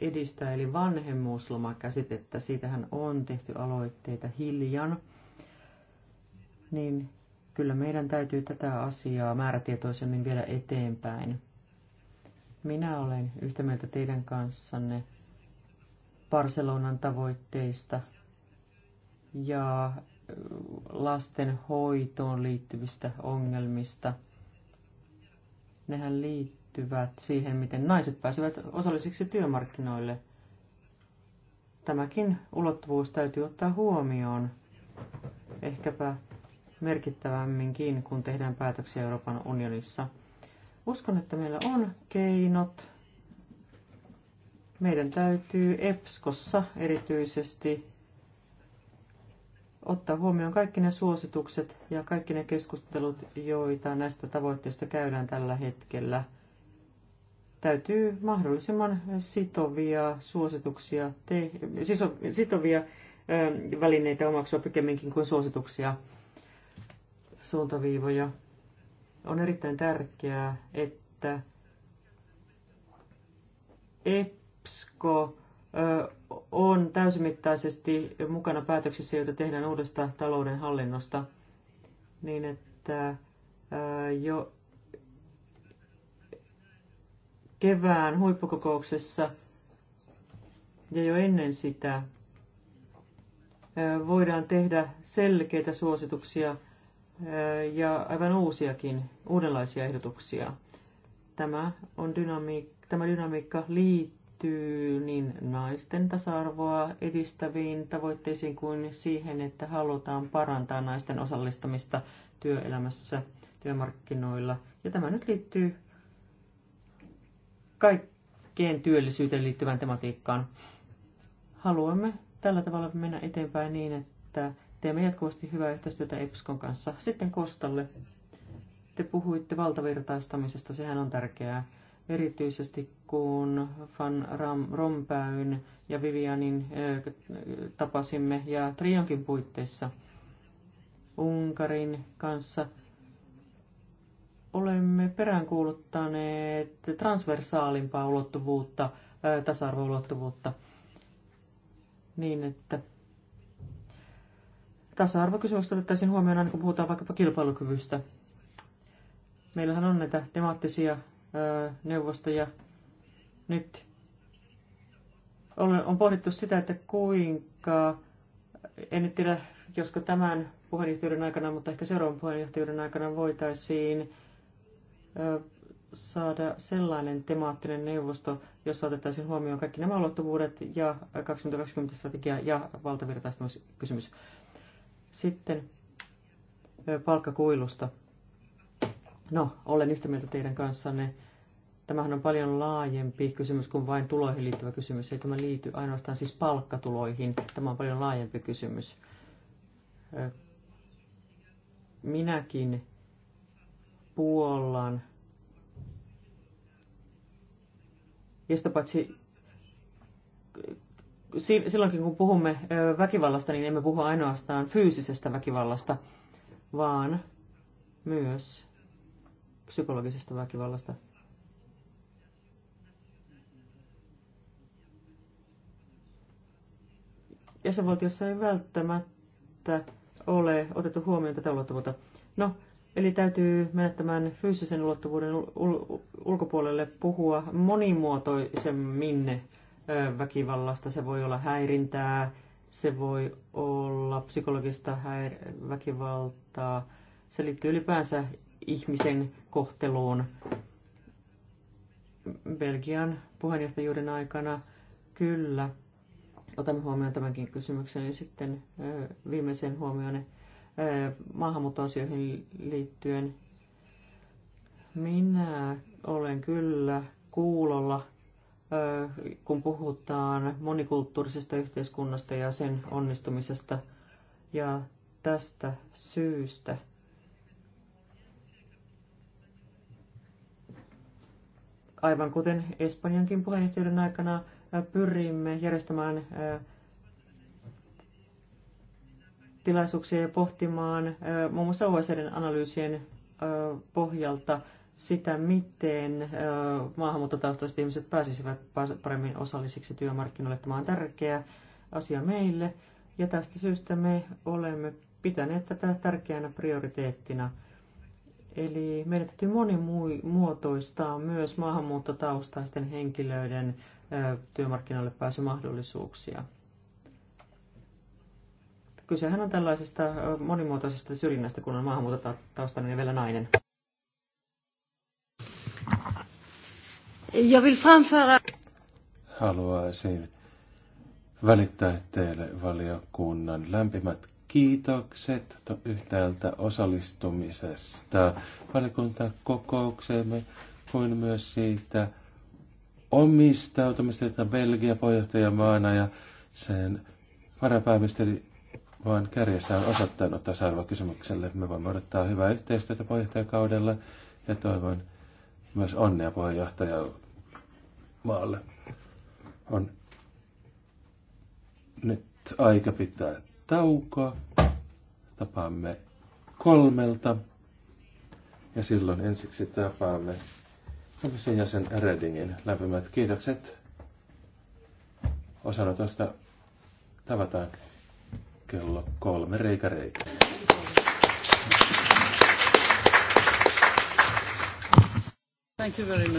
Speaker 5: edistää, eli vanhemmuuslomakäsitettä, siitähän on tehty aloitteita hiljan, niin kyllä meidän täytyy tätä asiaa määrätietoisemmin viedä eteenpäin. Minä olen yhtä mieltä teidän kanssanne Barcelonan tavoitteista ja lasten hoitoon liittyvistä ongelmista. Nehän liittyvät siihen, miten naiset pääsevät osallisiksi työmarkkinoille. Tämäkin ulottuvuus täytyy ottaa huomioon, ehkäpä merkittävämminkin, kun tehdään päätöksiä Euroopan unionissa. Uskon, että meillä on keinot. Meidän täytyy EFSKossa erityisesti ottaa huomioon kaikki ne suositukset ja kaikki ne keskustelut, joita näistä tavoitteista käydään tällä hetkellä. Täytyy mahdollisimman sitovia suosituksia, te- siis sitovia ö, välineitä omaksua pikemminkin kuin suosituksia, suuntaviivoja. On erittäin tärkeää, että EPSCO on täysimittaisesti mukana päätöksissä, joita tehdään uudesta talouden hallinnosta, niin että jo kevään huippukokouksessa ja jo ennen sitä voidaan tehdä selkeitä suosituksia ja aivan uusiakin, uudenlaisia ehdotuksia. Tämä, on dynamiik- tämä dynamiikka liittyy liittyy niin naisten tasa-arvoa edistäviin tavoitteisiin kuin siihen, että halutaan parantaa naisten osallistamista työelämässä, työmarkkinoilla. Ja tämä nyt liittyy kaikkeen työllisyyteen liittyvään tematiikkaan. Haluamme tällä tavalla mennä eteenpäin niin, että teemme jatkuvasti hyvää yhteistyötä EPSKon kanssa. Sitten Kostalle. Te puhuitte valtavirtaistamisesta, sehän on tärkeää erityisesti kun Van Ram, Rompäyn ja Vivianin tapasimme ja Trionkin puitteissa Unkarin kanssa olemme peräänkuuluttaneet transversaalimpaa ulottuvuutta, tasa-arvoulottuvuutta, niin että tasa-arvokysymykset otettaisiin huomioon aina kun puhutaan vaikkapa kilpailukyvystä. Meillähän on näitä temaattisia neuvostoja nyt on pohdittu sitä, että kuinka, en nyt tiedä, josko tämän puheenjohtajuuden aikana, mutta ehkä seuraavan puheenjohtajuuden aikana voitaisiin saada sellainen temaattinen neuvosto, jossa otettaisiin huomioon kaikki nämä ulottuvuudet ja 2020-strategia ja valtavirtaistamiskysymys. Sitten palkkakuilusta. No, olen yhtä mieltä teidän kanssanne Tämähän on paljon laajempi kysymys kuin vain tuloihin liittyvä kysymys. Ei tämä liity ainoastaan siis palkkatuloihin. Tämä on paljon laajempi kysymys. Minäkin puollan. Ja sitä paitsi silloinkin kun puhumme väkivallasta, niin emme puhu ainoastaan fyysisestä väkivallasta, vaan myös psykologisesta väkivallasta. jäsenvaltiossa ei välttämättä ole otettu huomioon tätä ulottuvuutta. No, eli täytyy mennä tämän fyysisen ulottuvuuden ulkopuolelle puhua monimuotoisemmin väkivallasta. Se voi olla häirintää, se voi olla psykologista häir- väkivaltaa. Se liittyy ylipäänsä ihmisen kohteluun. Belgian puheenjohtajuuden aikana kyllä otamme huomioon tämänkin kysymyksen. Ja sitten viimeiseen huomioon maahanmuuttoasioihin liittyen. Minä olen kyllä kuulolla, kun puhutaan monikulttuurisesta yhteiskunnasta ja sen onnistumisesta. Ja tästä syystä aivan kuten Espanjankin puheenjohtajuuden aikana pyrimme järjestämään tilaisuuksia ja pohtimaan muun muassa OECDn analyysien pohjalta sitä, miten maahanmuuttotaustaiset ihmiset pääsisivät paremmin osallisiksi työmarkkinoille. Tämä on tärkeä asia meille ja tästä syystä me olemme pitäneet tätä tärkeänä prioriteettina. Eli meidän täytyy monimuotoistaa myös maahanmuuttotaustaisten henkilöiden työmarkkinoille pääsymahdollisuuksia. Kysehän on tällaisesta monimuotoisesta syrjinnästä, kun on maahanmuuttotaustainen ja vielä nainen.
Speaker 1: Jag vill framföra...
Speaker 2: Haluaisin välittää teille valiokunnan lämpimät kiitokset yhtäältä osallistumisesta valiokuntakokoukseemme kuin myös siitä, omistautumista, että Belgia puheenjohtajamaana ja sen varapääministeri vaan kärjessä on osoittanut tasa-arvokysymykselle. Me voimme odottaa hyvää yhteistyötä puheenjohtajakaudella ja toivon myös onnea puheenjohtajamaalle. On nyt aika pitää taukoa. Tapaamme kolmelta ja silloin ensiksi tapaamme komission jäsen Redingin lämpimät kiitokset osanotosta. Tavataan kello kolme reikä reikä.
Speaker 6: Thank you very much.